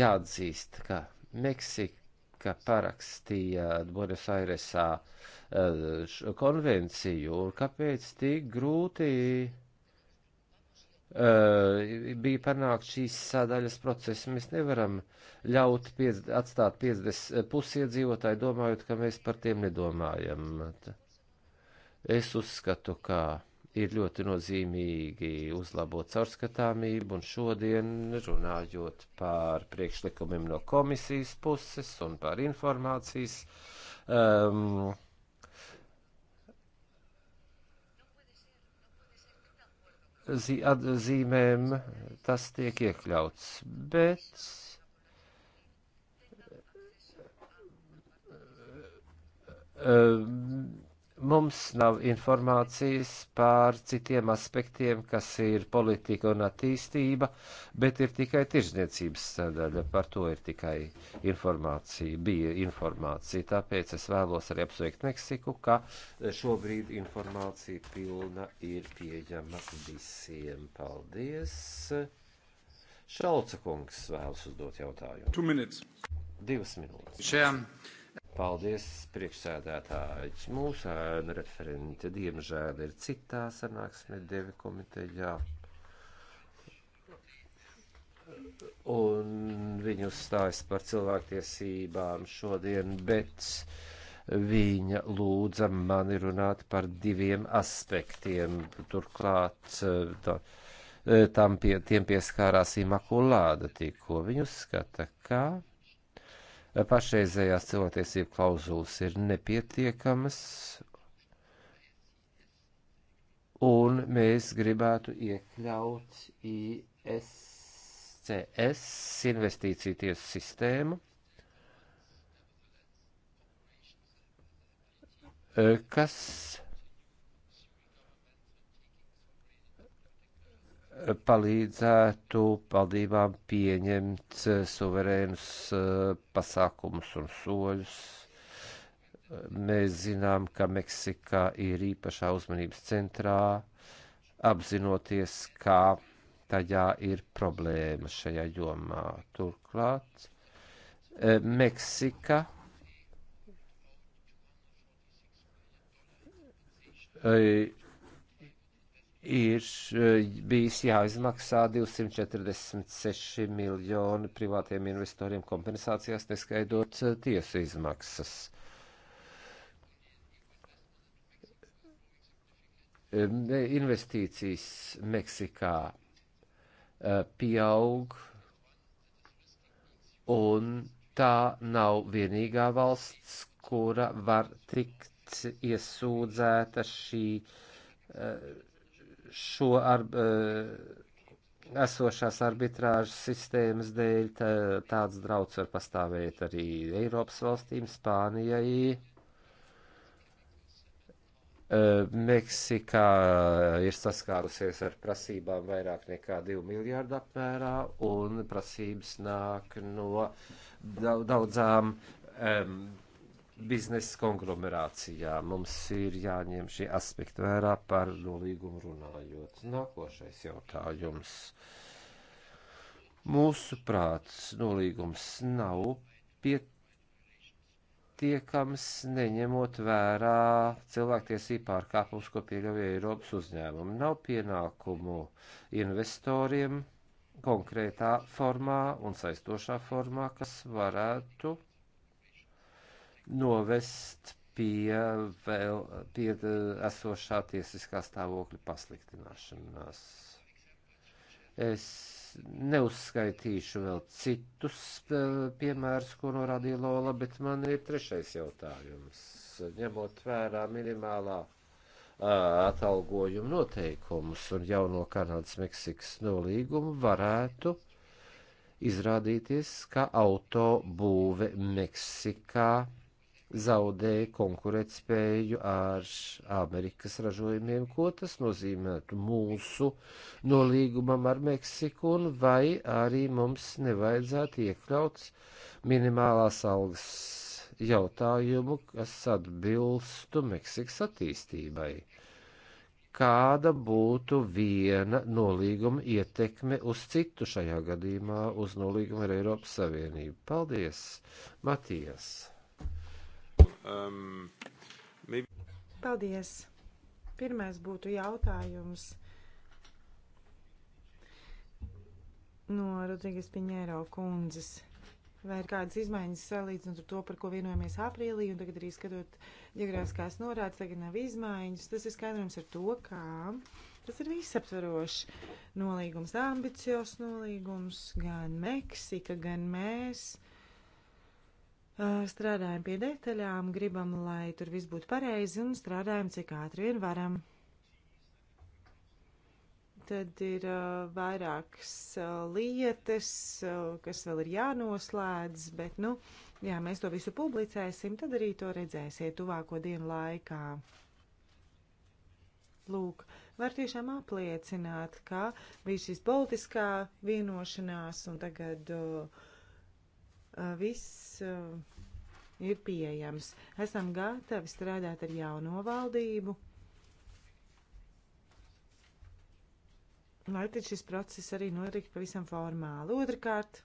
C: jāatzīst, ka Meksika ka parakstījāt Buenosairesā eh, konvenciju un kāpēc tik grūti Uh, bija panākt šīs sadaļas procesu. Mēs nevaram ļaut piec, atstāt 50 eh, pusiedzīvotāji, domājot, ka mēs par tiem nedomājam. Es uzskatu, ka ir ļoti nozīmīgi uzlabot caurskatāmību, un šodien runājot par priekšlikumiem no komisijas puses un par informācijas um, zi, atzīmēm, tas tiek iekļauts, bet um, Mums nav informācijas pār citiem aspektiem, kas ir politika un attīstība, bet ir tikai tirzniecības sadaļa. Par to ir tikai informācija, bija informācija. Tāpēc es vēlos arī apsveikt Meksiku, ka šobrīd informācija pilna ir pieejama visiem. Paldies! Šalca kungs vēlas uzdot jautājumu. Two minutes. Divas minūtes. Šajā Paldies, priekšsēdētājs. Mūsu ēna referente, diemžēl, ir citā sanāksmē devi komitejā. Un viņi uzstājas par cilvēktiesībām šodien, bet viņa lūdza mani runāt par diviem aspektiem. Turklāt tā, tam pie, tiem pieskārās Imakulāda tikko. Viņa uzskata, ka pašreizējās cilvēktiesību klauzulas ir nepietiekamas, un mēs gribētu iekļaut ISCS investīciju tiesu sistēmu, kas palīdzētu valdībām pieņemt eh, suverēnus eh, pasākumus un soļus. Mēs zinām, ka Meksikā ir īpašā uzmanības centrā, apzinoties, kā tajā ir problēma šajā jomā. Turklāt eh, Meksika ir e, bijis jāizmaksā 246 miljoni privātiem investoriem kompensācijās, neskaidot e, tiesu izmaksas. E, investīcijas Meksikā pieaug, un tā nav vienīgā valsts, kura var tikt iesūdzēta šī šo ar, e, esošās arbitrāžas sistēmas dēļ tā, tāds drauds var pastāvēt arī Eiropas valstīm, Spānijai. E, Meksikā ir saskārusies ar prasībām vairāk nekā 2 miljārdu apmērā, un prasības nāk no daudzām um, biznesa konglomerācijā. Mums ir jāņem šie aspekti vērā par nolīgumu runājot. Nākošais jautājums. Mūsu prāts nolīgums nav pietiekams, neņemot vērā cilvēktiesību pārkāpumus, ko pieļauja Eiropas uzņēmumi. Nav pienākumu investoriem konkrētā formā un saistošā formā, kas varētu novest pie vēl pie e, esošā tiesiskā stāvokļa pasliktināšanās. Es neuzskaitīšu vēl citus e, piemērus, ko norādīja Lola, bet man ir trešais jautājums. Ņemot vērā minimālā e, atalgojuma noteikumus un jauno Kanādas-Meksikas nolīgumu varētu izrādīties, ka auto būve Meksikā zaudēja konkurētspēju ar Amerikas ražojumiem, ko tas nozīmētu mūsu nolīgumam ar Meksiku, un vai arī mums nevajadzētu iekļaut minimālās algas jautājumu, kas atbilstu Meksikas attīstībai. Kāda būtu viena nolīguma ietekme uz citu šajā gadījumā, uz nolīgumu ar Eiropas Savienību? Paldies, Matijas!
B: Um, maybe... Paldies! Pirmais būtu jautājums no Rodrigas Piņēro kundzes. Vai ir kādas izmaiņas salīdzinot ar to, par ko vienojamies aprīlī, un tagad arī skatot ģeogrāfiskās norādes, tagad nav izmaiņas. Tas ir skaidrojums ar to, kā tas ir visaptverošs nolīgums, ambiciozs nolīgums, gan Meksika, gan mēs Eh, strādājam pie detaļām, gribam, lai tur viss būtu pareizi un strādājam, cik ātri vien varam. Tad ir uh, vairākas uh, lietas, uh, kas vēl ir jānoslēdz, bet, nu, jā, mēs to visu publicēsim, tad arī to redzēsiet tuvāko dienu laikā. Lūk, var tiešām apliecināt, ka bija šis politiskā vienošanās un tagad uh, viss ir pieejams. Esam gatavi strādāt ar jauno valdību, lai tad šis process arī notiek pavisam formāli. Otrakārt,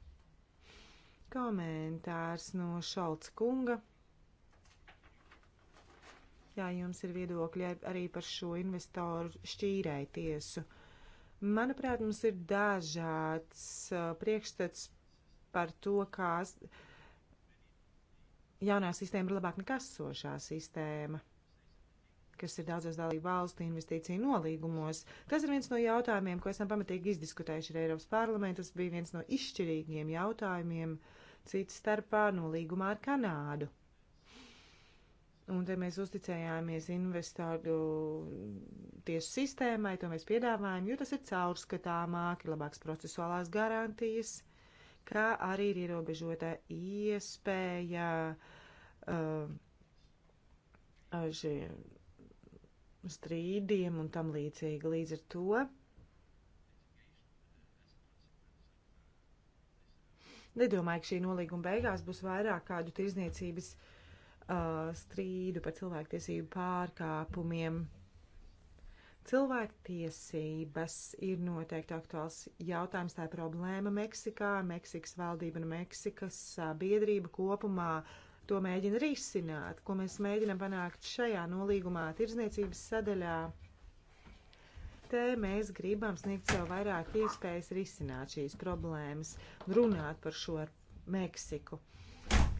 B: komentārs no Šalts kunga. Jā, jums ir viedokļi arī par šo investoru šķīrēju tiesu. Manuprāt, mums ir dažāds priekšstats par to, kā jaunā sistēma ir labāk nekā sošā sistēma kas ir daudzos dalību valstu investīciju nolīgumos. Tas ir viens no jautājumiem, ko esam pamatīgi izdiskutējuši ar Eiropas parlamentu. Tas bija viens no izšķirīgiem jautājumiem, cits starpā nolīgumā ar Kanādu. Un te mēs uzticējāmies investoru tiesu sistēmai, to mēs piedāvājam, jo tas ir caurskatāmāk, ir labāks procesuālās garantijas kā arī ir ierobežota iespēja uh, uh, šiem strīdiem un tam līdzīgi. Līdz ar to nedomāju, ka šī nolīguma beigās būs vairāk kādu tirzniecības uh, strīdu par cilvēktiesību pārkāpumiem. Cilvēktiesības ir noteikti aktuāls jautājums. Tā ir problēma Meksikā, Meksikas valdība un Meksikas sabiedrība kopumā to mēģina risināt. Ko mēs mēģinam panākt šajā nolīgumā tirdzniecības sadaļā? Te mēs gribam sniegt sev vairāk iespējas risināt šīs problēmas, runāt par šo ar Meksiku. Uh,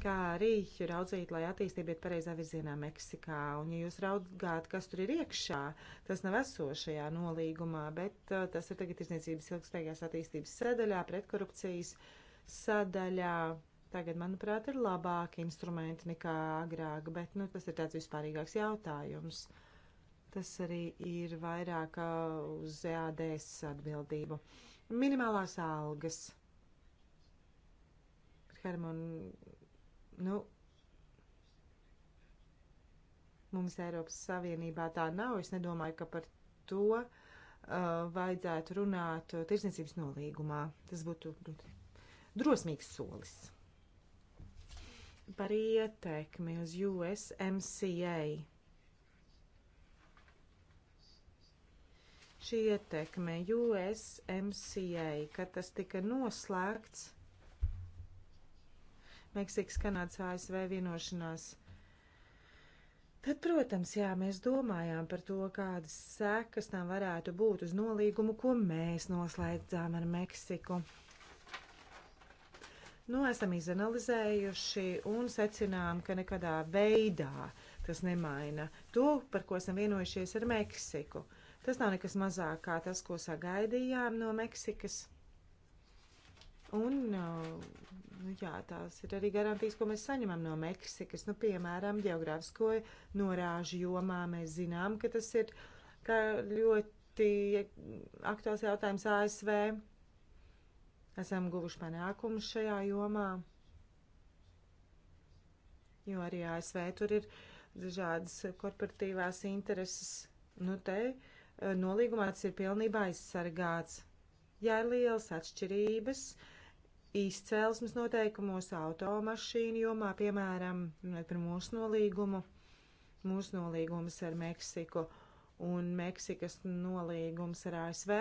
B: kā arī raudzīt, lai attīstība iet pareizā virzienā Meksikā. Un, ja jūs raugāt, kas tur ir iekšā, tas nav esošajā nolīgumā, bet uh, tas ir tagad izniecības ilgspējīgās attīstības sadaļā, pretkorupcijas sadaļā. Tagad, manuprāt, ir labāki instrumenti nekā agrāk, bet nu, tas ir tāds vispārīgāks jautājums. Tas arī ir vairāk uh, uz e ADS atbildību. Minimālās algas harmon, Nu, mums Eiropas Savienībā tā nav. Es nedomāju, ka par to uh, vajadzētu runāt tirsniecības nolīgumā. Tas būtu nu, drosmīgs solis. Par ietekmi uz USMCA. Šī ietekme USMCA, kad tas tika noslēgts Meksikas, Kanādas, ASV vienošanās. Tad, protams, jā, mēs domājām par to, kādas sekas tam varētu būt uz nolīgumu, ko mēs noslēdzām ar Meksiku. Nu, esam izanalizējuši un secinām, ka nekādā veidā tas nemaina to, par ko esam vienojušies ar Meksiku. Tas nav nekas mazāk kā tas, ko sagaidījām no Meksikas. Un, uh, nu jā, tās ir arī garantijas, ko mēs saņemam no Meksikas. Nu, piemēram, geogrāfisko norāžu jomā mēs zinām, ka tas ir ka ļoti aktuāls jautājums ASV. Esam guvuši panākumus šajā jomā, jo arī ASV tur ir dažādas korporatīvās intereses. Nu, te uh, nolīgumā tas ir pilnībā aizsargāts. Ja ir lielas atšķirības, uh, izcelsmes noteikumos automašīnu jomā, piemēram, runāt par mūsu nolīgumu, mūsu nolīgumus ar Meksiku un Meksikas nolīgums ar ASV,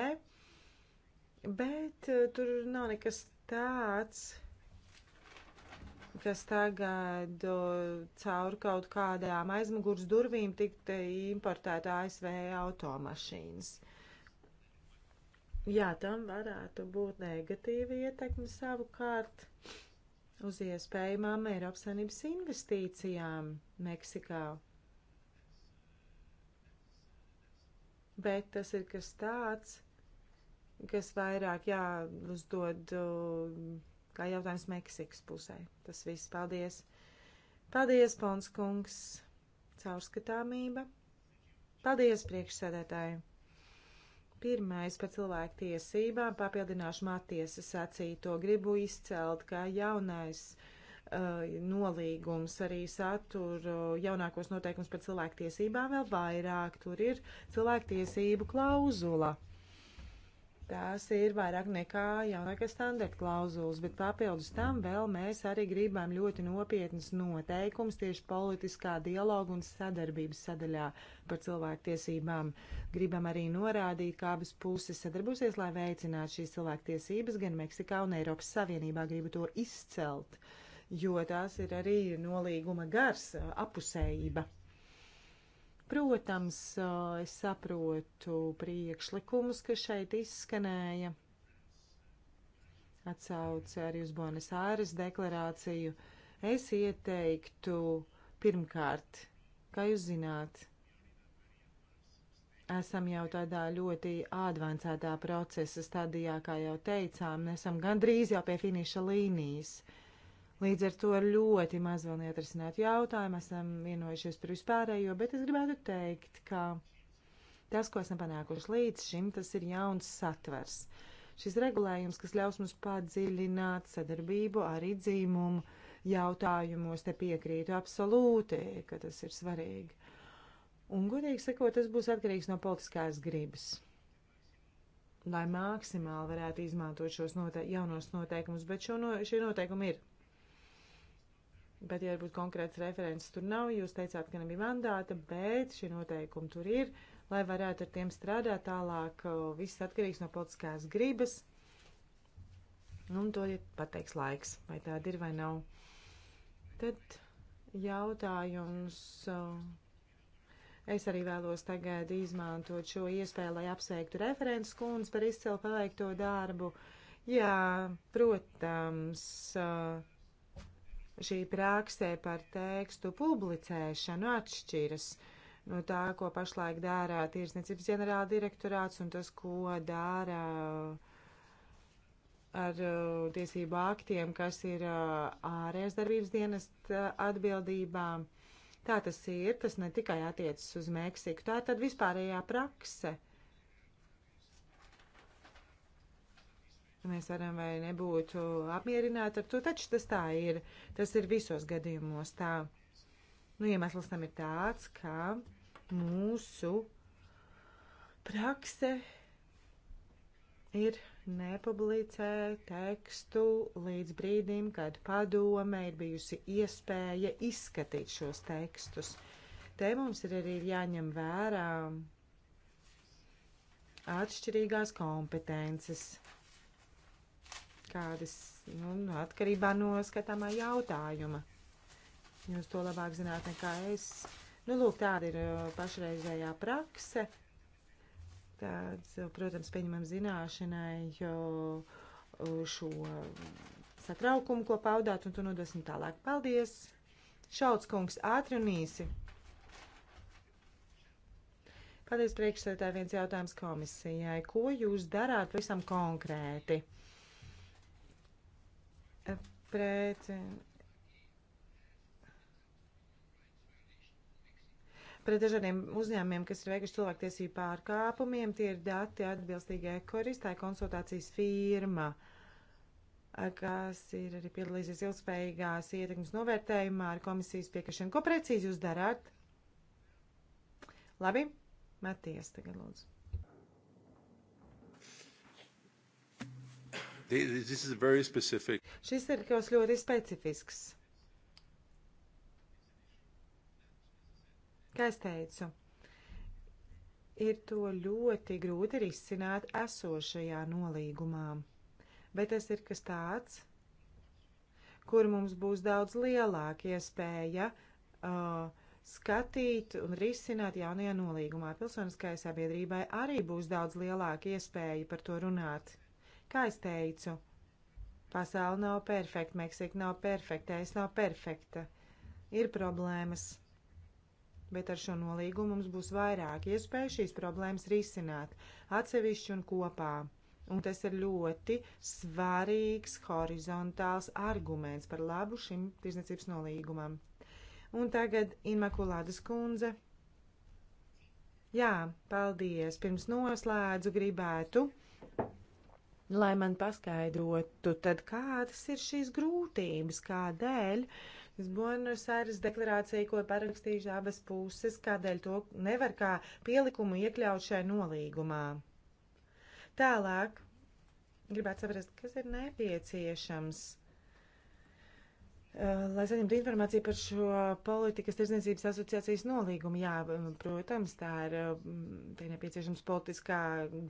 B: bet eh, tur nav nekas tāds, kas tagad eh, caur kaut kādām aizmugurs durvīm tikta eh, importēta ASV automašīnas. Jā, tam varētu būt negatīva ietekme savukārt uz iespējamām Eiropas Savienības investīcijām Meksikā. Bet tas ir kas tāds, kas vairāk jāuzdod kā jautājums Meksikas pusē. Tas viss. Paldies! Paldies, Pons kungs! Caurskatāmība! Paldies, priekšsēdētāji! Pirmais par cilvēku tiesībām papildināšu Matiesa sacīto. Gribu izcelt, ka jaunais uh, nolīgums arī satur uh, jaunākos noteikums par cilvēku tiesībām vēl vairāk. Tur ir cilvēku tiesību klauzula. Uh, Tās ir vairāk nekā jaunākais standarta klauzulas, bet papildus tam vēl mēs arī gribam ļoti nopietnas noteikums tieši politiskā dialoga un sadarbības sadaļā par cilvēktiesībām. Gribam arī norādīt, kā abas puses sadarbosies, lai veicinātu šīs cilvēktiesības gan Meksikā un Eiropas Savienībā. Gribu to izcelt, jo tās ir arī nolīguma gars, apusējība. Protams, es saprotu priekšlikumus, kas šeit izskanēja. Atsauce arī uz Bonas Āres deklarāciju. Es ieteiktu pirmkārt, kā jūs zināt, esam jau tādā ļoti advancētā procesa stadijā, kā jau teicām, esam gandrīz jau pie finiša līnijas. Uh, Līdz ar to ļoti maz vēl neatrisināt jautājumu, esam vienojušies par vispārējo, bet es gribētu teikt, ka tas, ko esam panākuši līdz šim, tas ir jauns satvers. Šis regulējums, kas ļaus mums padziļināt sadarbību arī dzīmumu jautājumos, te piekrītu absolūti, ka tas ir svarīgi. Un, godīgi sakot, tas būs atkarīgs no politiskās gribas. Lai maksimāli varētu izmantot šos note jaunos noteikumus, bet no šie noteikumi ir. Bet, ja būtu konkrēts referents, tur nav. Jūs teicāt, ka nebija mandāta, bet šie noteikumi tur ir, lai varētu ar tiem strādāt tālāk. Viss atkarīgs no politiskās gribas. Nu, un to ir pateiks laiks, vai tāda ir vai nav. Tad jautājums. Es arī vēlos tagad izmantot šo iespēju, lai apsveiktu referents kundz par izcelu paveikto darbu. Jā, protams. Uh, šī praksē par tekstu publicēšanu atšķiras no tā, ko pašlaik dara Tirzniecības ģenerāla direktorāts un tas, ko dara ar uh, tiesību aktiem, kas ir uh, ārējas darbības dienas uh, atbildībā. Tā tas ir, tas ne tikai attiecas uz Meksiku, tā ir tad vispārējā prakse. Uh, mēs varam vai nebūtu apmierināti ar to, taču tas tā ir. Tas ir visos gadījumos tā. Nu, iemesls tam ir tāds, ka mūsu prakse ir nepublicē tekstu līdz brīdim, kad padome ir bijusi iespēja izskatīt šos tekstus. Te mums ir arī jāņem vērā atšķirīgās kompetences kādas nu, atkarībā no skatāmā jautājuma. Jūs to labāk zināt nekā es. Nu, lūk, tāda ir uh, pašreizējā prakse. Tāds, uh, protams, pieņemam zināšanai uh, šo satraukumu, ko paudāt, un to nodosim tālāk. Paldies! Šauts kungs, ātri un īsi. Paldies priekšsētāji viens jautājums komisijai. Ko jūs darāt pavisam konkrēti? pret pret dažādiem uzņēmumiem, kas ir veikuši cilvēktiesību pārkāpumiem. Tie ir dati atbilstīgi ekoristai konsultācijas firma, kas ir arī piedalīsies ilgspējīgās ietekmes novērtējumā ar komisijas piekrišanu. Ko precīzi jūs darāt? Labi, Matijas tagad lūdzu. This is very specific. Šis ir kaut kas ļoti specifisks. Kā es teicu, ir to ļoti grūti arī izcināt esošajā nolīgumā, bet tas ir kas tāds, kur mums būs daudz lielāka iespēja uh, skatīt un risināt jaunajā nolīgumā. Pilsoniskai sabiedrībai arī būs daudz lielāka iespēja par to runāt. Kā es teicu, pasaule nav perfekta, Meksika nav perfekta, es nav perfekta. Ir problēmas, bet ar šo nolīgumu mums būs vairāk iespēju šīs problēmas risināt atsevišķi un kopā. Un tas ir ļoti svarīgs horizontāls arguments par labu šim tirsniecības nolīgumam. Un tagad Inmakulādas kundze. Jā, paldies. Pirms noslēdzu gribētu lai man paskaidrotu, tad kādas ir šīs grūtības, kādēļ Buenos Aires deklarācija, ko parakstījuši abas puses, kādēļ to nevar kā pielikumu iekļaut šai nolīgumā. Tālāk gribētu saprast, kas ir nepieciešams Eh, lai saņemtu informāciju par šo politikas tirdzniecības asociācijas nolīgumu, jā, protams, tā ir, eh, tā ir nepieciešams politiskā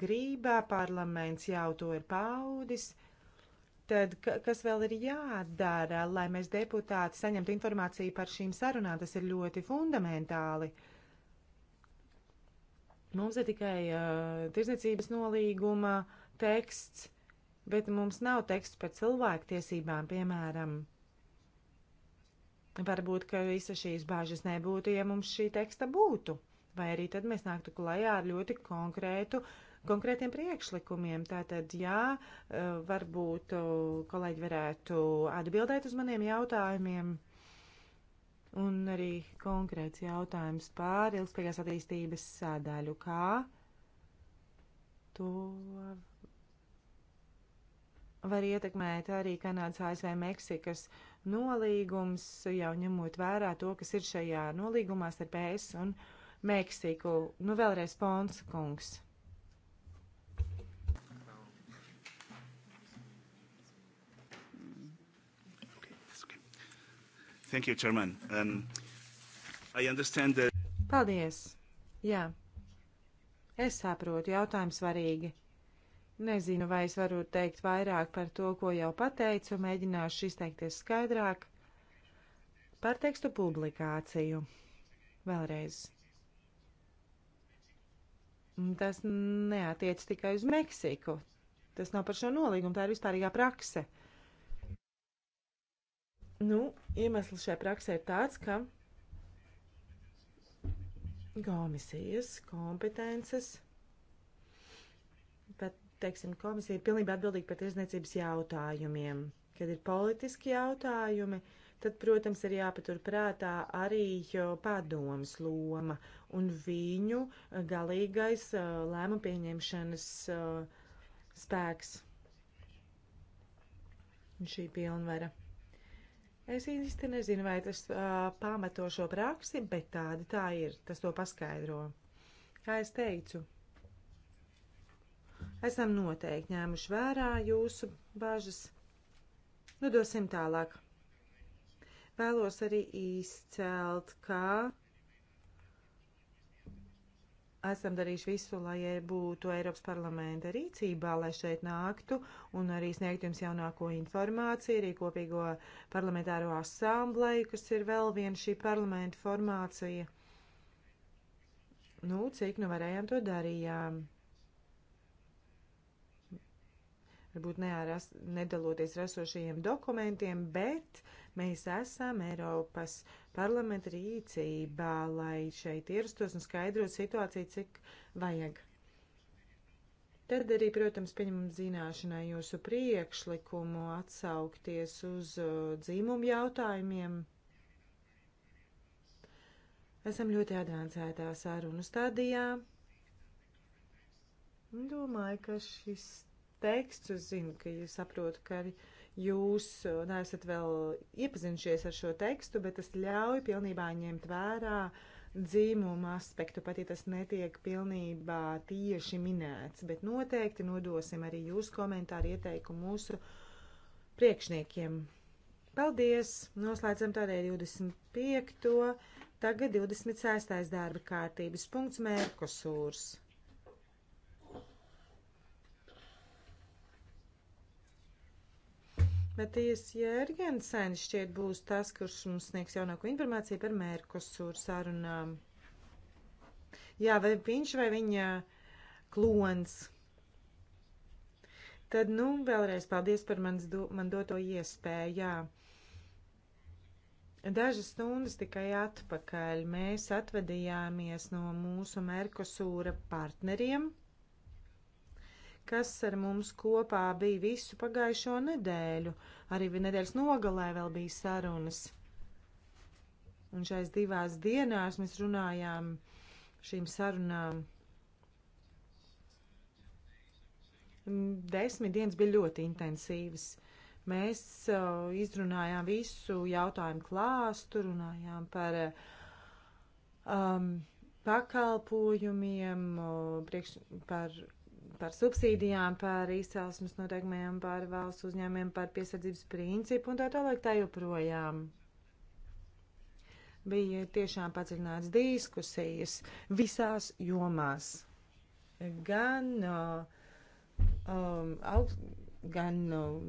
B: grība, parlaments jau to ir paudis. Tad, kas vēl ir jādara, lai mēs deputāti saņemtu informāciju par šīm sarunām, tas ir ļoti fundamentāli. Mums ir tikai uh, tirdzniecības nolīguma teksts, bet mums nav teksts par cilvēktiesībām, piemēram. Varbūt, ka visa šīs bāžas nebūtu, ja mums šī teksta būtu. Vai arī tad mēs nāktu klajā ar ļoti konkrētu, konkrētiem priekšlikumiem. Tātad, jā, eh, varbūt eh, kolēģi varētu atbildēt uz maniem jautājumiem. Un arī konkrēts jautājums pār ilgspējās attīstības sadaļu. Kā to var ietekmēt arī Kanādas, ASV, Meksikas? Uh, nolīgums, jau ņemot vērā to, kas ir šajā nolīgumā starp ES un Meksiku. Nu, vēlreiz Pons kungs. Thank you, Chairman. Um, I understand that... Paldies. Jā. Es saprotu, jautājums svarīgi. Nezinu, vai es varu teikt vairāk par to, ko jau pateicu, mēģināšu izteikties skaidrāk par tekstu publikāciju. Vēlreiz. Tas neatiec tikai uz Meksiku. Tas nav par šo nolīgumu, tā ir vispārīgā prakse. Nu, iemesls šai praksē ir tāds, ka komisijas kompetences teiksim, komisija ir pilnībā atbildīga par tirzniecības jautājumiem. Kad ir politiski jautājumi, tad, protams, ir jāpatur prātā arī padomas loma un viņu eh, galīgais eh, lēma pieņemšanas eh, spēks un šī pilnvara. Es īsti nezinu, vai tas uh, pamato šo praksi, bet tāda tā ir. Tas to paskaidro. Kā es teicu, esam noteikti ņēmuši vērā jūsu bažas. Nu, dosim tālāk. Vēlos arī izcelt, ka esam darījuši visu, lai būtu Eiropas parlamenta rīcībā, lai šeit nāktu un arī sniegtu jums jaunāko informāciju, arī kopīgo parlamentāro asambleju, kas ir vēl viena šī parlamenta formācija. Nu, cik nu varējām to darījām. varbūt ne ar as, nedaloties ar esošajiem dokumentiem, bet mēs esam Eiropas parlamenta rīcībā, lai šeit ierastos un skaidrot situāciju, cik vajag. Tad arī, protams, pieņemam zināšanai jūsu priekšlikumu atsaukties uz uh, dzīmumu jautājumiem. Esam ļoti advancētā sarunu stadijā. Domāju, ka šis tekstu. Zinu, ka jūs saprotat, ka jūs neesat vēl iepazinušies ar šo tekstu, bet tas ļauj pilnībā ņemt vērā dzīmuma aspektu, pat ja tas netiek pilnībā tieši minēts. Bet noteikti nodosim arī jūsu komentāru ieteikumu mūsu priekšniekiem. Paldies! Noslēdzam tādēļ 25. Tagad 26. darba kārtības punkts Mērkosūrs. Matijas Jērgensen šķiet būs tas, kurš mums sniegs jaunāko informāciju par Mērkosūru sarunām. Jā, vai viņš vai viņa klons. Tad, nu, vēlreiz paldies par mans, do, man doto iespēju, jā. Dažas stundas tikai atpakaļ mēs atvadījāmies no mūsu Merkosūra partneriem – kas ar mums kopā bija visu pagājušo nedēļu. Arī nedēļas nogalē vēl bija sarunas. Un šais divās dienās mēs runājām šīm sarunām. Desmit dienas bija ļoti intensīvas. Mēs uh, izrunājām visu jautājumu klāstu, runājām par um, pakalpojumiem, uh, priekš, par par subsīdijām, par izcelsmes noteikumiem, par valsts uzņēmiem, par piesardzības principu un tā tālāk tā joprojām. Bija tiešām padziļināts diskusijas visās jomās. Gan, uh, um, aug, gan um,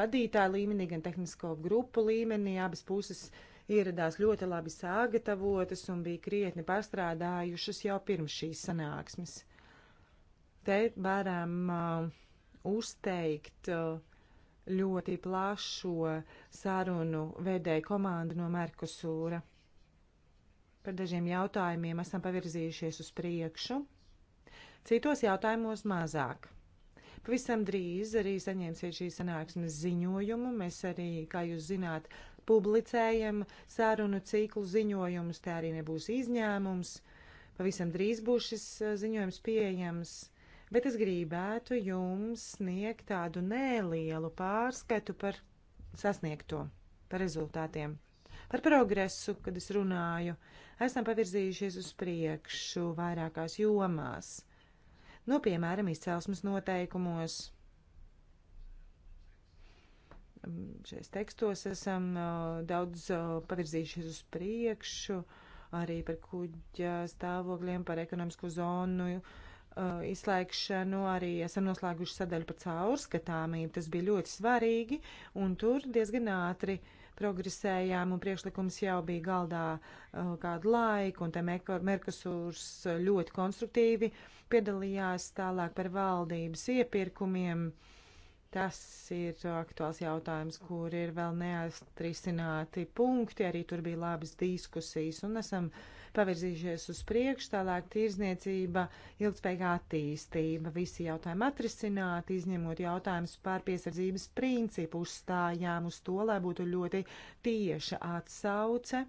B: vadītāja līmenī, gan tehnisko grupu līmenī abas puses ieradās ļoti labi sagatavotas un bija krietni pārstrādājušas jau pirms šīs sanāksmes. Te varam uh, uzteikt uh, ļoti plašo sarunu vedēju komandu no Merkusūra. Par dažiem jautājumiem esam pavirzījušies uz priekšu, citos jautājumos mazāk. Pavisam drīz arī saņemsiet šīs sanāksmes ziņojumu. Mēs arī, kā jūs zināt, publicējam sarunu ciklu ziņojumus, tā arī nebūs izņēmums. Pavisam drīz būs šis uh, ziņojums pieejams. Uh, bet es gribētu jums sniegt tādu nelielu pārskatu par sasniegto, par rezultātiem. Par progresu, kad es runāju, esam pavirzījušies uz priekšu vairākās jomās, nu, no, piemēram, izcelsmes noteikumos. Mm, Šais tekstos esam daudz pavirzījušies uz priekšu, arī par kuģa stāvokļiem, par ekonomisko zonu, uh, uh, izslēgšanu arī esam noslēguši sadaļu par caurskatāmību. Tas bija ļoti svarīgi, un tur diezgan ātri progresējām, un priekšlikums jau bija galdā uh, kādu laiku, un te Merkosūrs ļoti konstruktīvi piedalījās tālāk par valdības iepirkumiem. Uh, Tas ir aktuāls jautājums, kur ir vēl neatrisināti punkti. Arī tur bija labas diskusijas un esam pavirzījušies uz priekšu. Tālāk tirzniecība, ilgspējīga attīstība. Visi jautājumi atrisināti, izņemot jautājumus par piesardzības principu. Uzstājām uz to, lai būtu ļoti tieša atsauce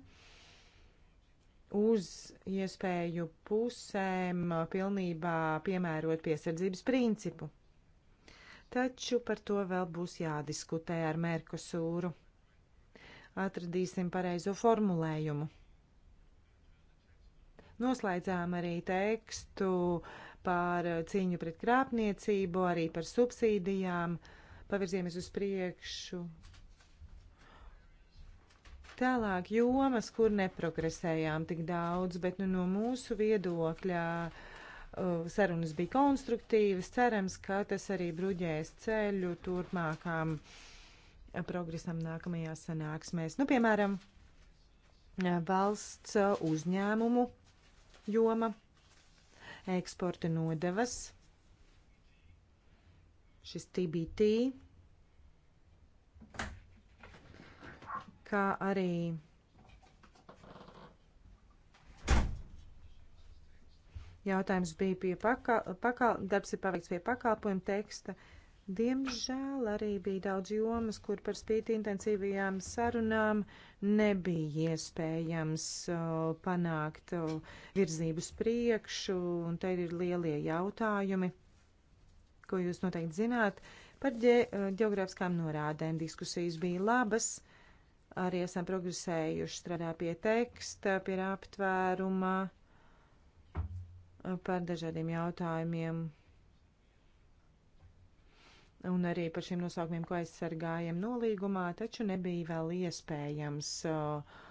B: uz iespēju pusēm pilnībā piemērot piesardzības principu taču par to vēl būs jādiskutē ar Merkosūru. Atradīsim pareizo formulējumu. Noslēdzām arī tekstu par cīņu pret krāpniecību, arī par subsīdijām. Pavirziemies uz priekšu. Tālāk jomas, kur neprogresējām tik daudz, bet nu, no mūsu viedokļa uh, Uh, sarunas bija konstruktīvas, cerams, ka tas arī bruģēs ceļu turpmākām uh, progresam nākamajās sanāksmēs. Nu, piemēram, uh, valsts uzņēmumu joma, eksporta nodevas, šis TBT, kā arī Jautājums bija pie pakal, pakal, darbs ir paveikts pie pakalpojuma teksta. Diemžēl arī bija daudz jomas, kur par spīti intensīvajām sarunām nebija iespējams panākt virzības priekšu, un te ir lielie jautājumi, ko jūs noteikti zināt. Par ģe ģeogrāfiskām norādēm diskusijas bija labas, arī esam progresējuši strādā pie teksta, pie aptvēruma Eh, par dažādiem jautājumiem un arī par šiem nosaukumiem, ko aizsargājam nolīgumā, taču nebija vēl iespējams uh,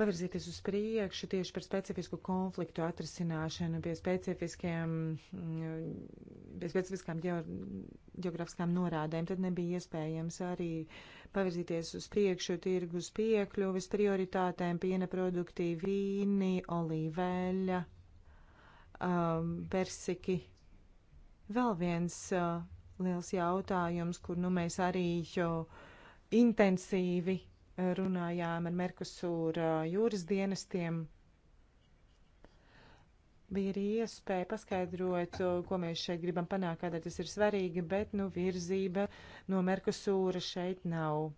B: pavirzīties uz priekšu tieši par specifisku konfliktu atrisināšanu pie, specifiskiem, mm, pie specifiskām geogrāfiskām norādēm. Tad nebija iespējams arī pavirzīties uz priekšu tirgus piekļuvis prioritātēm piena produkti, vīni, olīveļa um, persiki. Vēl viens uh, liels jautājums, kur nu mēs arī jau intensīvi uh, runājām ar Merkusūra uh, jūras dienestiem bija arī iespēja paskaidrot, uh, ko mēs šeit gribam panākt, kādēļ tas ir svarīgi, bet nu, virzība no Merkusūra šeit nav.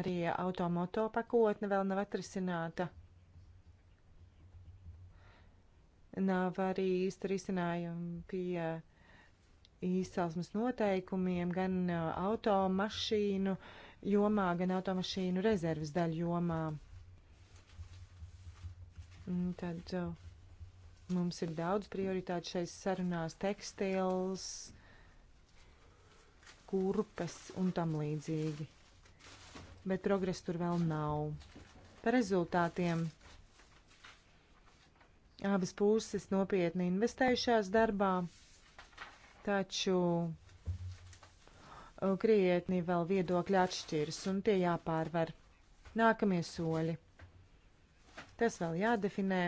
B: Arī automoto pakotne vēl nav atrisināta. Nav arī īsta risinājuma pie izcelsmes noteikumiem gan automašīnu jomā, gan automašīnu rezerves daļu jomā. Tad mums ir daudz prioritāti šais sarunās tekstils, kurpes un tam līdzīgi. Bet progress tur vēl nav. Par rezultātiem Abas puses nopietni investējušās darbā, taču uh, krietni vēl viedokļi atšķiras un tie jāpārvar. Nākamie soļi. Tas vēl jādefinē.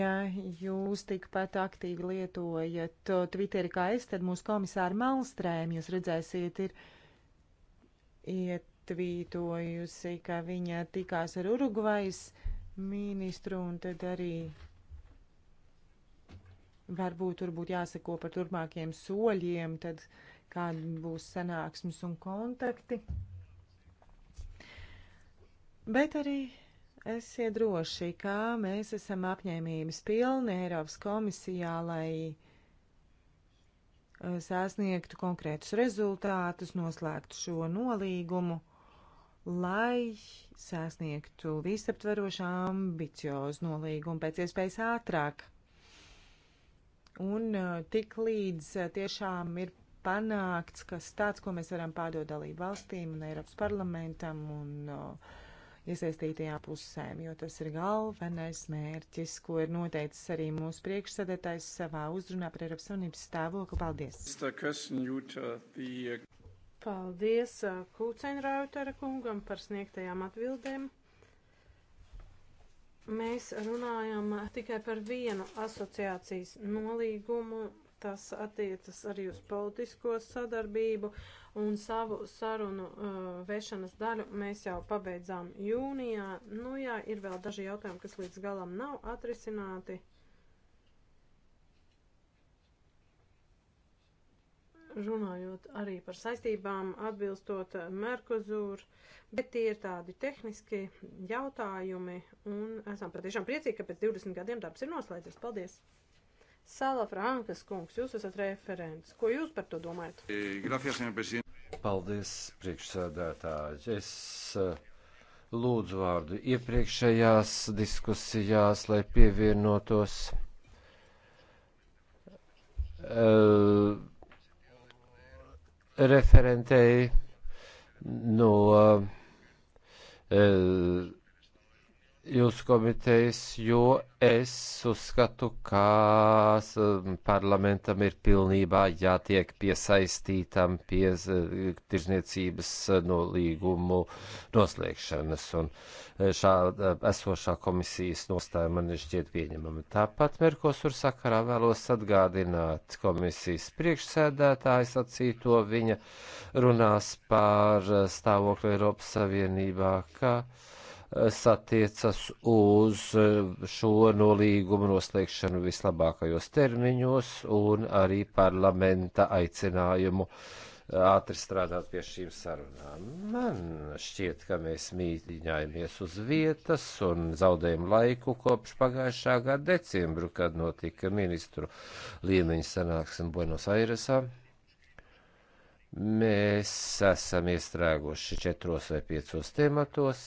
B: Ja jūs tikpat aktīvi lietojat uh, Twitteri kā es, tad mūsu komisāra Malstrēm, jūs redzēsiet, ir ietvītojusi, ka viņa tikās ar Urugvajas uh, ministru, un tad arī varbūt tur būtu jāsako par turpmākiem soļiem, tad kādi būs sanāksmes un kontakti. Bet arī esiet droši, ka mēs esam apņēmības pilni Eiropas komisijā, lai eh, sasniegtu konkrētus rezultātus, noslēgtu šo nolīgumu lai sasniegtu visaptverošu ambiciozu nolīgumu pēc iespējas ātrāk. Un uh, tik līdz uh, tiešām ir panākts, kas tāds, ko mēs varam pārdot dalību valstīm un Eiropas parlamentam un uh, iesaistītajām pusēm, jo tas ir galvenais mērķis, ko ir noteicis arī mūsu priekšsēdētājs savā uzrunā par Eiropas Savienības stāvokli. Paldies! Paldies uh, Kūceņrautera kungam par sniegtajām atbildēm.
A: Mēs runājam tikai par vienu asociācijas nolīgumu. Tas attiecas arī uz politisko sadarbību un savu sarunu uh, vešanas daļu mēs jau pabeidzām jūnijā. Nu jā, ir vēl daži jautājumi, kas līdz galam nav atrisināti. runājot arī par saistībām, atbilstot Merkozūru, bet tie ir tādi tehniski jautājumi, un esam patiešām priecīgi, ka pēc 20 gadiem darbs ir noslēdzies. Paldies! Sala Frankas kungs, jūs esat referents. Ko jūs par to domājat?
C: Eh, Paldies, priekšsēdētāji. Es eh, lūdzu vārdu iepriekšējās diskusijās, lai pievienotos. Uh, referentei no. Uh, jūsu komitejas, jo es uzskatu, ka parlamentam ir pilnībā jātiek piesaistītam pie e, tirzniecības e, nolīgumu noslēgšanas, un e, šā esošā komisijas nostāja man šķiet pieņemama. Tāpat Merkosur sakarā vēlos atgādināt komisijas priekšsēdētāju sacīto viņa runās par stāvokli Eiropas Savienībā, ka Eh, satiecas uz eh, šo nolīgumu noslēgšanu vislabākajos termiņos un arī parlamenta aicinājumu eh, ātri strādāt pie šīm sarunām. Man šķiet, ka mēs mītīņājamies uz vietas un zaudējam laiku kopš pagājušā gada decembru, kad notika ministru līmeņa sanāksme Buenos Airesā. Mēs esam iestrēguši četros vai piecos tematos.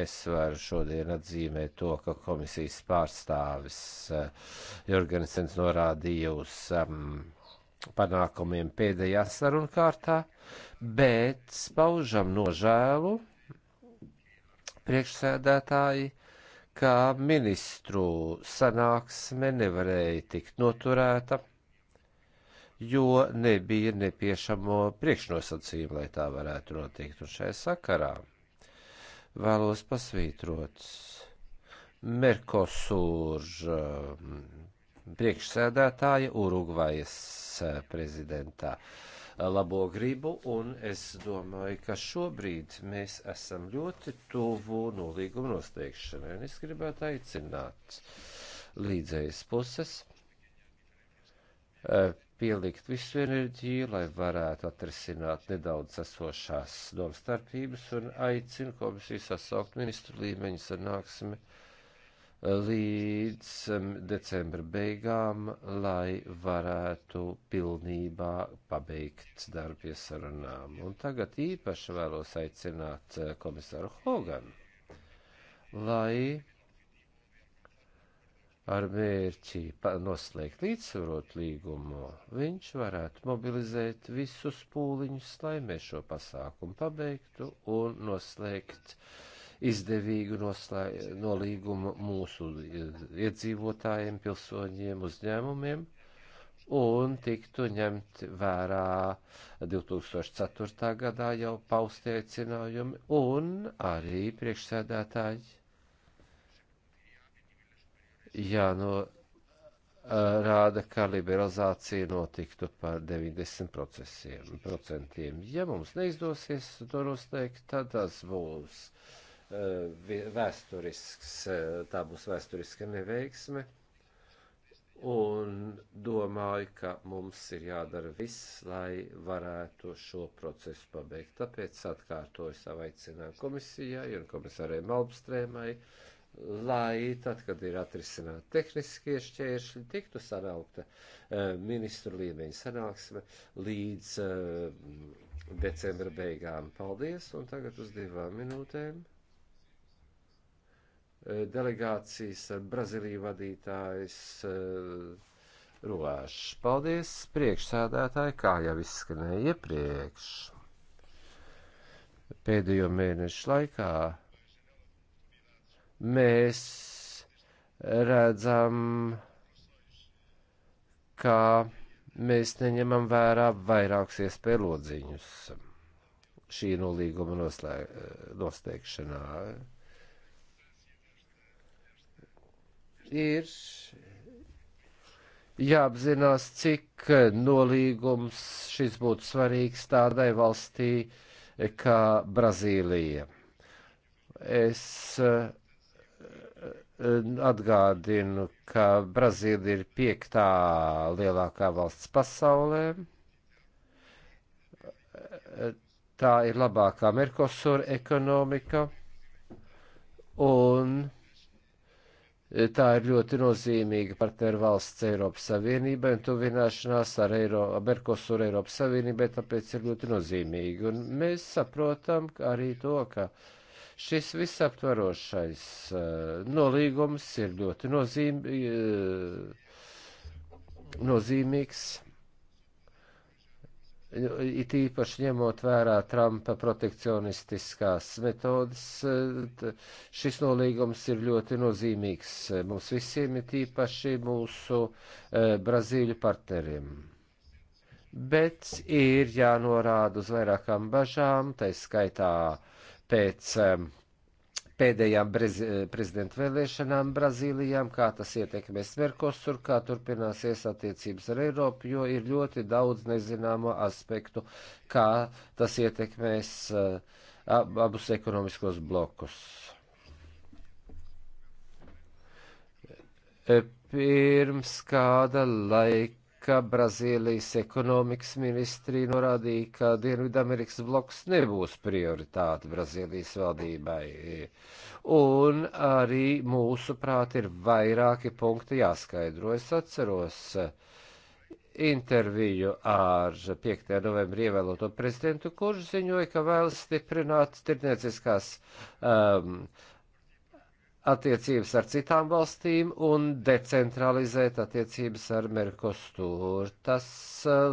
C: Es varu šodien atzīmēt to, ka komisijas pārstāvis uh, eh, Jorgensens norādīja uz um, panākumiem pēdējā sarunkārtā, bet paužam nožēlu priekšsēdētāji, ka ministru sanāksme nevarēja tikt noturēta jo nebija nepiešamo priekšnosacījumu, lai tā varētu notikt. Un šajā sakarā vēlos pasvītrot Merkosūra um, priekšsēdētāja Urugvajas uh, prezidentā uh, labo gribu, un es domāju, ka šobrīd mēs esam ļoti tuvu nolīguma nosteikšanai, un es gribētu aicināt līdzējas puses uh, pielikt visu enerģiju, lai varētu atrisināt nedaudz esošās domstarpības un aicinu komisiju sasaukt ministru līmeņu sanāksmi eh, līdz decembra beigām, lai varētu pilnībā pabeigt darbu pie sarunām. Un tagad īpaši vēlos aicināt eh, komisāru Hoganu, lai ar mērķi noslēgt līdzsvarot līgumu, viņš varētu mobilizēt visus pūliņus, lai mēs šo pasākumu pabeigtu un noslēgt izdevīgu noslē, nolīgumu mūsu iedzīvotājiem, pilsoņiem, uzņēmumiem un tiktu ņemt vērā 2004. gadā jau paustie aicinājumi un arī priekšsēdētāji jānorāda, nu, ka liberalizācija notiktu par 90%. Procentiem. Ja mums neizdosies to nosteikt, tad tas būs vēsturisks, tā būs vēsturiska neveiksme. Un domāju, ka mums ir jādara viss, lai varētu šo procesu pabeigt. Tāpēc atkārtoju savu aicinājumu komisijai un komisārei Malmstrēmai uh, lai tad, kad ir atrisināti tehniskie šķēršļi, tiktu sanaukta uh, ministru līmeņa sanāksme līdz uh, decembra beigām. Paldies, un tagad uz divām minūtēm. Uh, delegācijas Brazīlija vadītājs Rulāšs. Paldies, priekšsēdētāji, kā jau izskanēja iepriekš. Pēdējo mēnešu laikā mēs redzam, ka mēs neņemam vērā vairākus iespēju lodziņus šī nolīguma nosteikšanā. Ir jāapzinās, cik nolīgums šis būtu svarīgs tādai valstī kā Brazīlija. Es uh, Eh, atgādinu, ka Brazīlija ir piektā lielākā valsts pasaulē. Eh, tā ir labākā Merkosura ekonomika, un eh, tā ir ļoti nozīmīga partneru valsts Eiropas Savienībai, un tuvināšanās ar Eiro, Merkosura Eiropas Savienībai tāpēc ir ļoti nozīmīga. Un mēs saprotam arī to, ka uh, Šis visaptvarošais eh, nolīgums ir ļoti nozīm, eh, nozīmīgs. It īpaši ņemot vērā Trumpa protekcionistiskās metodas, eh, šis nolīgums ir ļoti nozīmīgs mums visiem, it īpaši mūsu Brazīļu partneriem. Bet ir jānorāda uz vairākām bažām, tai skaitā uh, pēc ehm, pēdējām eh, prezidenta vēlēšanām Brazīlijām, kā tas ietekmēs Merkosur, kā turpināsies attiecības ar Eiropu, jo ir ļoti daudz nezināmo aspektu, kā tas ietekmēs eh, abus ekonomiskos blokus. Eh, pirms kāda laika ka Brazīlijas ekonomikas ministrija norādīja, ka Dienvidamerikas bloks nebūs prioritāte Brazīlijas valdībai. Un arī mūsu prāt ir vairāki punkti jāskaidro. Es atceros interviju ar 5. novembrī ievēloto prezidentu, kurš ziņoja, ka vēlas stiprināt tirdzniecības um, attiecības ar citām valstīm un decentralizēt attiecības ar Merkostūru. Tas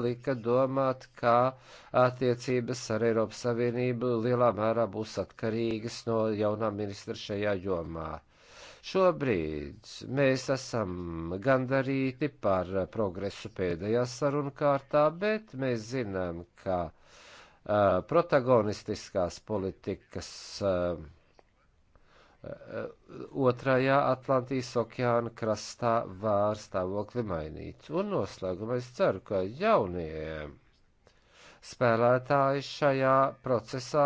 C: lika domāt, kā attiecības ar Eiropas Savienību lielā mērā būs atkarīgas no jaunā ministra šajā jomā. Šobrīd mēs esam gandarīti par progresu pēdējā sarunu kārtā, bet mēs zinām, ka uh, protagonistiskās politikas uh, otrajā Atlantijas okeāna krastā var stāvokli mainīt. Un noslēgumā es ceru, ka jaunie spēlētāji šajā procesā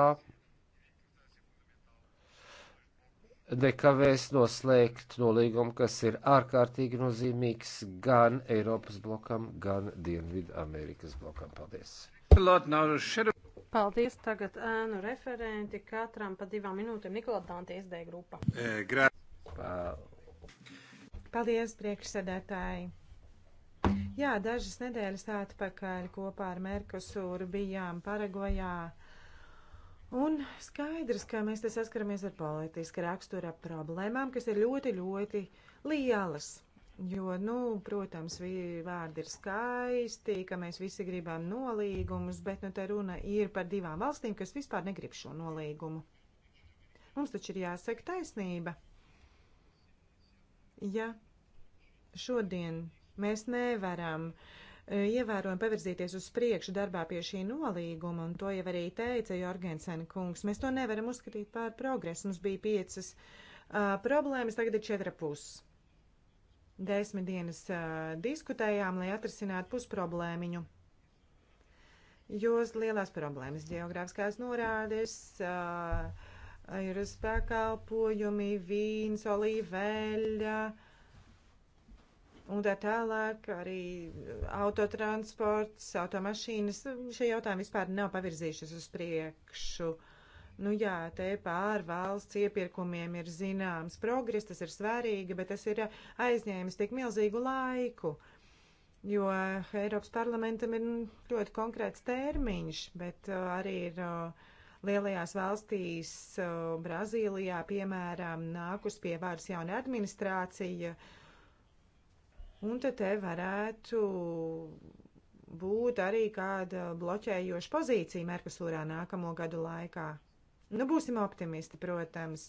C: nekavēs noslēgt nolīgumu, kas ir ārkārtīgi nozīmīgs gan Eiropas blokam, gan Dienvidu Amerikas blokam. Paldies!
A: Paldies tagad ēnu referenti, katram pa divām minūtēm Nikola Dante SD grupa.
C: E, grā...
B: Paldies, priekšsēdētāji. Jā, dažas nedēļas atpakaļ kopā ar Merkusūru bijām Paragojā. Un skaidrs, ka mēs te saskaramies ar politiski rakstura problēmām, kas ir ļoti, ļoti lielas. Jo, nu, protams, vārdi ir skaisti, ka mēs visi gribam nolīgumus, bet nu, te runa ir par divām valstīm, kas vispār negrib šo nolīgumu. Mums taču ir jāsaka taisnība. Ja šodien mēs nevaram e, ievērojami pavirzīties uz priekšu darbā pie šī nolīguma, un to jau arī teica Jorgensen kungs, mēs to nevaram uzskatīt par progresu. Mums bija piecas uh, problēmas, tagad ir četra puses Desmit dienas uh, diskutējām, lai atrisinātu pusproblēmiņu. Jūs lielās problēmas geogrāfiskās norādes, uh, ir uz pakalpojumi, vīns, olīveļa un tā tālāk, arī autotransports, automašīnas. Šie jautājumi vispār nav pavirzījušies uz priekšu. Uh, Nu jā, te pār valsts iepirkumiem ir zināms progress, tas ir svarīgi, bet tas ir aizņēmis tik milzīgu laiku. Jo Eiropas parlamentam ir ļoti konkrēts termiņš, bet uh, arī ir uh, lielajās valstīs, uh, Brazīlijā, piemēram, nākus pie varas jauna administrācija. Un tad te varētu būt arī kāda bloķējoša pozīcija Merkusūrā nākamo gadu laikā. Nu, būsim optimisti, protams.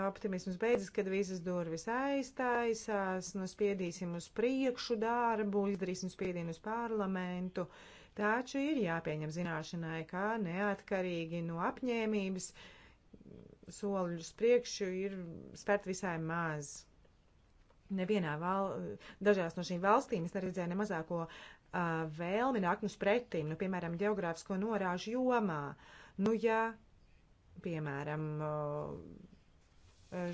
B: Optimisms beidzas, kad visas durvis aiztaisās, nu spiedīsim uz priekšu darbu, izdarīsim spiedienu uz parlamentu. Taču ir jāpieņem zināšanai, ka neatkarīgi no apņēmības soļu uz priekšu ir spērt visai maz. Nevienā val... dažās no šīm valstīm es neredzēju ne mazāko vēlmi nāk mums pretīm, nu, piemēram, geogrāfisko norāžu jomā. Nu, ja, piemēram,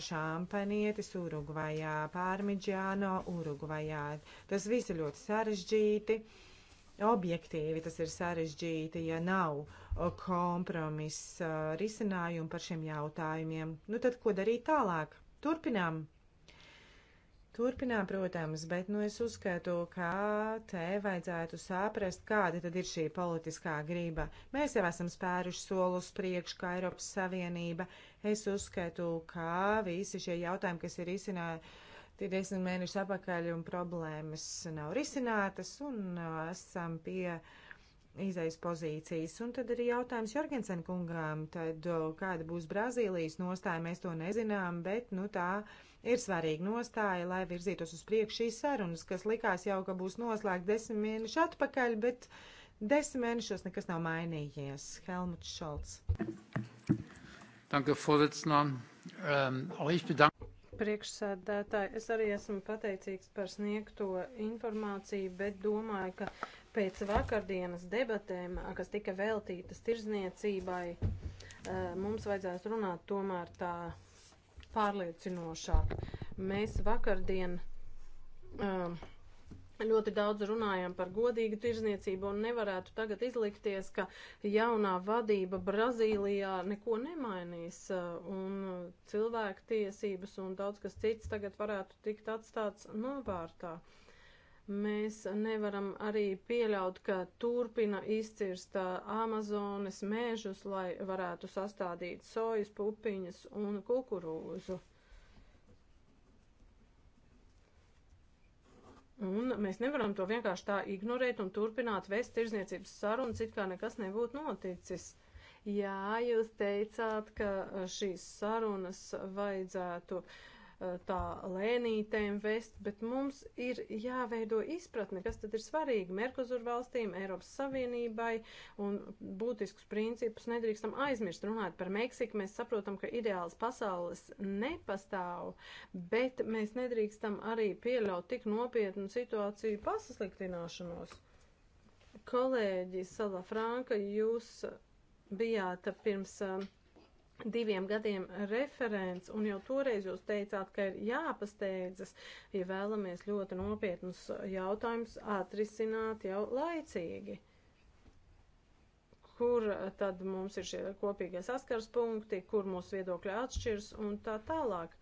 B: šāmpanietis Urugvajā, pārmiģiāno Urugvajā, tas viss ir ļoti sarežģīti. Objektīvi tas ir sarežģīti, ja nav kompromisa risinājumu par šiem jautājumiem. Nu tad, ko darīt tālāk? Turpinām Turpinām, protams, bet nu es uzskatu, ka te vajadzētu saprast, kāda tad ir šī politiskā grība. Mēs jau esam spēruši soli uz priekšu, kā Eiropas Savienība. Es uzskatu, ka visi šie jautājumi, kas ir izcināti desmit mēnešus apakaļ un problēmas nav risinātas un uh, esam pie izejas pozīcijas. Un tad arī jautājums Jorgensen kungām, tad uh, kāda būs Brazīlijas nostāja, mēs to nezinām, bet nu tā Ir svarīga nostāja, lai virzītos uz priekšu šīs sarunas, kas likās jau, ka būs noslēgta desmit mēneši atpakaļ, bet desmit mēnešos nekas nav mainījies. Helmuts Šolts.
C: Danke, Vorsitzender. Um, auch ich bedanke
B: priekšsēdētāji, es arī esmu pateicīgs
A: par sniegto informāciju, bet domāju, ka pēc vakardienas debatēm, kas tika veltītas tirzniecībai, äh, mums vajadzēs runāt tomēr tā pārliecinošāk. Mēs vakardien. Um, ļoti daudz runājam par godīgu tirzniecību un nevarētu tagad izlikties, ka jaunā vadība Brazīlijā neko nemainīs uh, un cilvēku tiesības un daudz kas cits tagad varētu tikt atstāts novārtā. Nu, Mēs nevaram arī pieļaut, ka turpina izcirst Amazonas mēžus, lai varētu sastādīt sojas, pupiņas un kukurūzu. Un mēs nevaram to vienkārši tā ignorēt un turpināt vēst tirzniecības sarunas, it kā nekas nebūtu noticis. Jā, jūs teicāt, ka šīs sarunas vajadzētu uh, Eh, tā lēnītēm vest, bet mums ir jāveido izpratne, kas tad ir svarīgi Merkozur valstīm, Eiropas Savienībai un būtiskus principus nedrīkstam aizmirst. Runājot par Meksiku, mēs saprotam, ka ideāls pasaules nepastāv, bet mēs nedrīkstam arī pieļaut tik nopietnu situāciju pasasliktināšanos. Kolēģi Sala Franka, jūs bijāt pirms uh, diviem gadiem referents, un jau toreiz jūs teicāt, ka ir jāpasteidzas, ja vēlamies ļoti nopietnus jautājumus atrisināt jau laicīgi. Kur tad mums ir šie kopīgie saskars punkti, kur mūsu viedokļi atšķirs un tā tālāk.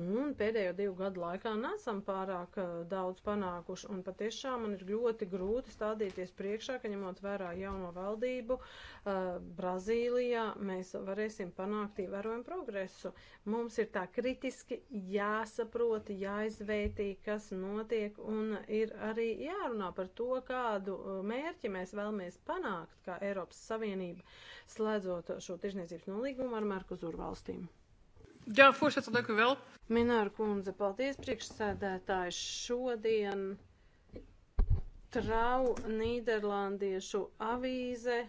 A: Un pēdējo divu gadu laikā nesam pārāk uh, daudz panākuši, un patiešām man ir ļoti grūti stādīties priekšā, ka ņemot vērā jauno valdību uh, Brazīlijā, mēs varēsim panākt ievērojumu progresu. Mums ir tā kritiski jāsaprot, jāizvērtī, kas notiek, un ir arī jārunā par to, kādu eh, mērķi mēs vēlamies panākt, kā Eiropas Savienība, slēdzot šo tirzniecības nolīgumu ar Merkuzuru valstīm. Jā, foršēts, un vēl. Mināra kundze, paldies priekšsēdētāji. Šodien trau Nīderlandiešu avīze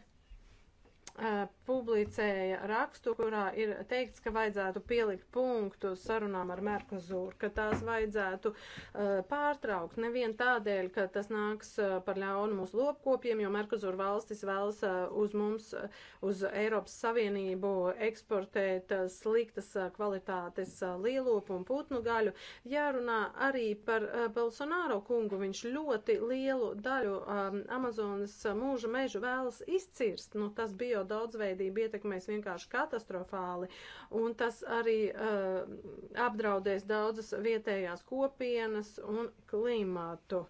A: publicēja rakstu, kurā ir teikts, ka vajadzētu pielikt punktu sarunām ar Merkuzūru, ka tās vajadzētu uh, pārtraukt nevien tādēļ, ka tas nāks uh, par ļaunu mūsu lopkopiem, jo Merkuzūra valstis vēlas uh, uz mums, uz Eiropas Savienību eksportēt sliktas kvalitātes lielopu un putnu gaļu. Jārunā arī par Bolsonaro kungu, viņš ļoti lielu daļu um, Amazonas mūža mežu vēlas izcirst, nu tas bio bio daudzveidība ietekmēs vienkārši katastrofāli, un tas arī uh, apdraudēs daudzas vietējās kopienas un klimātu.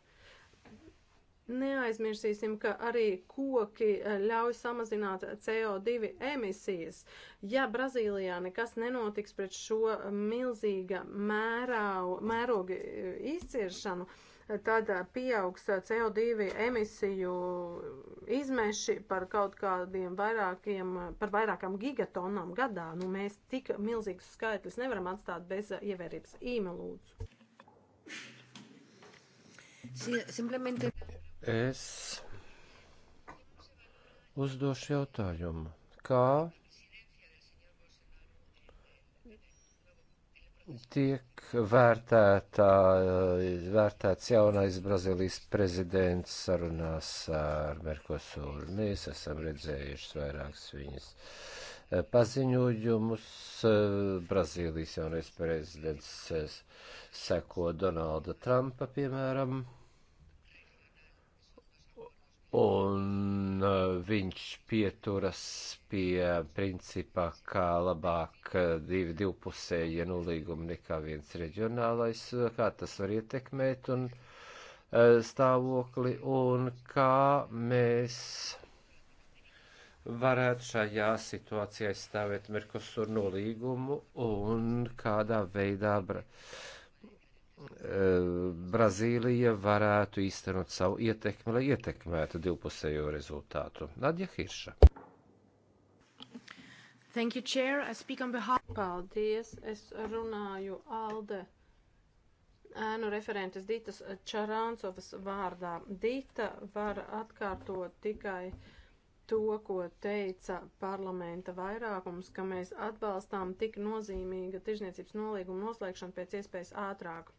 A: Neaizmirsīsim, ka arī koki uh, ļauj samazināt CO2 emisijas. Ja Brazīlijā nekas nenotiks pret šo milzīga mērā, mēroga uh, izciršanu, uh, tad pieaugs uh, CO2 emisiju izmeši par kaut kādiem vairākiem, uh, par vairākām gigatonām gadā. Nu, mēs tik milzīgus skaitļus nevaram atstāt bez uh, ievērības īma lūdzu. Simplemente.
C: Es uzdošu jautājumu. Kā tiek vērtētā, vērtēts jaunais Brazīlijas prezidents sarunās ar Merkosūru. Mēs esam redzējuši vairākus viņas eh, paziņojumus. Eh, Brazīlijas jaunais prezidents eh, seko Donalda Trumpa, piemēram un eh, viņš pieturas pie principa, kā labāk eh, divi divpusēji nolīgumi nekā viens reģionālais, eh, kā tas var ietekmēt un stāvokli un kā mēs varētu šajā situācijā aizstāvēt Merkosur nolīgumu un kādā veidā. Bra Eh, Brazīlija varētu īstenot savu ietekmi, lai ietekmētu divpusējo rezultātu. Nadja Hirša.
B: Thank you, Chair. I speak on behalf.
A: Paldies. Es runāju Alde ēnu referentes Dītas Čarāncovas vārdā. Dīta var atkārtot tikai to, ko teica parlamenta vairākums, ka mēs atbalstām tik nozīmīga tirzniecības nolīguma noslēgšanu pēc iespējas ātrāk.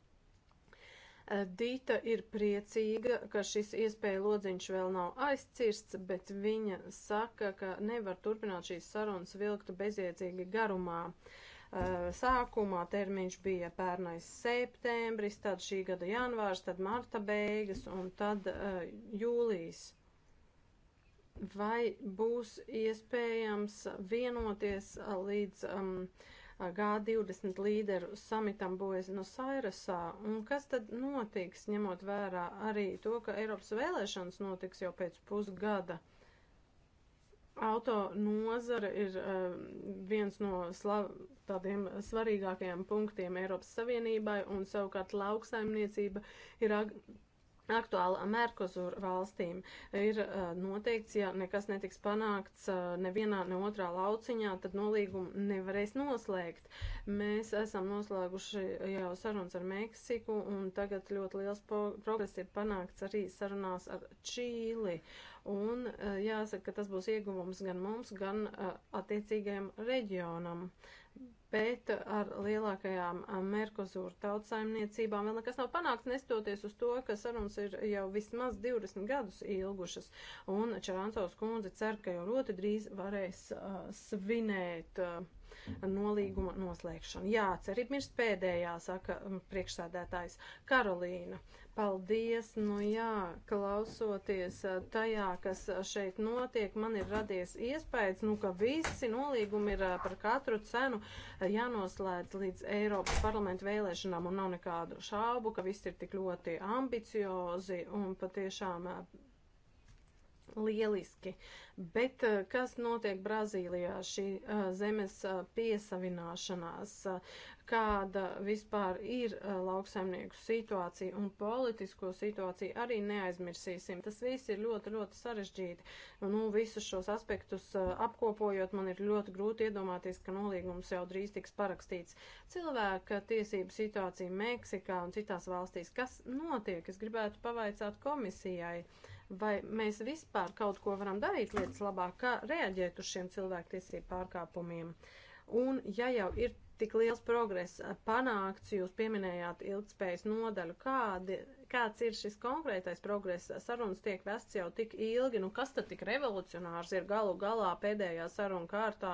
A: Dīta ir priecīga, ka šis iespēja lodziņš vēl nav aizcirsts, bet viņa saka, ka nevar turpināt šīs sarunas vilkt bezjēdzīgi garumā. Eh, sākumā termiņš bija pērnais septembris, tad šī gada janvārs, tad marta beigas un tad eh, jūlijas. Vai būs iespējams vienoties eh, līdz um, uh, G20 līderu samitam Buenos Airesā. Un kas tad notiks, ņemot vērā arī to, ka Eiropas vēlēšanas notiks jau pēc pusgada? Auto nozara ir uh, viens no slav, tādiem svarīgākajiem punktiem Eiropas Savienībai, un savukārt lauksaimniecība ir ag aktuāla Merkozur valstīm ir uh, noteikts, ja nekas netiks panākts uh, nevienā, ne otrā lauciņā, tad nolīgumu nevarēs noslēgt. Mēs esam noslēguši jau sarunas ar Meksiku, un tagad ļoti liels progress ir panākts arī sarunās ar Čīli. Un uh, jāsaka, ka tas būs ieguvums gan mums, gan uh, attiecīgajam reģionam. Uh, bet ar lielākajām Merkozūra tautsaimniecībām vēl nekas nav panākts, nestoties uz to, ka sarunas ir jau vismaz 20 gadus ilgušas, un Čarāncovs kundze cer, ka jau ļoti drīz varēs uh, svinēt uh, nolīguma noslēgšanu. Jā, cerība mirst pēdējā, saka priekšsēdētājs Karolīna. Paldies, nu jā, klausoties tajā, kas šeit notiek, man ir radies iespējas, nu, ka visi nolīgumi ir par katru cenu jānoslēdz līdz Eiropas parlamentu vēlēšanām, un nav nekādu šaubu, ka viss ir tik ļoti ambiciozi un patiešām Lieliski. Bet eh, kas notiek Brazīlijā? Šī eh, zemes eh, piesavināšanās, kāda vispār ir lauksaimnieku situācija un politisko situāciju arī neaizmirsīsim. Tas viss ir ļoti, ļoti sarežģīti. Nu, visus šos aspektus apkopojot, man ir ļoti grūti iedomāties, ka nolīgums jau drīz tiks parakstīts. Cilvēka tiesību situācija Meksikā un citās valstīs. Kas notiek? Es gribētu pavaicāt komisijai. Uh, vai mēs vispār kaut ko varam darīt lietas labāk, kā reaģēt uz šiem cilvēktiesību pārkāpumiem. Un ja jau ir tik liels progress panākts, jūs pieminējāt ilgspējas nodaļu, kādi, kāds ir šis konkrētais progress, sarunas tiek vests jau tik ilgi, nu kas tad tik revolucionārs ir galu galā pēdējā saruna kārtā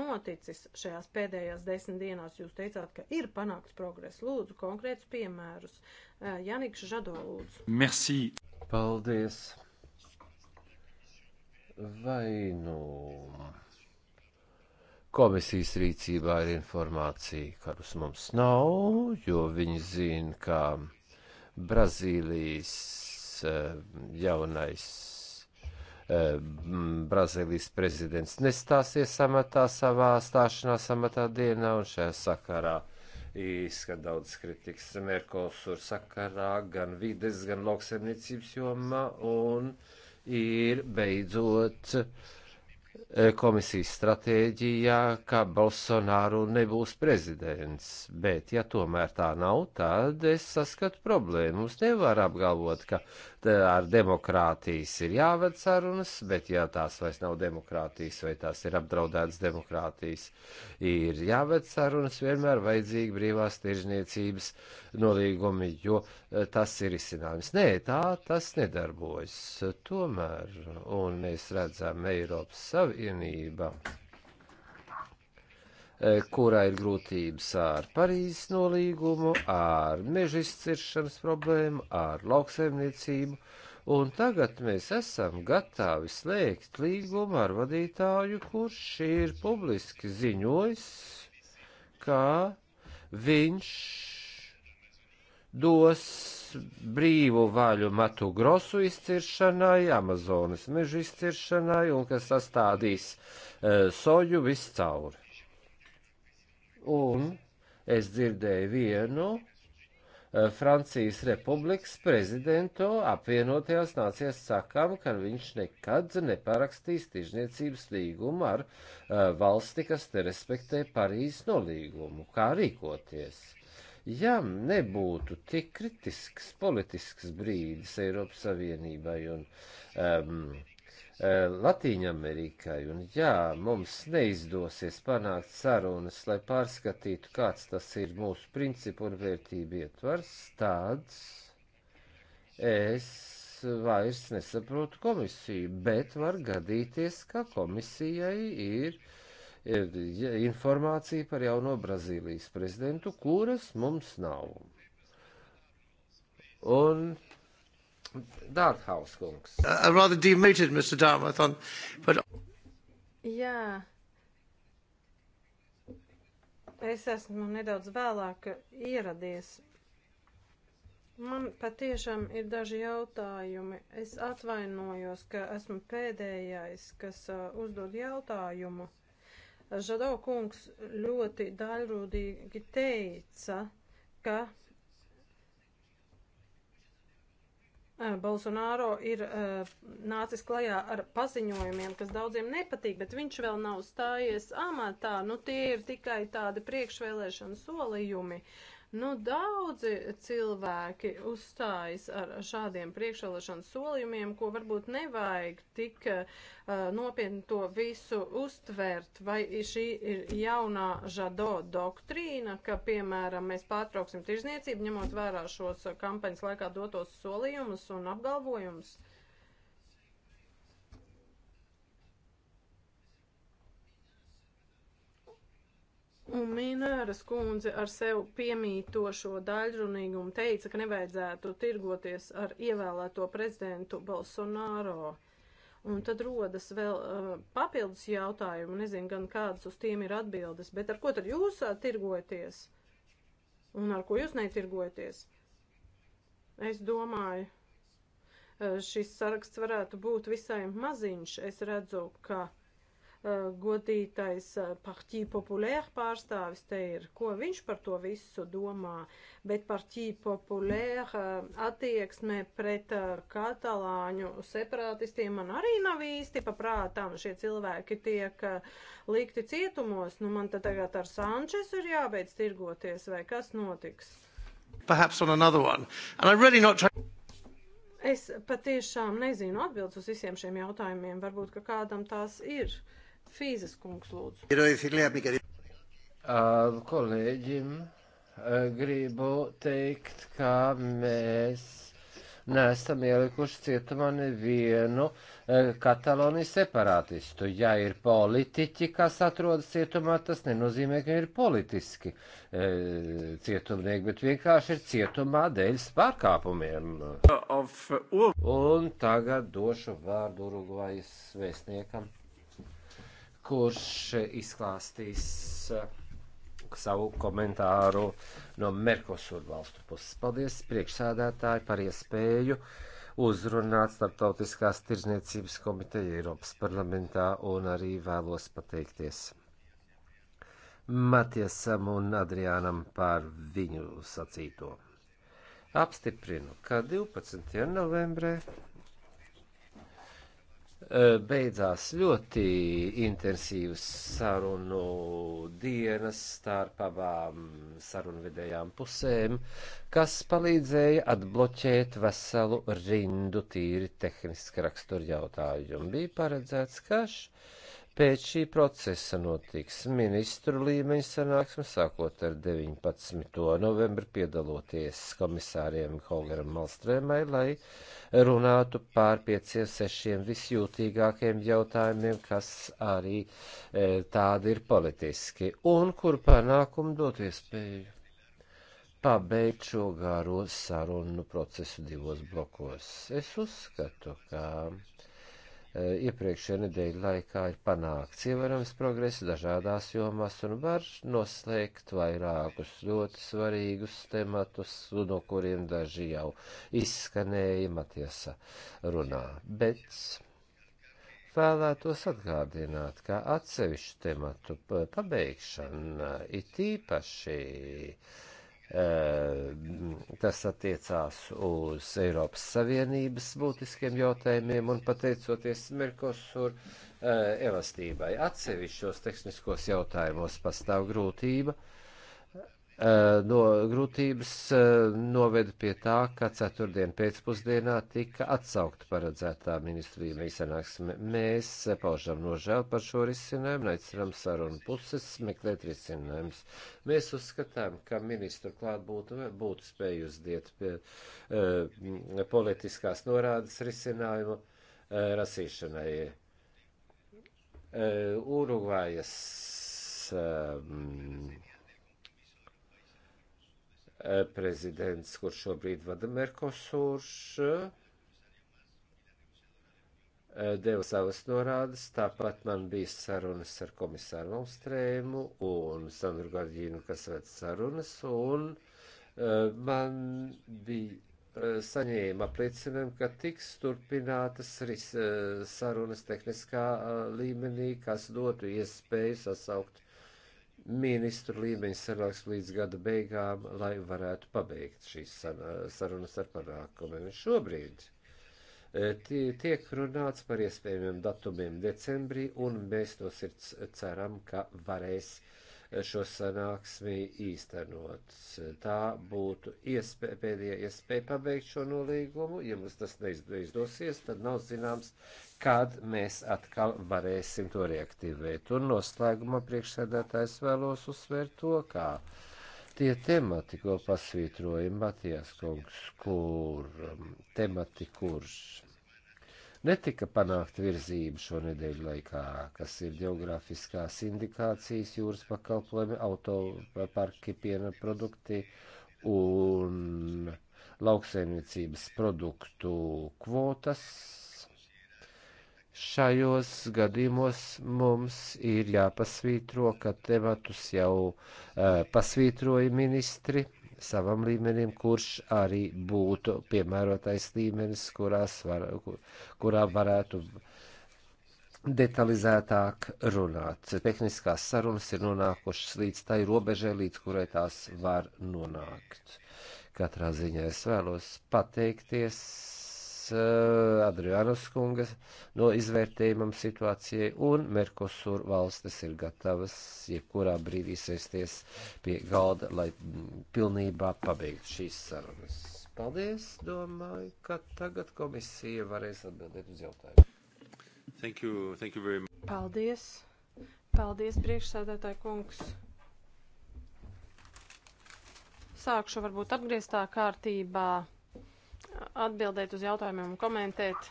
A: noticis šajās pēdējās desmit dienās, jūs teicāt, ka ir panākts progress, lūdzu konkrētus piemērus. Eh, Janikš Žado, lūdzu.
C: Merci. Paldies! Vai nu komisijas rīcībā ir informācija, kuras mums nav, jo viņi zina, ka Brazīlijas eh, jaunais eh, Brazīlijas prezidents nestāsies amatā savā stāšanās amatā dienā un šajā sakarā izskat daudz kritikas Merkosur sakarā, gan vides, gan lauksaimniecības jomā, un ir beidzot eh, komisijas stratēģijā, ka Bolsonaro nebūs prezidents, bet ja tomēr tā nav, tad es saskatu problēmu. Mums nevar apgalvot, ka Eh, ar demokrātijas ir jāved sarunas, bet ja tās vairs nav demokrātijas vai tās ir apdraudētas demokrātijas, ir jāved sarunas vienmēr vajadzīgi brīvās tirzniecības nolīgumi, jo eh, tas ir izcinājums. Nē, tā tas nedarbojas. Tomēr, un mēs redzam, Eiropas Savienība E, kurā ir grūtības ar Parīzes nolīgumu, ar meža izciršanas problēmu, ar lauksaimniecību, un tagad mēs esam gatavi slēgt līgumu ar vadītāju, kurš ir publiski ziņojis, ka viņš dos brīvu vaļu matu grosu izciršanai, Amazonas mežu izciršanai un kas sastādīs e, soju viscauri un mhm. es dzirdēju vienu eh, Francijas republikas prezidentu apvienotajās nācijās sakām, ka viņš nekad neparakstīs tirzniecības līgumu ar uh, valsti, kas nerespektē Parīzes nolīgumu. Kā rīkoties? Ja nebūtu tik kritisks politisks brīdis Eiropas Savienībai un um, Eh, Latīņamerikai. Un jā, mums neizdosies panākt sarunas, lai pārskatītu, kāds tas ir mūsu principu un vērtību ietvars, tāds es vairs nesaprotu komisiju, bet var gadīties, ka komisijai ir, ir informācija par jauno Brazīlijas prezidentu, kuras mums nav. Un Dārthaus kungs. Uh, Darmathon, but...
A: Jā. Es esmu nedaudz vēlāk ieradies. Man patiešām ir daži jautājumi. Es atvainojos, ka esmu pēdējais, kas uh, uzdod jautājumu. Žado kungs ļoti daļrūdīgi teica, ka Eh, Bolsonaro ir uh, nācis klajā ar paziņojumiem, kas daudziem nepatīk, bet viņš vēl nav stājies amatā. Nu, tie ir tikai tādi priekšvēlēšana solījumi. Uh, Nu, daudzi cilvēki uzstājas ar šādiem priekšvēlēšanu solījumiem, ko varbūt nevajag tik uh, nopietni to visu uztvert, vai šī ir jaunā žado doktrīna, ka, piemēram, mēs pārtrauksim tirzniecību, ņemot vērā šos kampaņas laikā dotos solījumus un apgalvojumus. Un Mīnēras kundze ar sev piemītošo daļrunīgumu teica, ka nevajadzētu tirgoties ar ievēlēto prezidentu Bolsonaro. Un tad rodas vēl uh, papildus jautājumu, nezinu gan kādas uz tiem ir atbildes, bet ar ko tad jūs uh, tirgoties? Un ar ko jūs netirgoties? Es domāju, uh, šis saraksts varētu būt visai maziņš. Es redzu, ka uh, Eh, godītais eh, parķī populēra pārstāvis te ir, ko viņš par to visu domā, bet parķī populēra eh, attieksme pret katalāņu separātistiem man arī nav īsti paprātām. Šie cilvēki tiek likti cietumos, nu man tad tagad ar Sančesu ir jābeidz tirgoties, vai kas notiks? Perhaps on another one. And I'm really not trying. Es patiešām nezinu atbildes uz visiem šiem jautājumiem. Varbūt, ka kādam tās ir. Uh, Fīzes kungs
C: lūdzu. Uh, kolēģim uh, gribu teikt, ka mēs neesam ielikuši cietumā nevienu e, Katalonijas separātistu. Ja ir politiķi, kas atrodas cietumā, tas nenozīmē, ka ir politiski e, cietumnieki, bet vienkārši ir cietumā dēļ pārkāpumiem. Un tagad došu vārdu Urugvajas vēstniekam kurš izklāstīs eh, savu komentāru no Merkosur valstu puses. Paldies priekšsēdētāji par iespēju uzrunāt Startautiskās tirzniecības komiteja Eiropas parlamentā un arī vēlos pateikties Matiesam un Adriānam par viņu sacīto. Apstiprinu, ka 12. novembrē Eh, beidzās ļoti intensīvas sarunu dienas starp abām sarunvedējām pusēm, kas palīdzēja atbloķēt veselu rindu tīri tehniski rakstur jautājumu. Bija paredzēts, ka šis Pēc šī procesa notiks ministru līmeņa sanāksme, sākot ar 19. novembri, piedaloties komisāriem Holgeram Malstrēmai, lai runātu pār pieciem, sešiem visjūtīgākiem jautājumiem, kas arī e, tādi ir politiski, un kur panākumu dot iespēju pabeigt šo garo sarunu procesu divos blokos. Es uzskatu, ka. Kā... Eh, iepriekšējā nedēļa laikā ir panākts ievērams progress dažādās jomās un var noslēgt vairākus ļoti svarīgus tematus, no kuriem daži jau izskanēja Matiesa runā. Bet vēlētos atgādināt, ka atsevišķu tematu pabeigšana ir tīpaši uh, Eh, tas attiecās uz Eiropas Savienības būtiskiem jautājumiem un pateicoties Merkosur eh, elastībai. Atsevišķos tehniskos jautājumos pastāv grūtība. Uh, Eh, no grūtības eh, noveda pie tā, ka ceturtdien pēcpusdienā tika atsaukt paredzētā ministru līmeņa sanāksme. Mēs eh, paužam nožēlu par šo risinājumu, aicinām sarunu puses meklēt risinājumus. Mēs uzskatām, ka ministru klāt būtu, būtu spējusi diet pie uh, politiskās norādes risinājumu uh, rasīšanai. Uh, Urugvājas um, ehm, prezidents, kurš šobrīd vada Merkosūrs, deva savas norādes. Tāpat man bija sarunas ar komisāru Malmstrēmu un Sandru Gardīnu, kas ved sarunas, un e, man bija e, saņēma apliecinājumu, ka tiks turpinātas e, sarunas tehniskā līmenī, kas dotu iespēju sasaukt ministru līmeņa sanāks līdz gada beigām, lai varētu pabeigt šīs sarunas ar panākumiem. Šobrīd eh, tiek runāts par iespējamiem datumiem decembrī, un mēs no sirds ceram, ka varēs eh, šo sanāksmi īstenot. Tā būtu iespēja, pēdējā iespēja pabeigt šo nolīgumu. Ja mums tas neizdosies, tad nav zināms, kad mēs atkal varēsim to reaktivēt. Un noslēgumā priekšsēdētājs vēlos uzsvērt to, kā tie temati, ko pasvītroja Matijas kungs, kur um, temati, kurš netika panākta virzība šo nedēļu laikā, kas ir geogrāfiskās indikācijas, jūras pakalpojumi, autoparki, piena produkti un lauksaimniecības produktu kvotas Šajos gadījumos mums ir jāpasvītro, ka tematus jau uh, pasvītroja ministri savam līmenim, kurš arī būtu piemērotais līmenis, kurās var, kur, kurā varētu detalizētāk runāt. Tehniskās sarunas ir nonākušas līdz tai robežai, līdz kurai tās var nonākt. Katrā ziņā es vēlos pateikties Eh, Adrianas kungas no izvērtējumam situācijai, un Merkosur valstis ir gatavas jebkurā brīdī sēsties pie galda, lai mm, pilnībā pabeigtu šīs sarunas. Paldies! Domāju, ka tagad komisija varēs atbildēt uz jautājumu. Thank you, thank you very much.
A: Paldies! Paldies, priekšsēdētāji kungs! Sākšu varbūt apgrieztā kārtībā atbildēt uz jautājumiem un komentēt,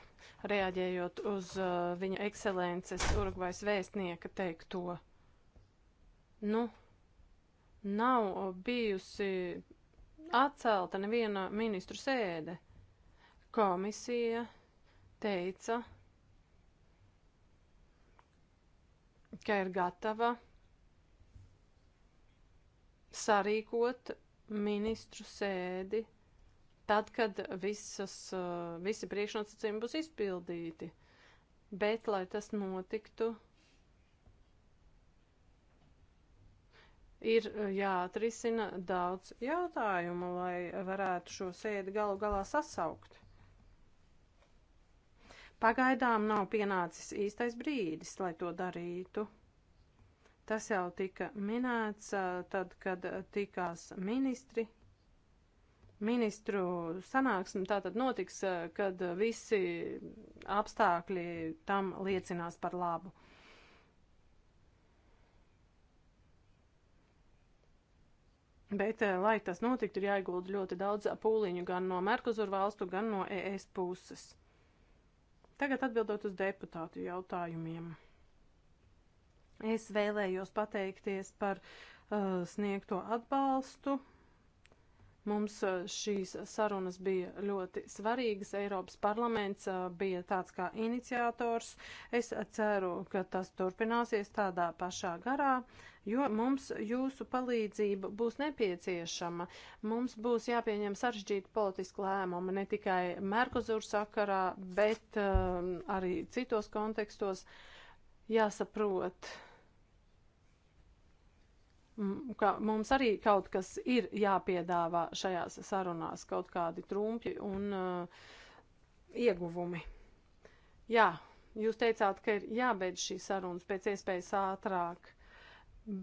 A: reaģējot uz uh, viņa ekscelences Urugvais vēstnieka teikto. Nu, nav bijusi atcelta neviena ministru sēde. Komisija teica, ka ir gatava sarīkot ministru sēdi tad, kad visas, eh, visi priekšnosacījumi būs izpildīti. Bet, lai tas notiktu, ir eh, jāatrisina daudz jautājumu, lai varētu šo sēdi galu galā sasaukt. Pagaidām nav pienācis īstais brīdis, lai to darītu. Tas jau tika minēts eh, tad, kad tikās ministri Ministru sanāksme tā tad notiks, eh, kad eh, visi apstākļi tam liecinās par labu. Bet, eh, lai tas notiktu, ir jāiegulda ļoti daudz pūliņu gan no Merkuzuru valstu, gan no ES puses. Tagad atbildot uz deputātu jautājumiem. Es vēlējos pateikties par uh, sniegto atbalstu Mums šīs sarunas bija ļoti svarīgas. Eiropas parlaments bija tāds kā iniciators. Es ceru, ka tas turpināsies tādā pašā garā, jo mums jūsu palīdzība būs nepieciešama. Mums būs jāpieņem sarežģīti politiski lēmumi ne tikai Merkozūru sakarā, bet um, arī citos kontekstos jāsaprot Mm, ka mums arī kaut kas ir jāpiedāvā šajās sarunās, kaut kādi trumpi un uh, ieguvumi. Jā, jūs teicāt, ka ir jābeidz šīs sarunas pēc iespējas ātrāk.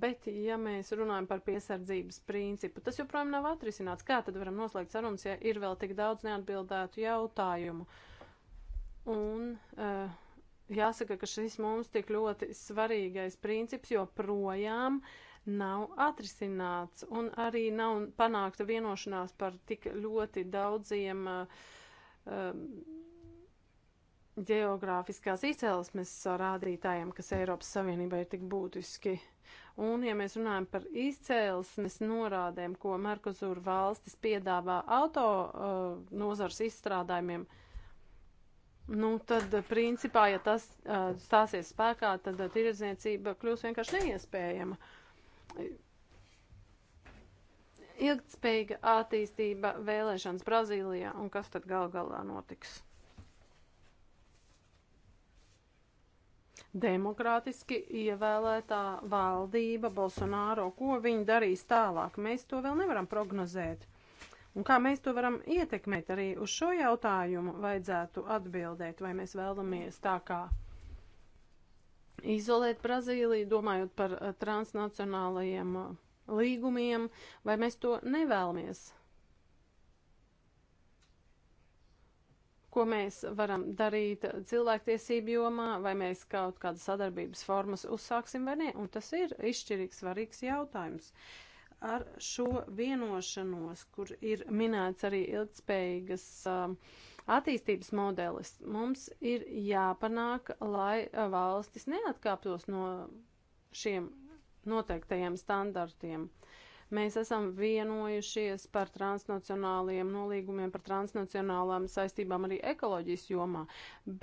A: Bet, ja mēs runājam par piesardzības principu, tas joprojām nav atrisināts. Kā tad varam noslēgt sarunas, ja ir vēl tik daudz neatbildētu jautājumu? Un uh, jāsaka, ka šis mums tik ļoti svarīgais princips joprojām uh, nav atrisināts un arī nav panākta vienošanās par tik ļoti daudziem um, geogrāfiskās izcelsmes rādītājiem, kas Eiropas Savienībai ir tik būtiski. Un, ja mēs runājam par izcēlesmes norādēm, ko Merkuzūra valstis piedāvā auto uh, nozars izstrādājumiem, nu, tad, uh, principā, ja tas uh, stāsies spēkā, tad uh, tirdzniecība kļūs vienkārši neiespējama. Uh, Ilgtspējīga attīstība vēlēšanas Brazīlijā un kas tad gal galā notiks? Demokrātiski ievēlētā valdība Bolsonaro, ko viņi darīs tālāk, mēs to vēl nevaram prognozēt. Un kā mēs to varam ietekmēt arī uz šo jautājumu, vajadzētu atbildēt, vai mēs vēlamies tā kā izolēt Brazīliju, domājot par eh, transnacionālajiem eh, līgumiem, vai mēs to nevēlamies? Ko mēs varam darīt cilvēktiesību jomā, vai mēs kaut kādas sadarbības formas uzsāksim vai nē? Un tas ir izšķirīgs svarīgs jautājums. Ar šo vienošanos, kur ir minēts arī ilgspējīgas uh, attīstības modelis. Mums ir jāpanāk, lai eh, valstis neatkāptos no šiem noteiktajiem standartiem. Mēs esam vienojušies par transnacionāliem nolīgumiem, par transnacionālām saistībām arī ekoloģijas jomā,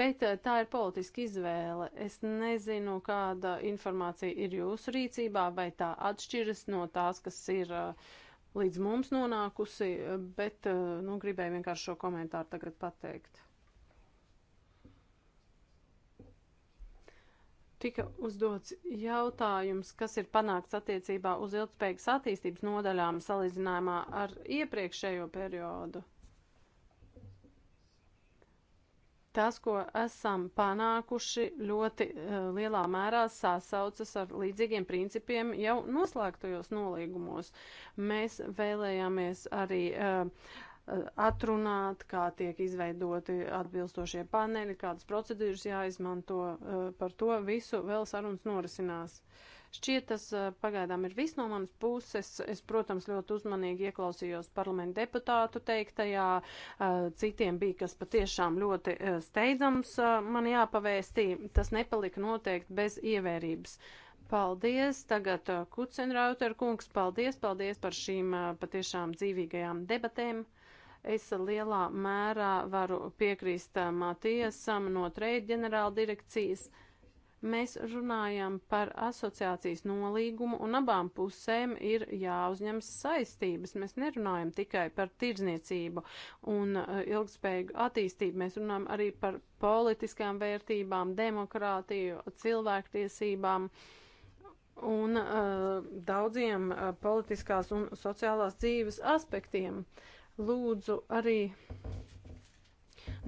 A: bet eh, tā ir politiska izvēle. Es nezinu, kāda informācija ir jūsu rīcībā, vai tā atšķiras no tās, kas ir uh, līdz mums nonākusi, bet eh, nu, gribēju vienkārši šo komentāru tagad pateikt. Tika uzdots jautājums, kas ir panākts attiecībā uz ilgspējīgas attīstības nodaļām salīdzinājumā ar iepriekšējo periodu. tas, ko esam panākuši, ļoti uh, lielā mērā sasaucas ar līdzīgiem principiem jau noslēgtojos nolīgumos. Mēs vēlējāmies arī uh, atrunāt, kā tiek izveidoti atbilstošie paneļi, kādas procedūras jāizmanto. Uh, par to visu vēl sarunas norisinās. Uh, Šķiet, tas eh, pagaidām ir viss no manas puses. Es, protams, ļoti uzmanīgi ieklausījos parlamentu deputātu teiktajā. Eh, citiem bija, kas patiešām ļoti eh, steidzams man jāpavēstī. Tas nepalika noteikti bez ievērības. Paldies, tagad Kucenrauter kungs, paldies, paldies par šīm patiešām dzīvīgajām debatēm. Es lielā mērā varu piekrīst Matiesam no trade ģenerāla direkcijas. Uh, Mēs runājam par asociācijas nolīgumu, un abām pusēm ir jāuzņemas saistības. Mēs nerunājam tikai par tirdzniecību un eh, ilgspējīgu attīstību, mēs runājam arī par politiskām vērtībām, demokrātiju, cilvēktiesībām un uh, daudziem uh, politiskās un sociālās dzīves aspektiem. Lūdzu arī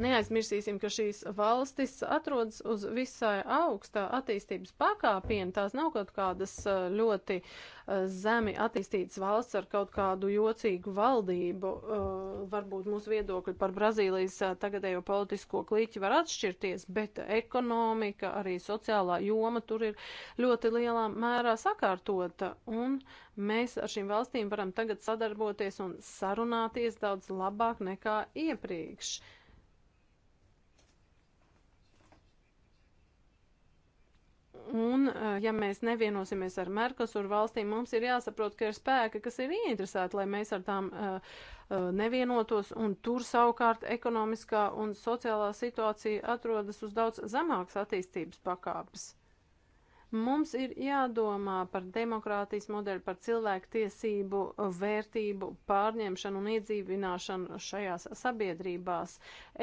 A: Neaizmirsīsim, ka šīs valstis atrodas uz visai augstā attīstības pakāpiena. Tās nav kaut kādas ļoti zemi attīstītas valsts ar kaut kādu jocīgu valdību. Varbūt mūsu viedokļi par Brazīlijas tagadējo politisko klīķi var atšķirties, bet ekonomika, arī sociālā joma tur ir ļoti lielā mērā sakārtota. Un mēs ar šīm valstīm varam tagad sadarboties un sarunāties daudz labāk nekā iepriekš. Un, eh, ja mēs nevienosimies ar Merkosur valstīm, mums ir jāsaprot, ka ir spēki, kas ir ieinteresēti, lai mēs ar tām uh, nevienotos, un tur savukārt ekonomiskā un sociālā situācija atrodas uz daudz zemākas attīstības pakāpes. Mums ir jādomā par demokrātijas modeli, par cilvēku tiesību, vērtību pārņemšanu un iedzīvināšanu šajās sabiedrībās.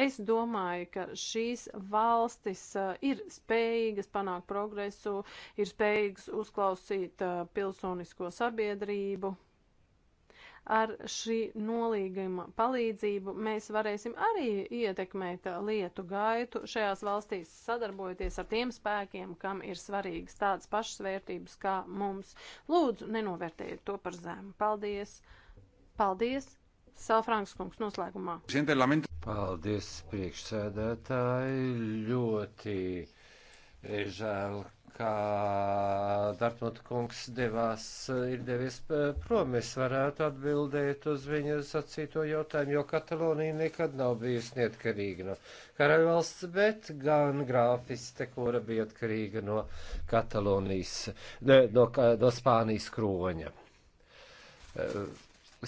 A: Es domāju, ka šīs valstis uh, ir spējīgas panākt progresu, ir spējīgas uzklausīt uh, pilsonisko sabiedrību ar šī nolīguma palīdzību mēs varēsim arī ietekmēt lietu gaitu šajās valstīs, sadarbojoties ar tiem spēkiem, kam ir svarīgas tādas pašas vērtības kā mums. Lūdzu, nenovērtējiet to par zemu. Paldies! Paldies! Salfranks kungs noslēgumā.
C: Paldies, priekšsēdētāji! Ļoti žēl, kā Dartmut kungs devās, ir devies prom, es varētu atbildēt uz viņa sacīto jautājumu, jo Katalonija nekad nav bijusi neatkarīga no karaļvalsts, bet gan grāfiste, kura bija atkarīga no Katalonijas, ne, no, no Spānijas kroņa. Eh,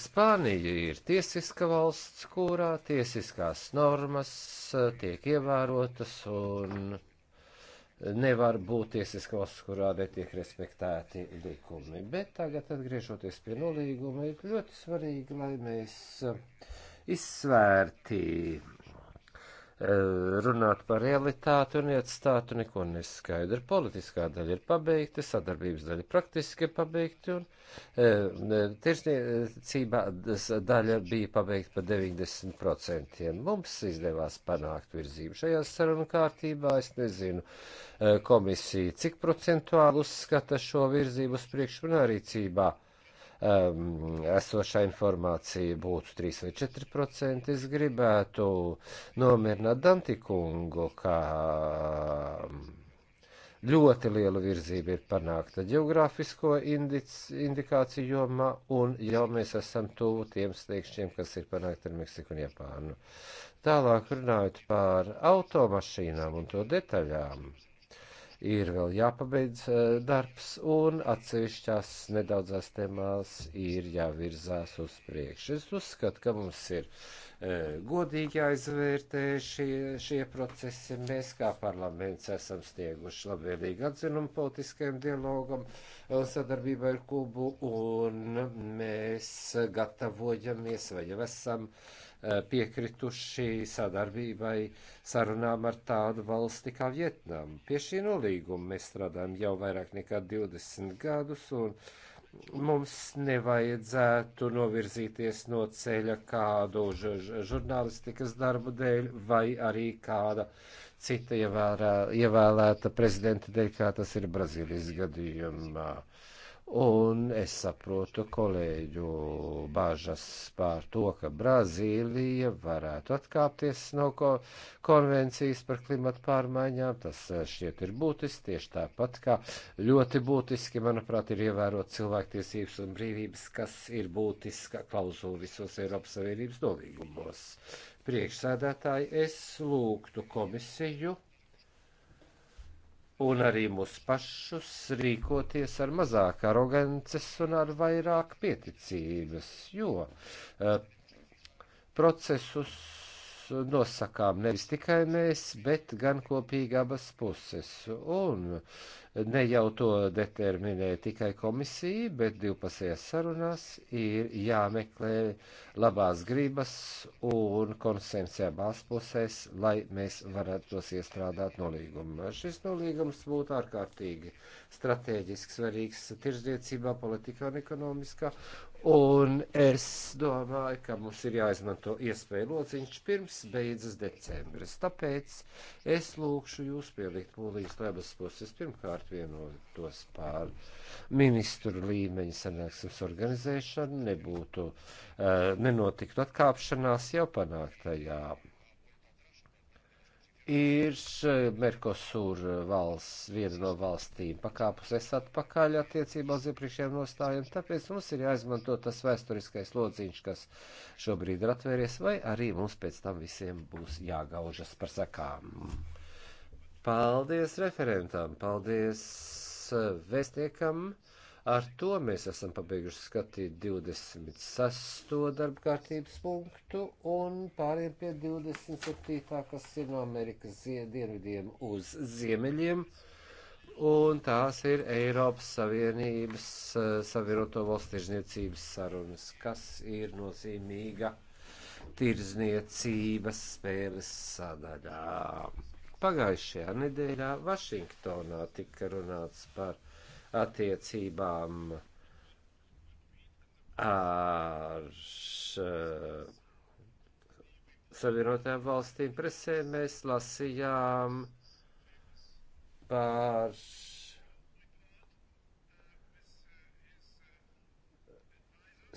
C: Spānija ir tiesiska valsts, kurā tiesiskās normas eh, tiek ievērotas un nevar būt tiesiska valsts, kurā netiek respektēti likumi. Bet tagad, atgriežoties pie nolīguma, ir ļoti svarīgi, lai mēs eh, izsvērti Eh, runāt par realitāti un ietstātu neko neskaidru. Politiskā daļa ir pabeigta, sadarbības daļa praktiski ir pabeigta, un eh, e, tirsniecībā daļa bija pabeigta par 90%. Mums izdevās panākt virzību šajā sarunu kārtībā. Es nezinu, eh, komisija cik procentuāli uzskata šo virzību uz priekšu un arī cībā um, esošā informācija būtu 3 vai 4 procenti. Es gribētu nomierināt Dantikungu, ka ehm, ļoti liela virzība ir panākta geogrāfisko indic, indikāciju jomā, un jau mēs esam tuvu tiem sliekšņiem, kas ir panākti ar Meksiku un Japānu. Tālāk runājot par automašīnām un to detaļām ir vēl jāpabeidz eh, darbs, un atsevišķās nedaudzās tēmās ir jāvirzās uz priekšu. Es uzskatu, ka mums ir eh, godīgi jāizvērtē šie, šie procesi. Mēs kā parlaments esam snieguši labvēlīgu atzinumu politiskajam dialogam un eh, sadarbībai ar Kubu, un mēs gatavojamies vai jau esam uh, Eh, piekrituši sadarbībai sarunām ar tādu valsti kā Vietnam. Pie šī nolīguma mēs strādājam jau vairāk nekā 20 gadus, un mums nevajadzētu novirzīties no ceļa kādu žurnālistikas darbu dēļ vai arī kāda cita ievērā, ievēlēta prezidenta dēļ, kā tas ir Brazīlijas gadījumā. Uh, Un es saprotu kolēģu bāžas pār to, ka Brazīlija varētu atkāpties no ko konvencijas par klimatu pārmaiņām. Tas eh, šķiet ir būtiski, tieši tāpat kā ļoti būtiski, manuprāt, ir ievērot cilvēktiesības un brīvības, kas ir būtiska klauzula visos Eiropas Savienības nolīgumos. Priekšsēdētāji, es lūgtu komisiju un arī mūs pašus rīkoties ar mazāk arogances un ar vairāk pieticības, jo uh, procesus nosakām nevis tikai mēs, bet gan kopīgi abas puses. Un ne jau to determinē tikai komisija, bet divpusējās sarunās ir jāmeklē labās gribas un konsensi abās pusēs, lai mēs varētu tos iestrādāt nolīgumā. Šis nolīgums būtu ārkārtīgi strateģiski svarīgs tirzniecībā, politikā un ekonomiskā Un es domāju, ka mums ir jāizmanto iespēju lociņš pirms beidzas decembris. Tāpēc es lūkšu jūs pielikt mūlīs labas puses pirmkārt vienotos pār ministru līmeņa sanāksmes organizēšanu, nebūtu, uh, nenotiktu atkāpšanās jau panāktajā ir Merkosur valsts, viena no valstīm pakāpusies atpakaļ attiecībā uz iepriekšējiem nostājiem, tāpēc mums ir jāizmanto tas vēsturiskais lodziņš, kas šobrīd ir atvēries, vai arī mums pēc tam visiem būs jāgaužas par sakām. Paldies referentam, paldies vēstniekam. Ar to mēs esam pabeiguši skatīt 26. darba kārtības punktu un pāriem pie 27. kas ir no Amerikas dienvidiem uz ziemeļiem. Un tās ir Eiropas Savienības eh, Savienoto valstu tirzniecības sarunas, kas ir nozīmīga tirzniecības spēles sadaļā. Pagājušajā nedēļā Vašingtonā tika runāts par attiecībām ar eh, Savienotajām valstīm presē mēs lasījām par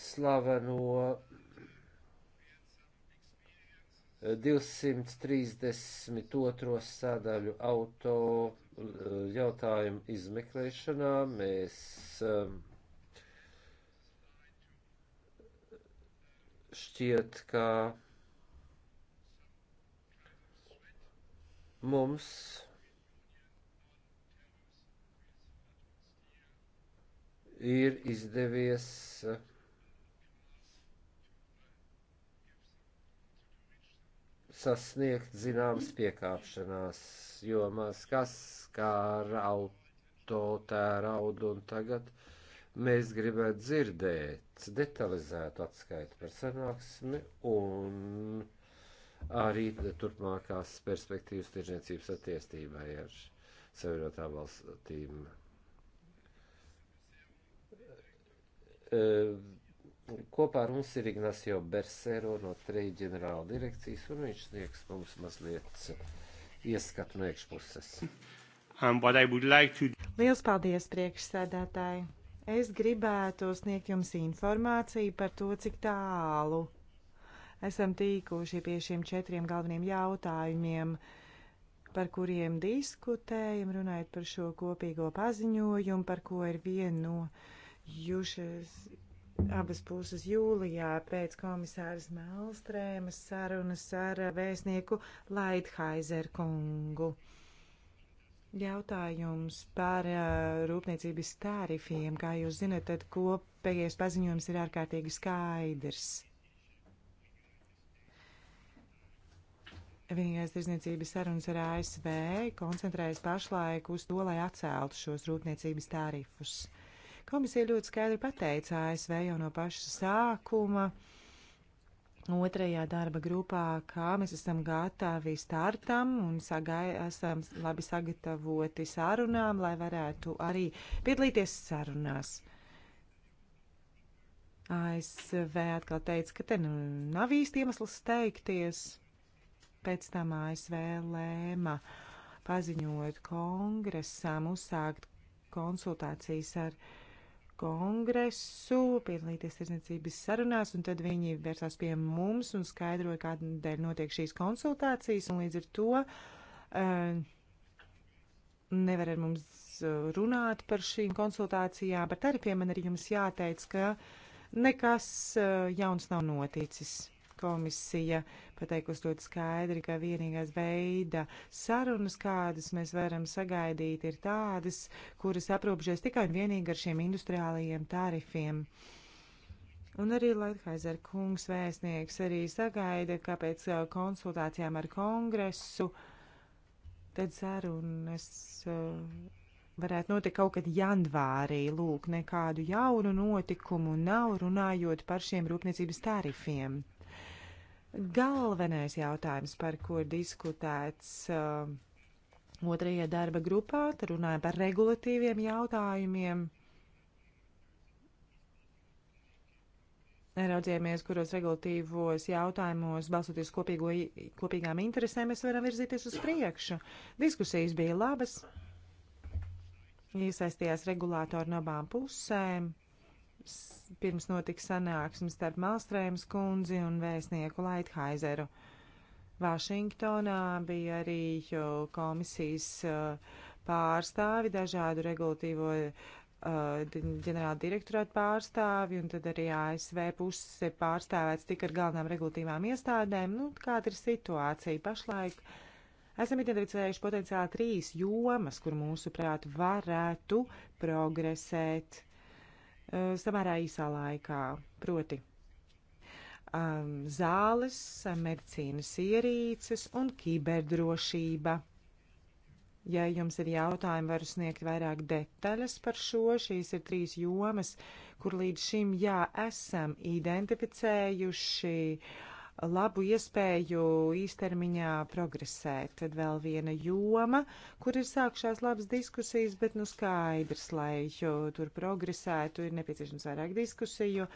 C: slaveno 232. sadaļu autoru jautājumu izmeklēšanā mēs um, šķiet, ka mums ir izdevies uh, sasniegt zināmas piekāpšanās jomās, kas skār auto tēraudu un tagad mēs gribētu dzirdēt detalizētu atskaitu par sanāksmi un arī turpmākās perspektīvas tirzniecības attiestībai ar savienotām valstīm. Uh, Kopā ar mums ir Ignacio Bersero no Treju ģenerāla direkcijas, un viņš sniegs mums mazliet ieskatu no iekšpuses. Um, like to...
B: Liels paldies, priekšsēdētāji! Es gribētu sniegt jums informāciju par to, cik tālu esam tīkuši pie šiem četriem galveniem jautājumiem, par kuriem diskutējam, runājot par šo kopīgo paziņojumu, par ko ir viena no jušas abas puses jūlijā pēc komisāras Melstrēmas sarunas ar vēstnieku Laidhaizer kungu. Jautājums par uh, rūpniecības tārifiem. Kā jūs zinat, tad kopējais paziņojums ir ārkārtīgi skaidrs. Vienīgais tirzniecības sarunas ar ASV koncentrējas pašlaik uz to, lai atceltu šos rūpniecības tārifus. Uh, Komisija ļoti skaidri pateica ASV jau no paša sākuma. Otrajā darba grupā, kā mēs esam gatavi startam un sagai, esam labi sagatavoti sarunām, lai varētu arī piedalīties sarunās. ASV atkal teica, ka te nu nav īsti iemesls steigties. Pēc tam ASV lēma paziņot kongresam uzsākt konsultācijas ar kongresu, piedalīties tirsniecības sarunās, un tad viņi vērsās pie mums un skaidroja, kādēļ notiek šīs konsultācijas, un līdz ar to uh, nevar ar mums eh, runāt par šīm konsultācijām, par tarifiem man arī jums jāteic, ka nekas uh, jauns nav noticis. Komisija pateikusi ļoti skaidri, ka vienīgās veida sarunas, kādas mēs varam sagaidīt, ir tādas, kuras aprobežojas tikai un vienīgi ar šiem industriālajiem tarifiem. Un arī Laithaizer kungs vēstnieks arī sagaida, ka pēc uh, konsultācijām ar kongresu tad sarunas uh, varētu notikt kaut kad janvārī. Lūk, nekādu jaunu notikumu nav runājot par šiem rūpniecības tarifiem. Galvenais jautājums, par ko ir diskutēts uh, otrajā darba grupā, tad runājam par regulatīviem jautājumiem. Raudzījāmies, kuros regulatīvos jautājumos, balsoties kopīgo, kopīgām interesēm, mēs varam virzīties uz priekšu. Diskusijas bija labas, iesaistījās regulātori no abām pusēm, pirms notika sanāksmes starp Malstrēmas kundzi un vēstnieku Laithaizeru. Vašingtonā bija arī komisijas uh, pārstāvi, dažādu regulatīvo uh, ģenerāla direktorāta pārstāvi, un tad arī ASV puses pārstāvēts tik ar galvenām regulatīvām iestādēm. Nu, kāda ir situācija pašlaik? Esam identificējuši potenciāli trīs jomas, kur mūsuprāt varētu progresēt Eh, samērā īsā laikā. Proti, um, zāles, medicīnas ierīces un kiberdrošība. Ja jums ir jautājumi, varu sniegt vairāk detaļas par šo. Šīs ir trīs jomas, kur līdz šim jā, esam identificējuši uh, labu iespēju īstermiņā progresēt. Tad vēl viena joma, kur ir sākšās labas diskusijas, bet nu skaidrs, lai tur progresētu, ir nepieciešams vairāk diskusiju.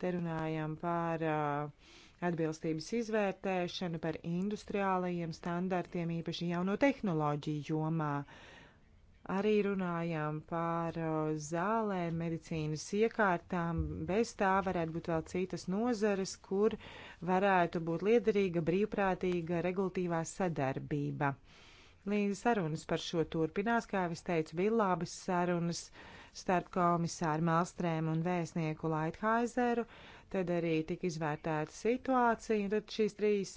B: Te runājam par uh, atbilstības izvērtēšanu, par industriālajiem standartiem, īpaši jauno tehnoloģiju jomā. Uh, Arī runājām par zālēm, medicīnas iekārtām. Bez tā varētu būt vēl citas nozares, kur varētu būt liederīga, brīvprātīga, regulatīvā sadarbība. Līdz sarunas par šo turpinās, kā es teicu, bija labas sarunas starp komisāru Malstrēmu un vēstnieku Laithaizeru. Uh, Tad arī tika izvērtēta situācija, un tad šīs trīs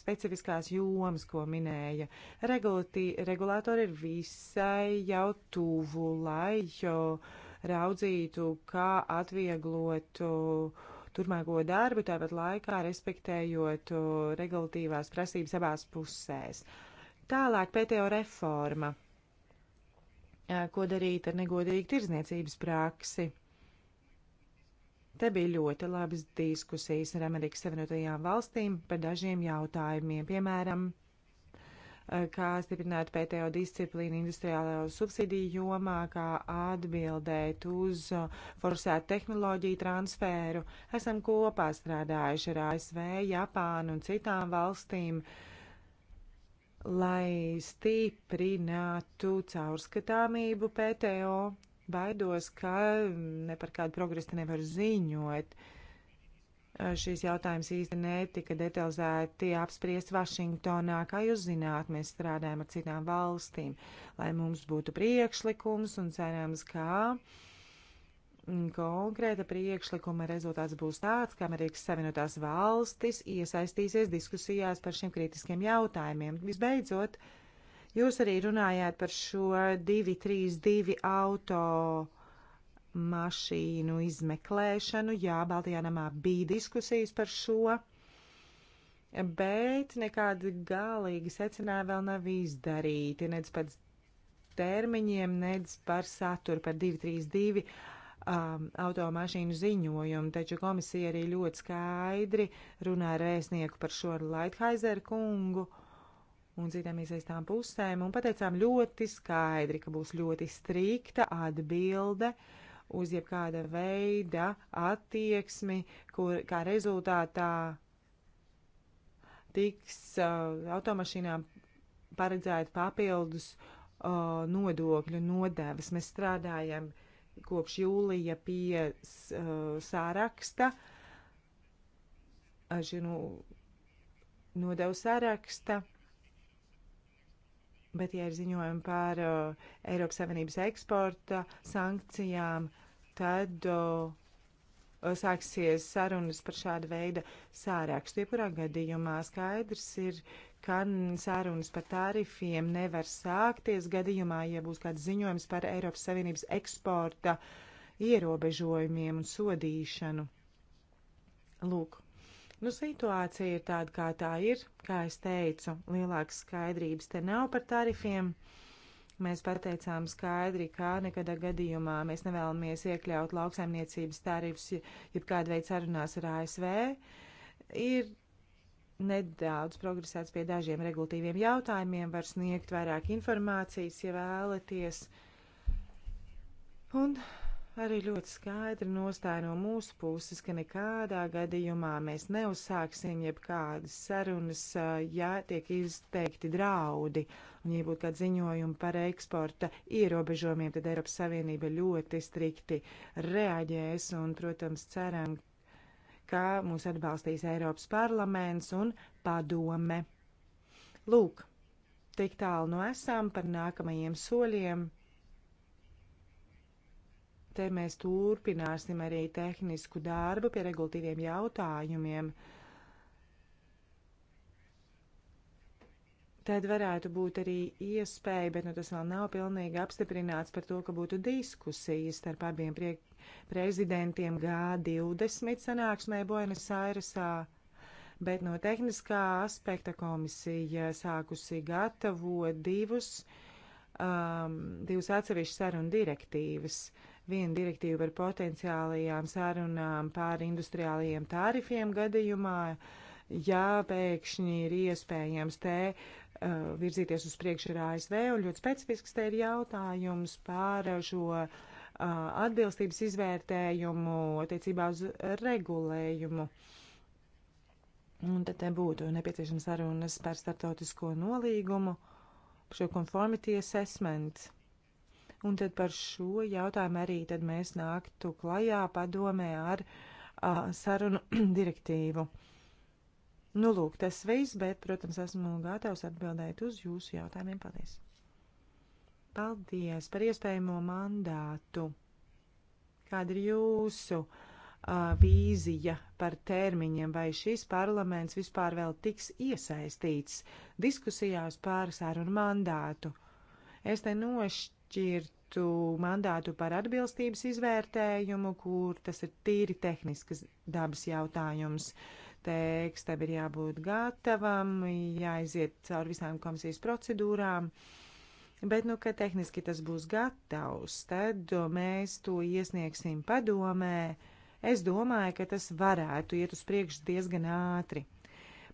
B: specifiskās jomas, ko minēja Regulati, regulātori, ir visai jau tuvu, lai jau raudzītu, kā atvieglotu turmāko darbu, tāpat laikā respektējot regulatīvās prasības abās pusēs. Tālāk pētējo reforma. Ko darīt ar negodīgu tirzniecības praksi? Te bija ļoti labas diskusijas ar Amerikas Savienotajām valstīm par dažiem jautājumiem, piemēram, eh, kā stiprināt PTO disciplīnu industriālajā subsidiju jomā, kā atbildēt uz eh, forsētu tehnoloģiju transferu. Esam kopā strādājuši ar ASV, Japānu un citām valstīm, lai stiprinātu caurskatāmību PTO Baidos, ka ne par kādu progresu nevar ziņot. Šīs jautājums īsti netika detalizēti apspriest Vašingtonā. Kā jūs zināt, mēs strādājam ar citām valstīm, lai mums būtu priekšlikums un cerams, ka konkrēta priekšlikuma rezultāts būs tāds, ka Amerikas Savienotās valstis iesaistīsies diskusijās par šiem kritiskiem jautājumiem. Visbeidzot, uh, Jūs arī runājāt par šo 232 auto mašīnu izmeklēšanu. Jā, Baltijā namā bija diskusijas par šo, bet nekādi galīgi secinājumi vēl nav izdarīti, nedz pēc termiņiem, nedz par saturu, par 232 um, automašīnu ziņojumu, taču komisija arī ļoti skaidri runā ar vēstnieku par šo Laithaizeru kungu. Uh, un citām iesaistām pusēm, un pateicām ļoti skaidri, ka būs ļoti strikta atbilde uz jebkāda veida attieksmi, kur kā rezultātā tiks uh, automašīnām paredzēt papildus uh, nodokļu nodevas. Mēs strādājam kopš jūlija pie uh, sāraksta, uh, žinu, nodevu sāraksta. Uh, Bet, ja ir ziņojumi par uh, Eiropas Savienības eksporta sankcijām, tad uh, sāksies sarunas par šādu veidu sārakstu. Jebkurā gadījumā skaidrs ir, ka sarunas par tarifiem nevar sākties gadījumā, ja būs kāds ziņojums par Eiropas Savienības eksporta ierobežojumiem un sodīšanu. Lūk, Nu, situācija ir tāda, kā tā ir, kā es teicu, lielākas skaidrības te nav par tarifiem. Mēs pateicām skaidri, kā nekadā gadījumā mēs nevēlamies iekļaut lauksaimniecības tarifus, ja kāda veida sarunās ar ASV. Ir nedaudz progresēts pie dažiem regulatīviem jautājumiem, var sniegt vairāk informācijas, ja vēlaties. Un arī ļoti skaidri nostāja no mūsu puses, ka nekādā gadījumā mēs neuzsāksim jebkādas sarunas, ja tiek izteikti draudi un ja būtu kādi ziņojumi par eksporta ierobežojumiem, tad Eiropas Savienība ļoti strikti reaģēs un, protams, ceram, ka mūs atbalstīs Eiropas parlaments un padome. Lūk, tik tālu no esam par nākamajiem soļiem te mēs turpināsim arī tehnisku darbu pie regulatīviem jautājumiem. Tad varētu būt arī iespēja, bet nu, tas vēl nav pilnīgi apstiprināts par to, ka būtu diskusijas starp abiem pre prezidentiem G20 sanāksmē Buenos Airesā bet no tehniskā aspekta komisija sākusi gatavot divus, um, divus atsevišķus sarunu direktīvas viena direktīva par potenciālajām sarunām pār industriālajiem tārifiem gadījumā, ja pēkšņi ir iespējams te uh, virzīties uz priekšu ar ASV, un ļoti specifisks te ir jautājums pār šo uh, atbilstības izvērtējumu attiecībā uz regulējumu. Un tad te būtu nepieciešams sarunas par startautisko nolīgumu, šo conformity assessment. Un tad par šo jautājumu arī tad mēs nāktu klajā padomē ar a, sarunu <clears throat> direktīvu. Nu, lūk, tas viss, bet, protams, esmu gatavs atbildēt uz jūsu jautājumiem. Paldies! Paldies par iespējamo mandātu! Kāda ir jūsu uh, vīzija par termiņiem, vai šis parlaments vispār vēl tiks iesaistīts diskusijās par sarunu mandātu? Es te nošķiru piešķirtu mandātu par atbilstības izvērtējumu, kur tas ir tīri tehniskas dabas jautājums. Tekstam ir jābūt gatavam, jāiziet cauri visām komisijas procedūrām. Bet, nu, kad tehniski tas būs gatavs, tad mēs to iesniegsim padomē. Es domāju, ka tas varētu iet uz priekšu diezgan ātri.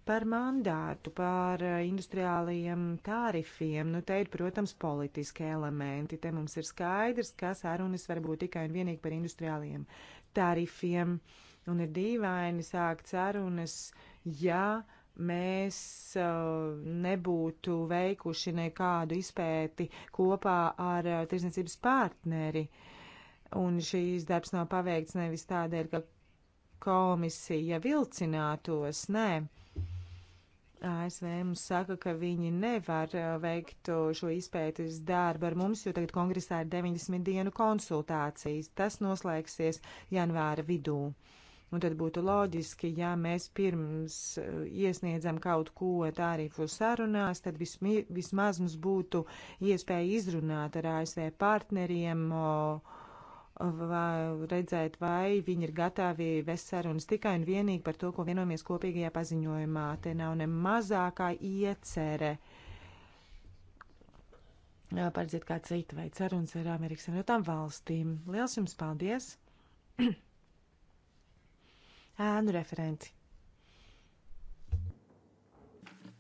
B: Par mandātu, par eh, industriālajiem tārifiem, nu te ir, protams, politiski elementi. Te mums ir skaidrs, ka sarunas var būt tikai un vienīgi par industriālajiem tārifiem. Un ir dīvaini sākt sarunas, ja mēs uh, nebūtu veikuši nekādu izpēti kopā ar uh, eh, tirsniecības partneri. Un šīs darbs nav paveikts nevis tādēļ, ka komisija vilcinātos, nē. Ne ASV mums saka, ka viņi nevar eh, veikt eh, šo izpētes darbu ar mums, jo tagad kongresā ir 90 dienu konsultācijas. Tas noslēgsies janvāra vidū. Un tad būtu loģiski, ja mēs pirms eh, iesniedzam kaut ko tārīfu sarunās, tad vismi, vismaz mums būtu iespēja izrunāt ar ASV partneriem. Uh, vai redzēt, vai viņi ir gatavi vest sarunas tikai un vienīgi par to, ko vienojamies kopīgajā paziņojumā. Te nav ne mazākā iecerē paredzēt kā citu veidu sarunas ar Amerikas Savienotām valstīm. Liels jums paldies! <clears throat> Ēnu referenti.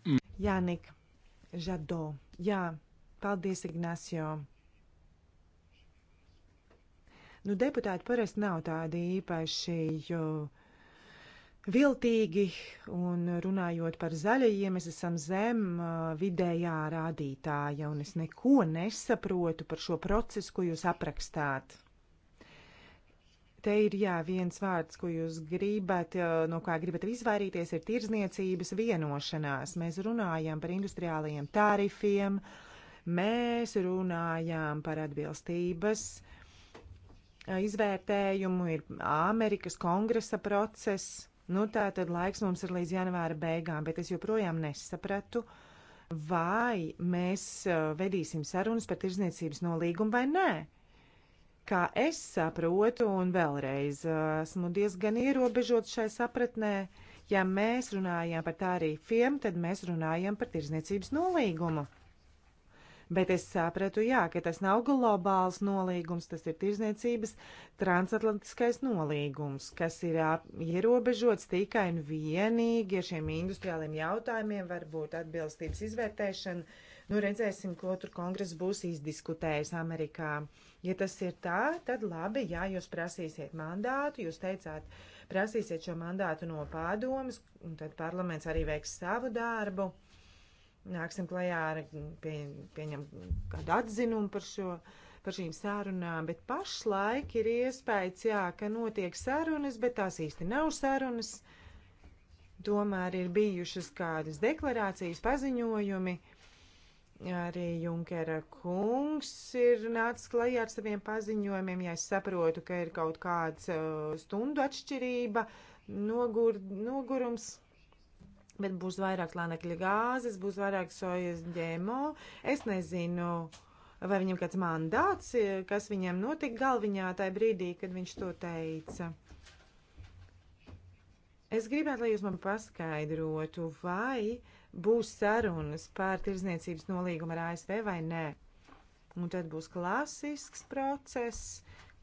B: Mm. Jānik Žado. Jā, paldies, Ignacio. Nu, deputāti parasti nav tādi īpaši viltīgi, un runājot par zaļajiem, mēs esam zem vidējā rādītāja, un es neko nesaprotu par šo procesu, ko jūs aprakstāt. Te ir jā, viens vārds, ko jūs gribat, no kā gribat izvairīties, ir tirzniecības vienošanās. Mēs runājam par industriālajiem tarifiem, mēs runājām par atbilstības uh, izvērtējumu, ir Amerikas kongresa process. Nu, tā tad laiks mums ir līdz janvāra beigām, bet es joprojām nesapratu, vai mēs vedīsim sarunas par tirzniecības nolīgumu vai nē. Kā es saprotu, un vēlreiz esmu diezgan ierobežots šai sapratnē, ja mēs runājam par tārīfiem, tad mēs runājam par tirzniecības nolīgumu. Bet es sapratu, jā, ka tas nav globāls nolīgums, tas ir tirzniecības transatlantiskais nolīgums, kas ir ierobežots tikai un vienīgi ar šiem industriāliem jautājumiem, varbūt atbilstības izvērtēšana. Nu, redzēsim, ko tur kongress būs izdiskutējis Amerikā. Ja tas ir tā, tad labi, jā, jūs prasīsiet mandātu, jūs teicāt, prasīsiet šo mandātu no pārdomas, un tad parlaments arī veiks savu darbu. Uh, nāksim klajā ar pie, pieņem kādu atzinumu par šo. Par šīm sarunām, bet pašlaik ir iespējas, jā, ka notiek sarunas, bet tās īsti nav sarunas. Tomēr ir bijušas kādas deklarācijas, paziņojumi, arī Junkera kungs ir nācis klajā ar saviem paziņojumiem, ja es saprotu, ka ir kaut kāds uh, stundu atšķirība, nogur, nogurums bet būs vairāk slānekļa gāzes, būs vairāk sojas ģēmo. Es nezinu, vai viņam kāds mandāts, eh, kas viņam notika galviņā tajā brīdī, kad viņš to teica. Es gribētu, lai jūs man paskaidrotu, vai būs sarunas par tirzniecības nolīgumu ar ASV vai nē. Un tad būs klasisks process,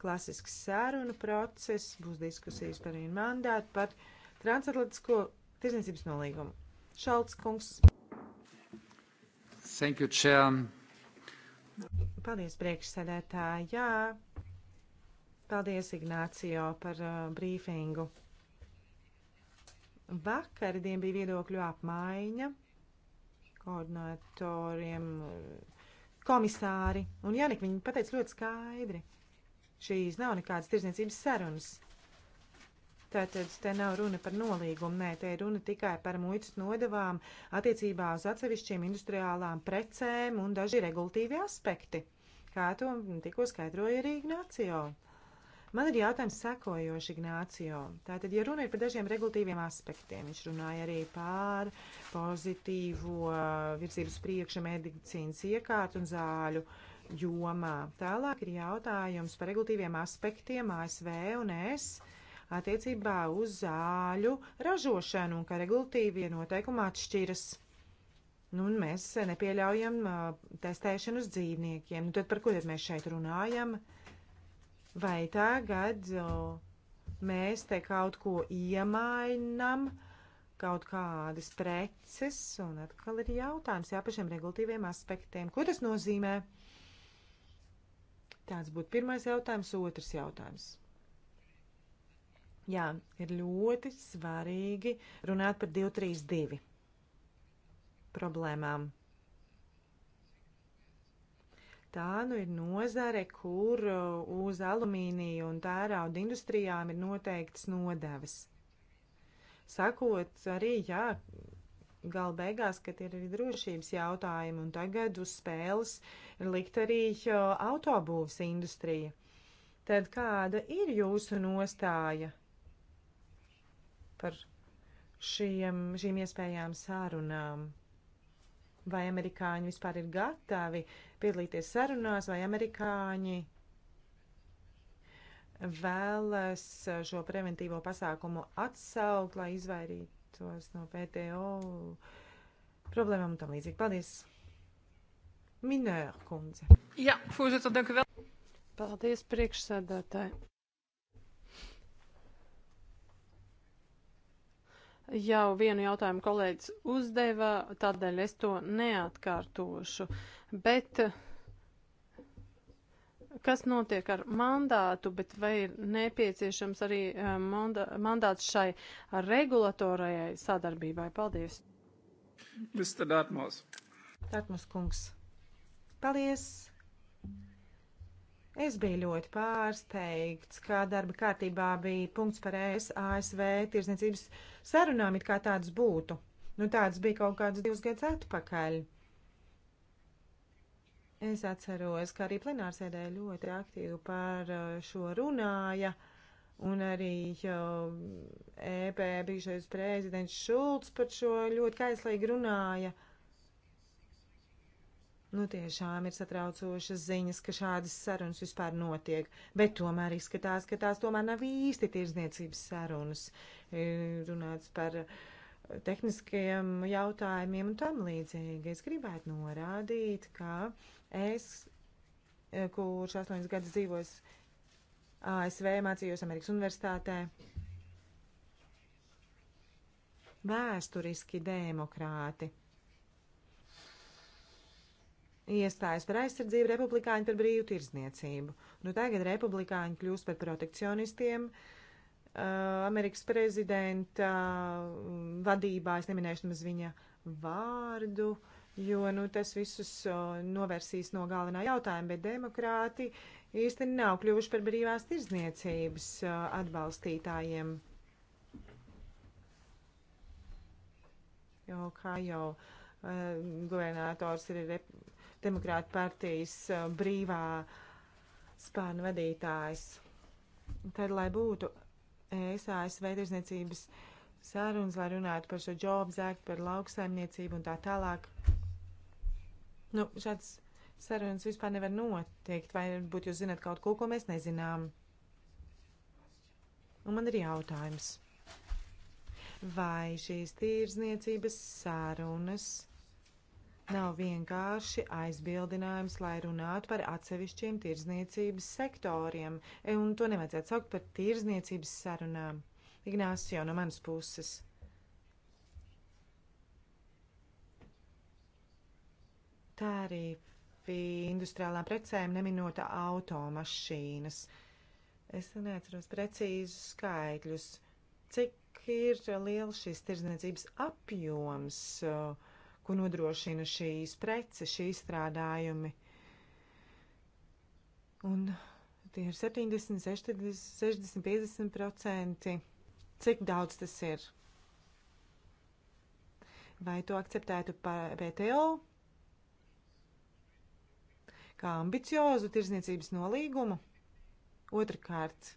B: klasisks sarunu process, būs diskusijas par viņu mandātu, par transatlantisko tirzniecības nolīgumu. Šalts kungs.
C: Thank you, Chair.
B: Paldies, priekšsēdētāji. Jā. Paldies, Ignācijo, par uh, brīfingu. Vakardien bija viedokļu apmaiņa koordinatoriem, komisāri, un Janik viņi pateica ļoti skaidri. Šīs nav nekādas tirzniecības sarunas. Tātad te nav runa par nolīgumu, nē, te ir runa tikai par muitas nodevām attiecībā uz atsevišķiem industriālām precēm un daži regulatīvi aspekti, kā to tikko skaidroja arī Ignācijo. Man ir jautājums sekojoši Ignācijo. Tātad, ja runa ir par dažiem regulatīviem aspektiem, viņš runāja arī pār pozitīvo uh, virzības priekša medicīnas iekārtu un zāļu jomā. Tālāk ir jautājums par regulatīviem aspektiem ASV un ES. Es attiecībā uz zāļu ražošanu un ka regulatīvie noteikumi atšķiras. Nu, un mēs nepieļaujam uh, testēšanu uz dzīvniekiem. Nu, tad par ko tad mēs šeit runājam? Vai tagad uh, mēs te kaut ko iemainam, kaut kādas preces, un atkal ir jautājums jā, par šiem regulatīviem aspektiem. Ko tas nozīmē? Tāds būtu pirmais jautājums, otrs jautājums. Jā, ir ļoti svarīgi runāt par 232 problēmām. Tā nu ir nozare, kur uh, uz alumīniju un tērauda industrijām ir noteikts nodevas. Sakot arī, jā, gala beigās, ka ir arī drošības jautājumi, un tagad uz spēles ir likt arī uh, autobūvas industrija. Tad kāda ir jūsu nostāja? par šiem, šīm iespējām sārunām. Vai amerikāņi vispār ir gatavi piedalīties sarunās, vai amerikāņi vēlas šo preventīvo pasākumu atsaukt, lai izvairītos no PTO problēmām un tam līdzīgi. Paldies! Minēra kundze.
A: Jā, ja, voorzitter, dank u wel. Paldies, priekšsēdētāji. jau vienu jautājumu kolēģis uzdeva, tādēļ es to neatkārtošu. Bet kas notiek ar mandātu, bet vai ir nepieciešams arī eh, manda, mandāts šai regulatorajai sadarbībai? Paldies!
C: Mr. Dārtmos.
B: Dārtmos kungs. Paldies! Es biju ļoti pārsteigts, kā darba kārtībā bija punkts par ES ASV tirsniecības sarunām, it kā tāds būtu. Nu, tāds bija kaut kāds divus gadus atpakaļ. Es atceros, ka arī plenārsēdē ļoti aktīvi par uh, šo runāja, un arī uh, EP bijušais prezidents Šulcs par šo ļoti kaislīgi runāja. Uh, Nu, tiešām ir satraucošas ziņas, ka šādas sarunas vispār notiek, bet tomēr izskatās, ka tās tomēr nav īsti tirzniecības sarunas. E, runāts par tehniskajiem jautājumiem un tam līdzīgi. Es gribētu norādīt, ka es, e, kurš astoņas gadus dzīvos ASV, mācījos Amerikas universitātē, vēsturiski demokrāti iestājas par aizsardzību, republikāņi par brīvu tirzniecību. Nu, tagad republikāņi kļūst par protekcionistiem. Uh, Amerikas prezidenta uh, vadībā, es neminēšu maz viņa vārdu, jo nu, tas visus uh, novērsīs no galvenā jautājuma, bet demokrāti īsti nav kļuvuši par brīvās tirzniecības atbalstītājiem. Jo, kā jau uh, guvernators ir rep demokrāta partijas brīvā spārna vadītājs. Tad, lai būtu ES ASV tirzniecības sarunas, lai runātu par šo jobu zēku, par lauksaimniecību un tā tālāk. Nu, šāds sarunas vispār nevar notikt, vai varbūt jūs zināt kaut ko, ko mēs nezinām. Un man ir jautājums. Vai šīs tirzniecības sarunas nav vienkārši aizbildinājums, lai runātu par atsevišķiem tirzniecības sektoriem, e, un to nevajadzētu saukt par tirzniecības sarunām. Ignācio no manas puses. Tarifi industriālām precēm neminota automašīnas. Es neatceros precīzus skaitļus, cik ir liels šis tirzniecības apjoms. Uh, ko nodrošina šīs preces, šī izstrādājumi. Un tie ir 70, 60, 60 50 procenti. Cik daudz tas ir? Vai to akceptētu PTO? Kā ambiciozu tirzniecības nolīgumu? Otrakārt.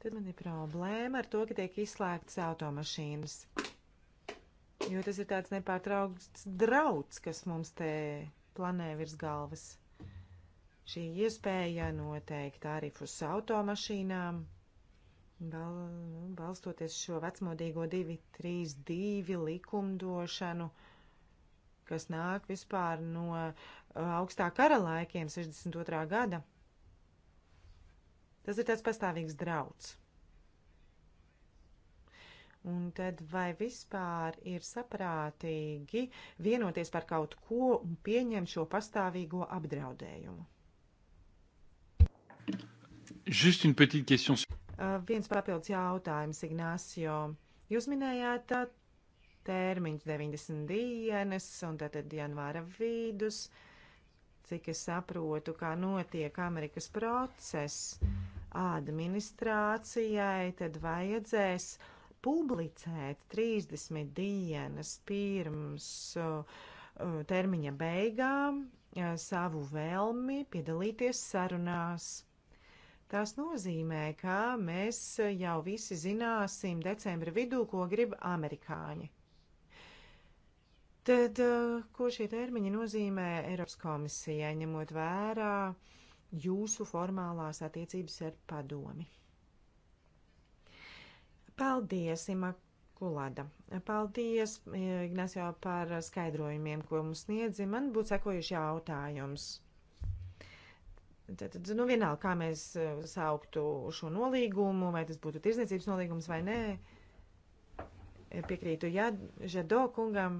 B: Tad man ir problēma ar to, ka tiek izslēgtas automašīnas jo tas ir tāds nepārtraukts drauds, kas mums te planē virs galvas. Šī iespēja noteikt tarifus automašīnām, bal, nu, balstoties šo vecmodīgo 232 likumdošanu, kas nāk vispār no augstā kara laikiem 62. gada. Tas ir tāds pastāvīgs drauds. Un tad vai vispār ir saprātīgi vienoties par kaut ko un pieņemt šo pastāvīgo apdraudējumu? Uh, viens papildus jautājums, Ignācio. Jūs minējāt uh, termiņš 90 dienas un tātad janvāra vidus. Cik es saprotu, kā notiek Amerikas process administrācijai, tad vajadzēs publicēt 30 dienas pirms uh, termiņa beigām uh, savu vēlmi piedalīties sarunās. Tas nozīmē, ka mēs jau visi zināsim decembra vidū, ko grib amerikāņi. Tad, uh, ko šie termiņi nozīmē Eiropas komisijai, ņemot vērā jūsu formālās attiecības ar padomi? Paldies, Imakulada. Paldies, eh, Ignacio, par skaidrojumiem, ko mums sniedzi. Man būtu sekojuši jautājums. Tad, nu, vienalga, kā mēs eh, sauktu šo nolīgumu, vai tas būtu tirzniecības nolīgums vai nē, eh, piekrītu Žado kungam.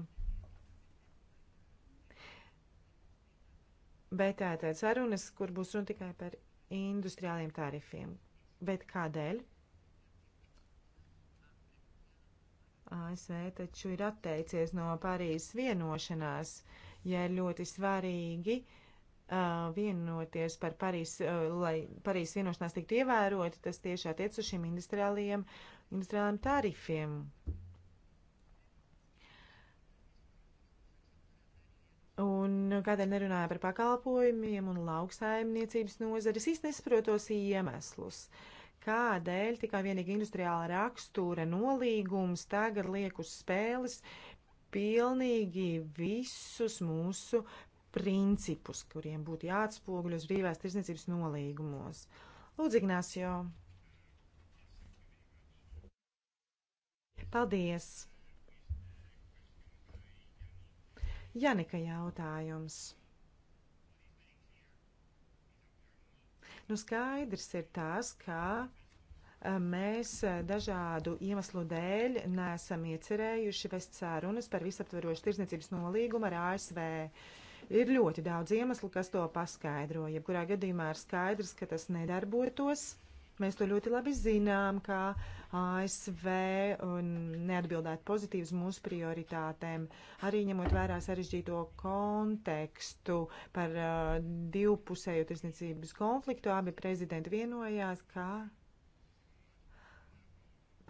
B: Bet tātad sarunas, kur būs runa tikai par industriāliem tarifiem. Bet kādēļ? ASV taču ir atteicies no Parīzes vienošanās, ja ir ļoti svarīgi uh, vienoties par Parīzes, uh, lai Parīzes vienošanās tiktu ievēroti, tas tieši attiec uz šiem industriāliem, industriāliem tarifiem. Un kādēļ nerunāja par pakalpojumiem un lauksaimniecības nozares? Es nesaprotos iemeslus. Uh, kādēļ tikai vienīgi industriāla rakstura nolīgums tagad liek uz spēles pilnīgi visus mūsu principus, kuriem būtu jāatspoguļos brīvās tirsniecības nolīgumos. Lūdzu, Ignācio! Paldies! Janika jautājums. Nu, skaidrs ir tas, ka eh, mēs eh, dažādu iemeslu dēļ neesam iecerējuši vest sārunas par visaptverošu tirzniecības nolīgumu ar ASV. Ir ļoti daudz iemeslu, kas to paskaidro. Jebkurā gadījumā ir skaidrs, ka tas nedarbotos. Mēs to ļoti labi zinām, ka uh, ASV uh, neatbildētu pozitīvi uz mūsu prioritātēm, arī ņemot vērā sarežģīto kontekstu par uh, divpusēju tirsniecības konfliktu. Abi prezidenti vienojās, ka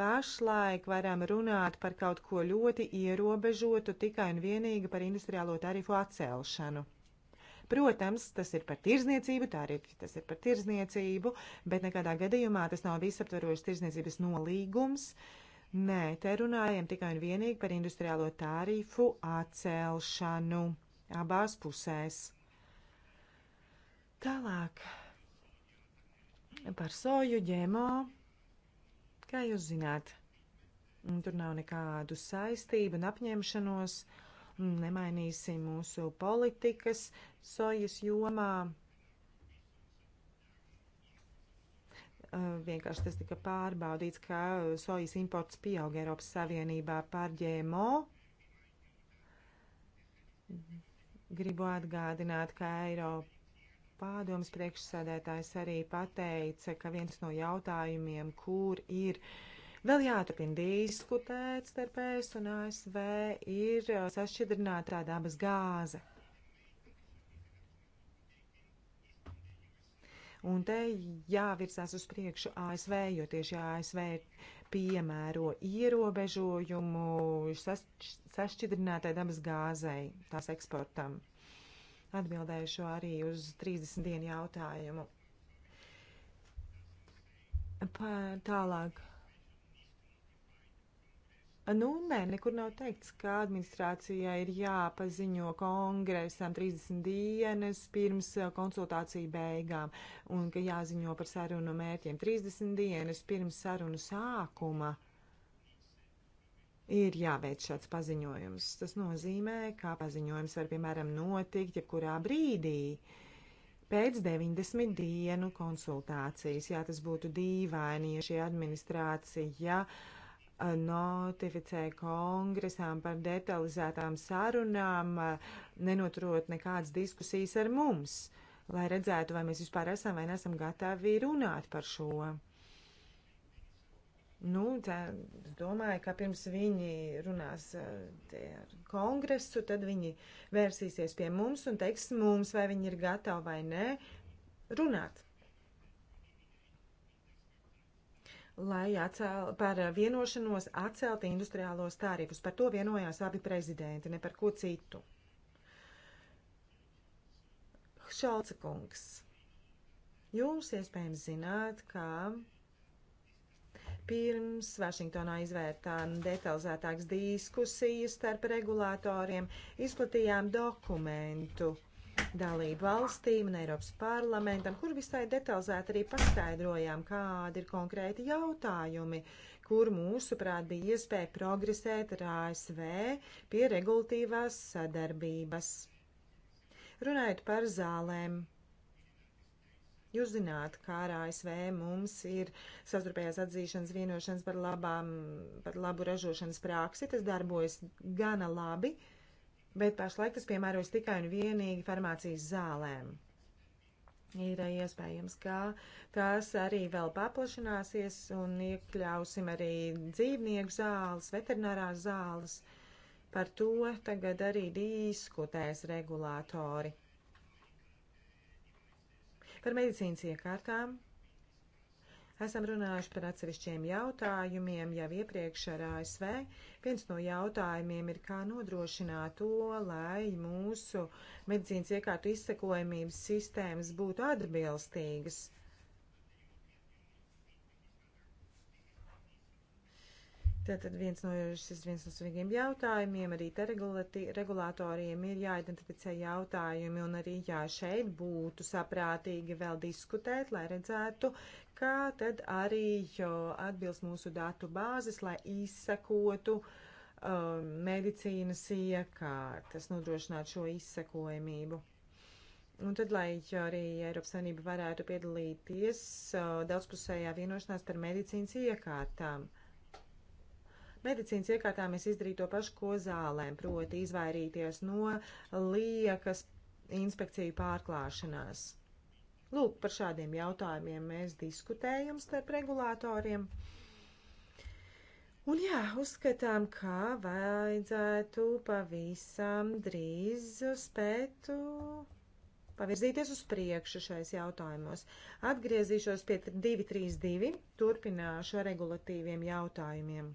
B: pašlaik varam runāt par kaut ko ļoti ierobežotu tikai un vienīgi par industriālo tarifu atcelšanu. Protams, tas ir par tirzniecību, tā arī tas ir par tirzniecību, bet nekādā gadījumā tas nav visaptvarošs tirzniecības nolīgums. Nē, te runājam tikai un vienīgi par industriālo tarifu atcelšanu abās pusēs. Tālāk par soju ģēmo. Kā jūs zināt, tur nav nekādu saistību un apņemšanos uh, nemainīsim mūsu politikas sojas jomā. Uh, vienkārši tas tika pārbaudīts, ka sojas imports pieaug Eiropas Savienībā par ģēmo. Gribu atgādināt, ka Eiropa Pādomas priekšsēdētājs arī pateica, ka viens no jautājumiem, kur ir uh, Vēl jāturpina diskutēt starp ES un ASV ir uh, sašķidrinātā dabas gāze. Un te jāvirsās uz priekšu ASV, jo tieši ASV piemēro ierobežojumu sašķidrinātai dabas gāzei, tās eksportam. Atbildēšu arī uz 30 dienu jautājumu. Pa, tālāk Nu, nē, nekur nav teikts, ka administrācijai ir jāpaziņo kongresam 30 dienas pirms uh, konsultāciju beigām un ka jāziņo par sarunu mērķiem 30 dienas pirms sarunu sākuma. Ir jāveic šāds paziņojums. Tas nozīmē, ka paziņojums var, piemēram, notikt jebkurā brīdī. Pēc 90 dienu konsultācijas, jā, tas būtu dīvaini, ja šī administrācija uh, notificēja kongresām par detalizētām sarunām, nenoturot nekādas diskusijas ar mums, lai redzētu, vai mēs vispār esam vai nesam gatavi runāt par šo. Nu, tā, domāju, ka pirms viņi runās eh, ar kongresu, tad viņi vērsīsies pie mums un teiks mums, vai viņi ir gatavi vai nē runāt lai atcēl, par vienošanos atcelt industriālos tārifus. Par to vienojās abi prezidenti, ne par ko citu. Šalca kungs, jūs iespējams zināt, ka pirms Vašingtonā izvērtām detalizētākas diskusijas starp regulātoriem izplatījām dokumentu dalību valstīm un Eiropas parlamentam, kur visai detalizēti arī paskaidrojām, kādi ir konkrēti jautājumi, kur mūsuprāt bija iespēja progresēt ar ASV pie regulatīvās sadarbības. Runājot par zālēm. Jūs zināt, kā ar ASV mums ir sastarpējās atzīšanas vienošanas par, labām, par labu ražošanas praksi. Tas darbojas gana labi. Uh, bet pašlaik tas piemērojas tikai un vienīgi farmācijas zālēm. Ir iespējams, ka tās arī vēl paplašināsies un iekļausim arī dzīvnieku zāles, veterinārās zāles. Par to tagad arī diskutēs regulātori. Par medicīnas iekārtām Esam runājuši par atsevišķiem jautājumiem jau iepriekš ar ASV. Viens no jautājumiem ir, kā nodrošināt to, lai mūsu medicīnas iekārtu izsekojamības sistēmas būtu atbilstīgas Tātad viens no, šis viens no svarīgiem jautājumiem arī te regulātoriem ir jāidentificē jautājumi un arī jā, šeit būtu saprātīgi vēl diskutēt, lai redzētu, kā tad arī atbilst mūsu datu bāzes, lai izsekotu um, medicīnas iekārtas, nodrošinātu šo izsekojamību. Un tad, lai arī Eiropas Savienība varētu piedalīties uh, daudzpusējā vienošanās par medicīnas iekārtām medicīnas iekārtām es izdarīju to pašu, ko zālēm, proti izvairīties no liekas inspekciju pārklāšanās. Lūk, par šādiem jautājumiem mēs diskutējam starp regulātoriem. Un jā, uzskatām, ka vajadzētu pavisam drīz spētu pavirzīties uz priekšu šais jautājumos. Atgriezīšos pie 232, turpināšu ar regulatīviem jautājumiem.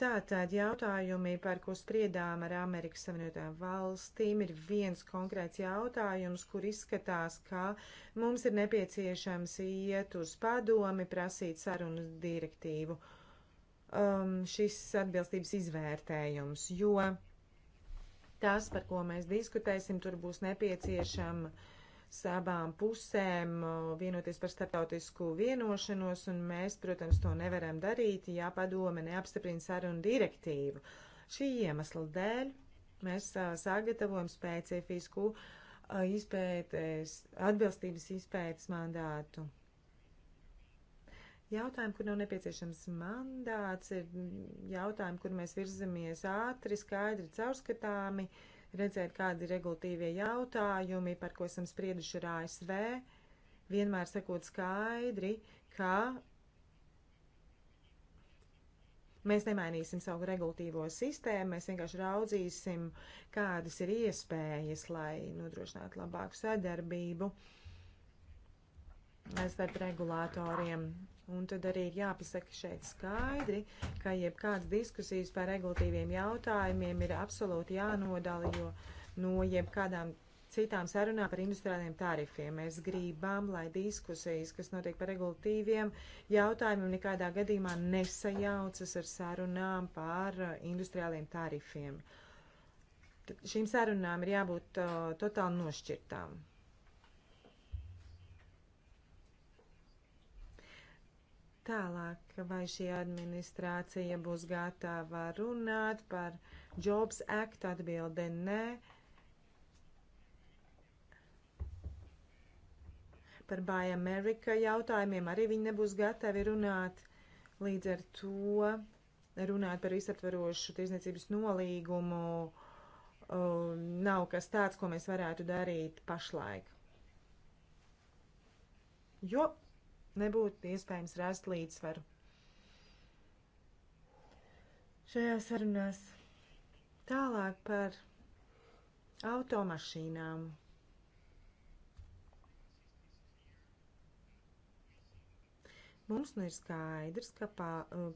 B: Tātad jautājumi, par ko spriedām ar Amerikas Savienotajām valstīm, ir viens konkrēts jautājums, kur izskatās, ka mums ir nepieciešams iet uz padomi, prasīt sarunu direktīvu. Um, šis atbilstības izvērtējums, jo tas, par ko mēs diskutēsim, tur būs nepieciešama uh, abām pusēm vienoties par starptautisku vienošanos, un mēs, protams, to nevaram darīt, ja padome neapstiprina sarunu direktīvu. Šī iemesla dēļ mēs sagatavojam specifisku izpētes, atbilstības izpētes mandātu. Jautājumi, kur nav nepieciešams mandāts, ir jautājumi, kur mēs virzamies ātri, skaidri, caurskatāmi. Uh, redzēt, kādi ir regulatīvie jautājumi, par ko esam sprieduši ar ASV, vienmēr sakot skaidri, ka mēs nemainīsim savu regulatīvo sistēmu, mēs vienkārši raudzīsim, kādas ir iespējas, lai nodrošinātu labāku sadarbību starp regulātoriem. Un tad arī ir jāpasaka šeit skaidri, ka jebkādas diskusijas par regulatīviem jautājumiem ir absolūti jānodala, jo no jebkādām citām sarunām par industriāliem tarifiem. Mēs gribam, lai diskusijas, kas notiek par regulatīviem jautājumiem, nekādā gadījumā nesajaucas ar sarunām par uh, industriāliem tarifiem. Tad šīm sarunām ir jābūt uh, totāli nošķirtām. Tālāk, vai šī administrācija būs gatava runāt par Jobs Act atbilde nē. Par Buy America jautājumiem arī viņi nebūs gatavi runāt. Līdz ar to runāt par visaptvarošu tirzniecības nolīgumu um, nav kas tāds, ko mēs varētu darīt pašlaik. Jo nebūtu iespējams rast līdzsvaru. Šajā sarunās tālāk par automašīnām. Mums nu ir skaidrs, ka, pa,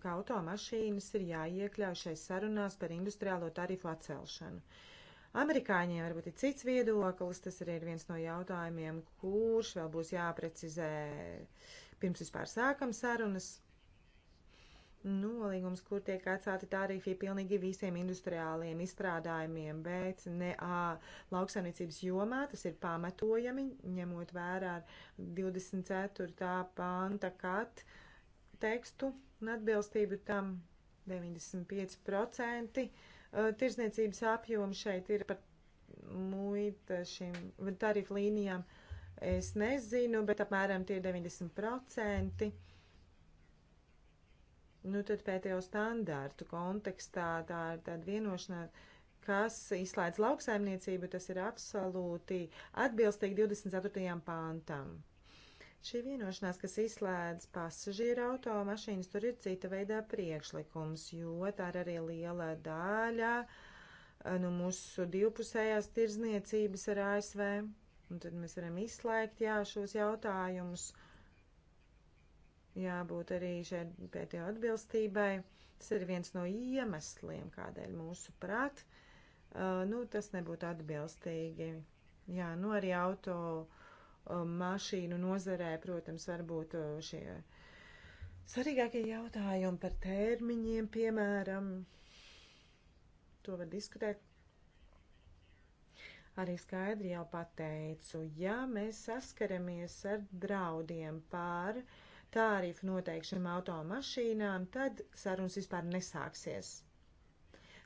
B: ka automašīnas ir jāiekļauj šai sarunās par industriālo tarifu atcelšanu. Amerikāņiem varbūt ir cits viedoklis, tas arī ir viens no jautājumiem, kurš vēl būs jāprecizē pirms vispār sākam sarunas. Nolīgums, kur tiek atcelti tarifi pilnīgi visiem industriāliem izstrādājumiem, bet ne ā, lauksaimniecības jomā tas ir pamatojami, ņemot vērā 24. panta kat tekstu un atbilstību tam 95% tirzniecības apjomu šeit ir par muita šīm tarifu līnijām. Uh, Es nezinu, bet apmēram tie ir 90%. Nu, tad pēdējo standārtu kontekstā tā ir tāda vienošanās, kas izslēdz lauksaimniecību, tas ir absolūti atbilstīgi 24. pāntam. Šī vienošanās, kas izslēdz pasažieru automašīnas, tur ir cita veidā priekšlikums, jo tā ir arī liela daļa no eh, nu, mūsu divpusējās tirzniecības ar ASV. Un tad mēs varam izslēgt, jā, šos jautājumus. Jābūt arī šai pētējo atbilstībai. Tas ir viens no iemesliem, kādēļ mūsu prāt, uh, nu, tas nebūtu atbilstīgi. Jā, nu arī auto uh, mašīnu nozarē, protams, varbūt uh, šie svarīgākie jautājumi par termiņiem, piemēram, to var diskutēt arī skaidri jau pateicu, ja mēs saskaramies ar draudiem pār tārifu noteikšanu automašīnām, tad sarunas vispār nesāksies.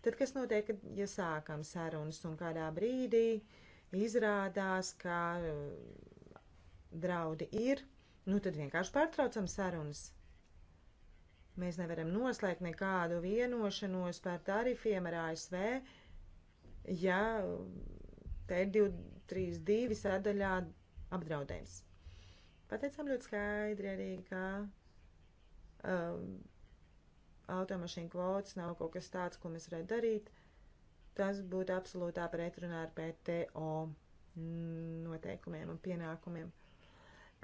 B: Tad, kas notiek, ja sākam sarunas un kādā brīdī izrādās, ka uh, draudi ir, nu tad vienkārši pārtraucam sarunas. Mēs nevaram noslēgt nekādu vienošanos par tarifiem ar ASV, ja Te ir 232 sadaļā apdraudējums. Pateicām ļoti skaidri arī, ka um, automašīnu kvotas nav kaut kas tāds, ko mēs varētu darīt. Tas būtu absolūtā pretrunā ar PTO noteikumiem un pienākumiem.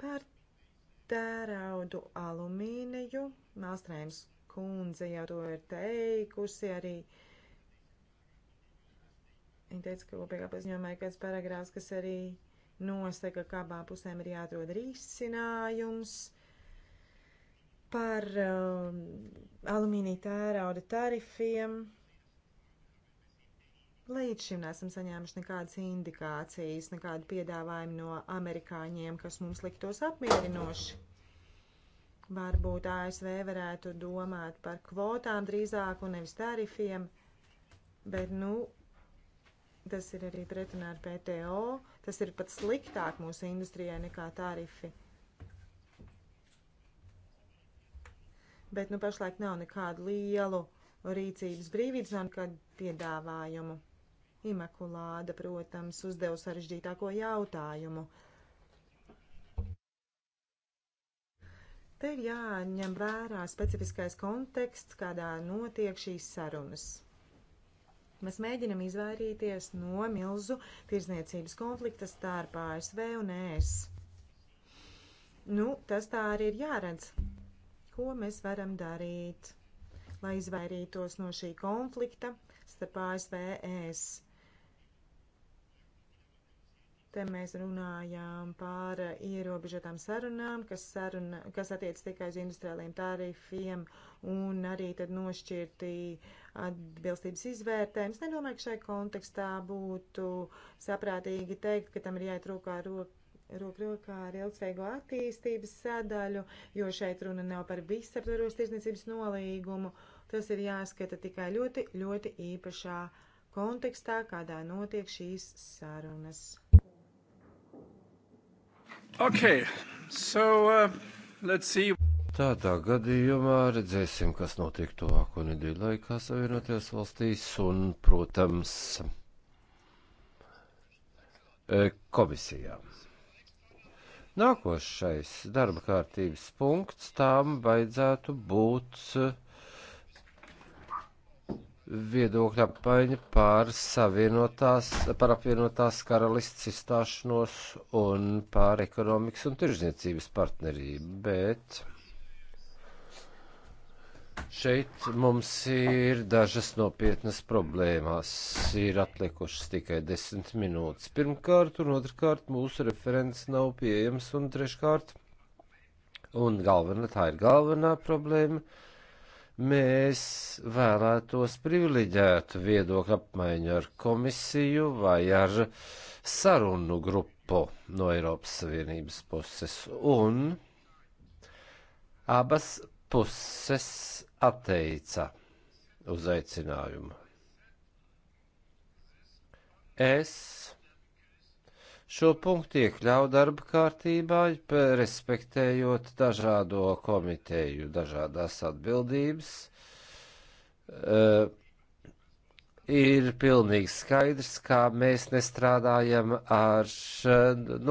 B: Par tēraudu alumīniju Mālstrēms kundze jau to ir teikusi arī uh, Viņa teica, ka kopīgā paziņojumā ir kāds paragrāfs, kas arī nosaka, ka abām pusēm ir jāatrod risinājums par um, alumīnija tērauda tarifiem. Līdz šim neesam saņēmuši nekādas indikācijas, nekādu piedāvājumu no amerikāņiem, kas mums liktos apmierinoši. Varbūt ASV varētu domāt par kvotām drīzāk un nevis tarifiem, bet, nu, Tas ir arī pretrunā ar PTO. Tas ir pat sliktāk mūsu industrijai nekā tarifi. Bet nu pašlaik nav nekādu lielu rīcības brīvības, nav nekādu piedāvājumu. Imakulāda, protams, uzdeva sarežģītāko jautājumu. Te ir jāņem vērā specifiskais konteksts, kādā notiek šīs sarunas. Mēs mēģinam izvairīties no milzu tirzniecības konflikta starp ASV un ES. Nu, tas tā arī ir jāredz. Ko mēs varam darīt, lai izvairītos no šī konflikta starp ASV un e ES? Te mēs runājām par ierobežotām sarunām, kas, saruna, kas attiec tikai uz industriāliem tarifiem un arī tad nošķirtīja atbilstības izvērtējums. Nedomāju, ka šai kontekstā būtu saprātīgi teikt, ka tam ir jāiet rokā rokā roku rokā ar ilgspējīgo attīstības sadaļu, jo šeit runa nav par visaptvaros tirsniecības nolīgumu. Tas ir jāskata tikai ļoti, ļoti īpašā kontekstā, kādā notiek šīs sarunas.
C: Okay, so uh, let's see. Tādā gadījumā redzēsim, kas notiek tuvāko nedēļu laikā Savienotajās valstīs un, protams, e, komisijā. Nākošais darba kārtības punkts tām vajadzētu būt viedokļa apmaiņa pār savienotās, par apvienotās karalists izstāšanos un pār ekonomikas un tirzniecības partnerību, bet Šeit mums ir dažas nopietnas problēmas. Ir atlikušas tikai desmit minūtes. Pirmkārt, un otrkārt, mūsu referents nav pieejams, un treškārt, un galvenā, tā ir galvenā problēma, mēs vēlētos privileģētu viedokļu apmaiņu ar komisiju vai ar sarunu grupu no Eiropas Savienības puses. Un abas puses atteica uz aicinājumu. Es šo punktu iekļauju darba kārtībā, respektējot dažādo komiteju, dažādās atbildības. Uh, ir pilnīgi skaidrs, kā mēs nestrādājam ar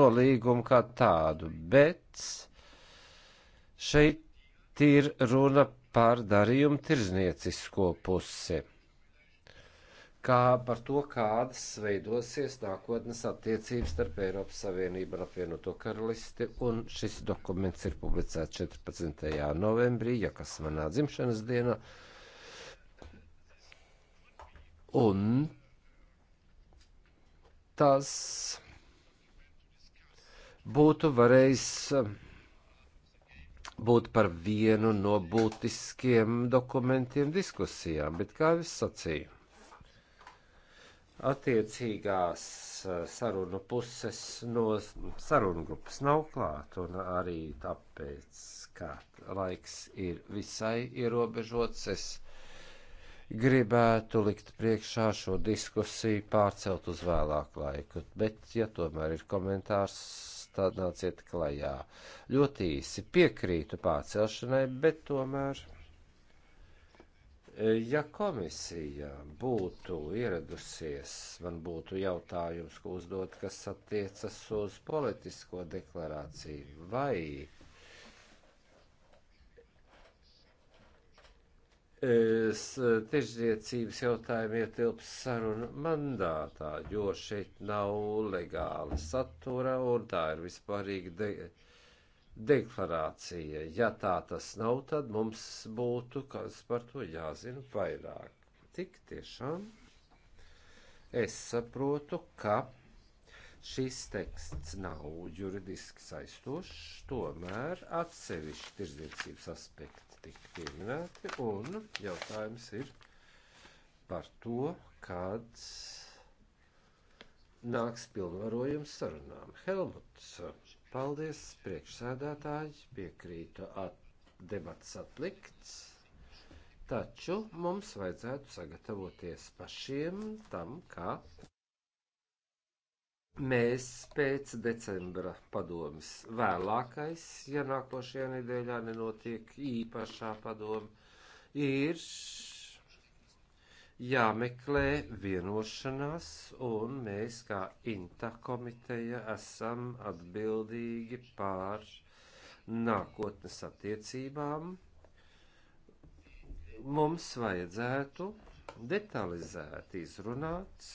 C: nolīgumu kā tādu, bet šeit ir runa par darījumu tirzniecisko pusi. Kā par to, kādas veidosies nākotnes attiecības starp Eiropas Savienību un apvienoto karalisti, un šis dokuments ir publicēts 14. novembrī, ja kas manā dzimšanas dienā. Un tas būtu varējis būt par vienu no būtiskiem dokumentiem diskusijām, bet kā es sacīju, attiecīgās eh, sarunu puses no sarunu grupas nav klāt, un arī tāpēc, ka laiks ir visai ierobežots, es gribētu likt priekšā šo diskusiju pārcelt uz vēlāku laiku, bet, ja tomēr ir komentārs tad nāciet klajā. Ļoti īsi piekrītu pārcelšanai, bet tomēr, e, ja komisija būtu ieradusies, man būtu jautājums, ko uzdot, kas attiecas uz politisko deklarāciju vai Eh, tirzniecības jautājumi ietilps sarunu mandātā, jo šeit nav legāla satura un tā ir vispārīga de deklarācija. Ja tā tas nav, tad mums būtu kas par to jāzina vairāk. Tik tiešām es saprotu, ka šis teksts nav juridiski saistošs, tomēr atsevišķi tirzniecības aspekti tika pieminēti, un jautājums ir par to, kāds nāks pilnvarojums sarunām. Helmuts, paldies, priekšsēdētāji, piekrītu at, debats atlikts, taču mums vajadzētu sagatavoties pašiem tam, kā Mēs pēc decembra padomas vēlākais, ja nākošajā nedēļā nenotiek īpašā padoma, ir jāmeklē vienošanās, un mēs kā INTA komiteja esam atbildīgi pār nākotnes attiecībām. Mums vajadzētu detalizēti izrunāt.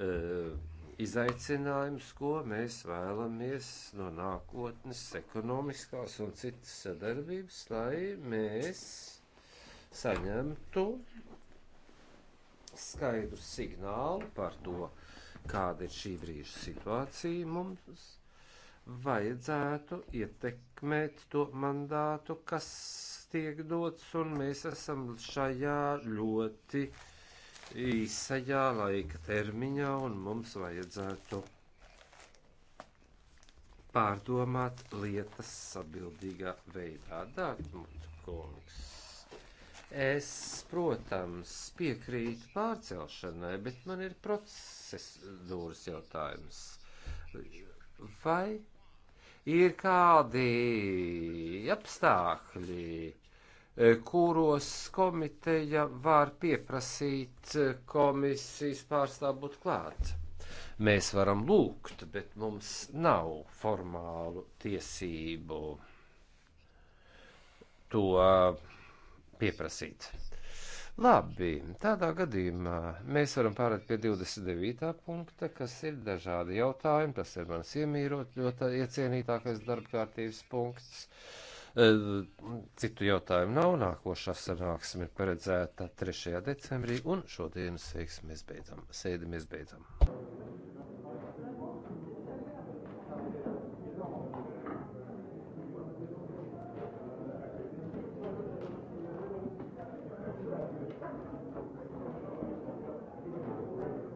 C: Uh, izaicinājumus, ko mēs vēlamies no nākotnes ekonomiskās un citas sadarbības, lai mēs saņemtu skaidru signālu par to, kāda ir šī brīža situācija mums, vajadzētu ietekmēt to mandātu, kas tiek dots, un mēs esam šajā ļoti uh, īsajā laika termiņā, un mums vajadzētu pārdomāt lietas atbildīgā veidā. Dārgmut kungs, es, protams, piekrītu pārcelšanai, bet man ir procedūras jautājums. Vai ir kādi apstākļi? E, kuros komiteja var pieprasīt e, komisijas pārstāvu būt klāt. Mēs varam lūgt, bet mums nav formālu tiesību to pieprasīt. Labi, tādā gadījumā mēs varam pārēt pie 29. punkta, kas ir dažādi jautājumi. Tas ir mans iemīļotākais, iecienītākais darbkārtības punkts. Uh, Citu jautājumu nav. Nākošā sanāksme ir paredzēta 3. decembrī, un šodienas sēdi mēs beidzam. Sēdi mēs beidzam.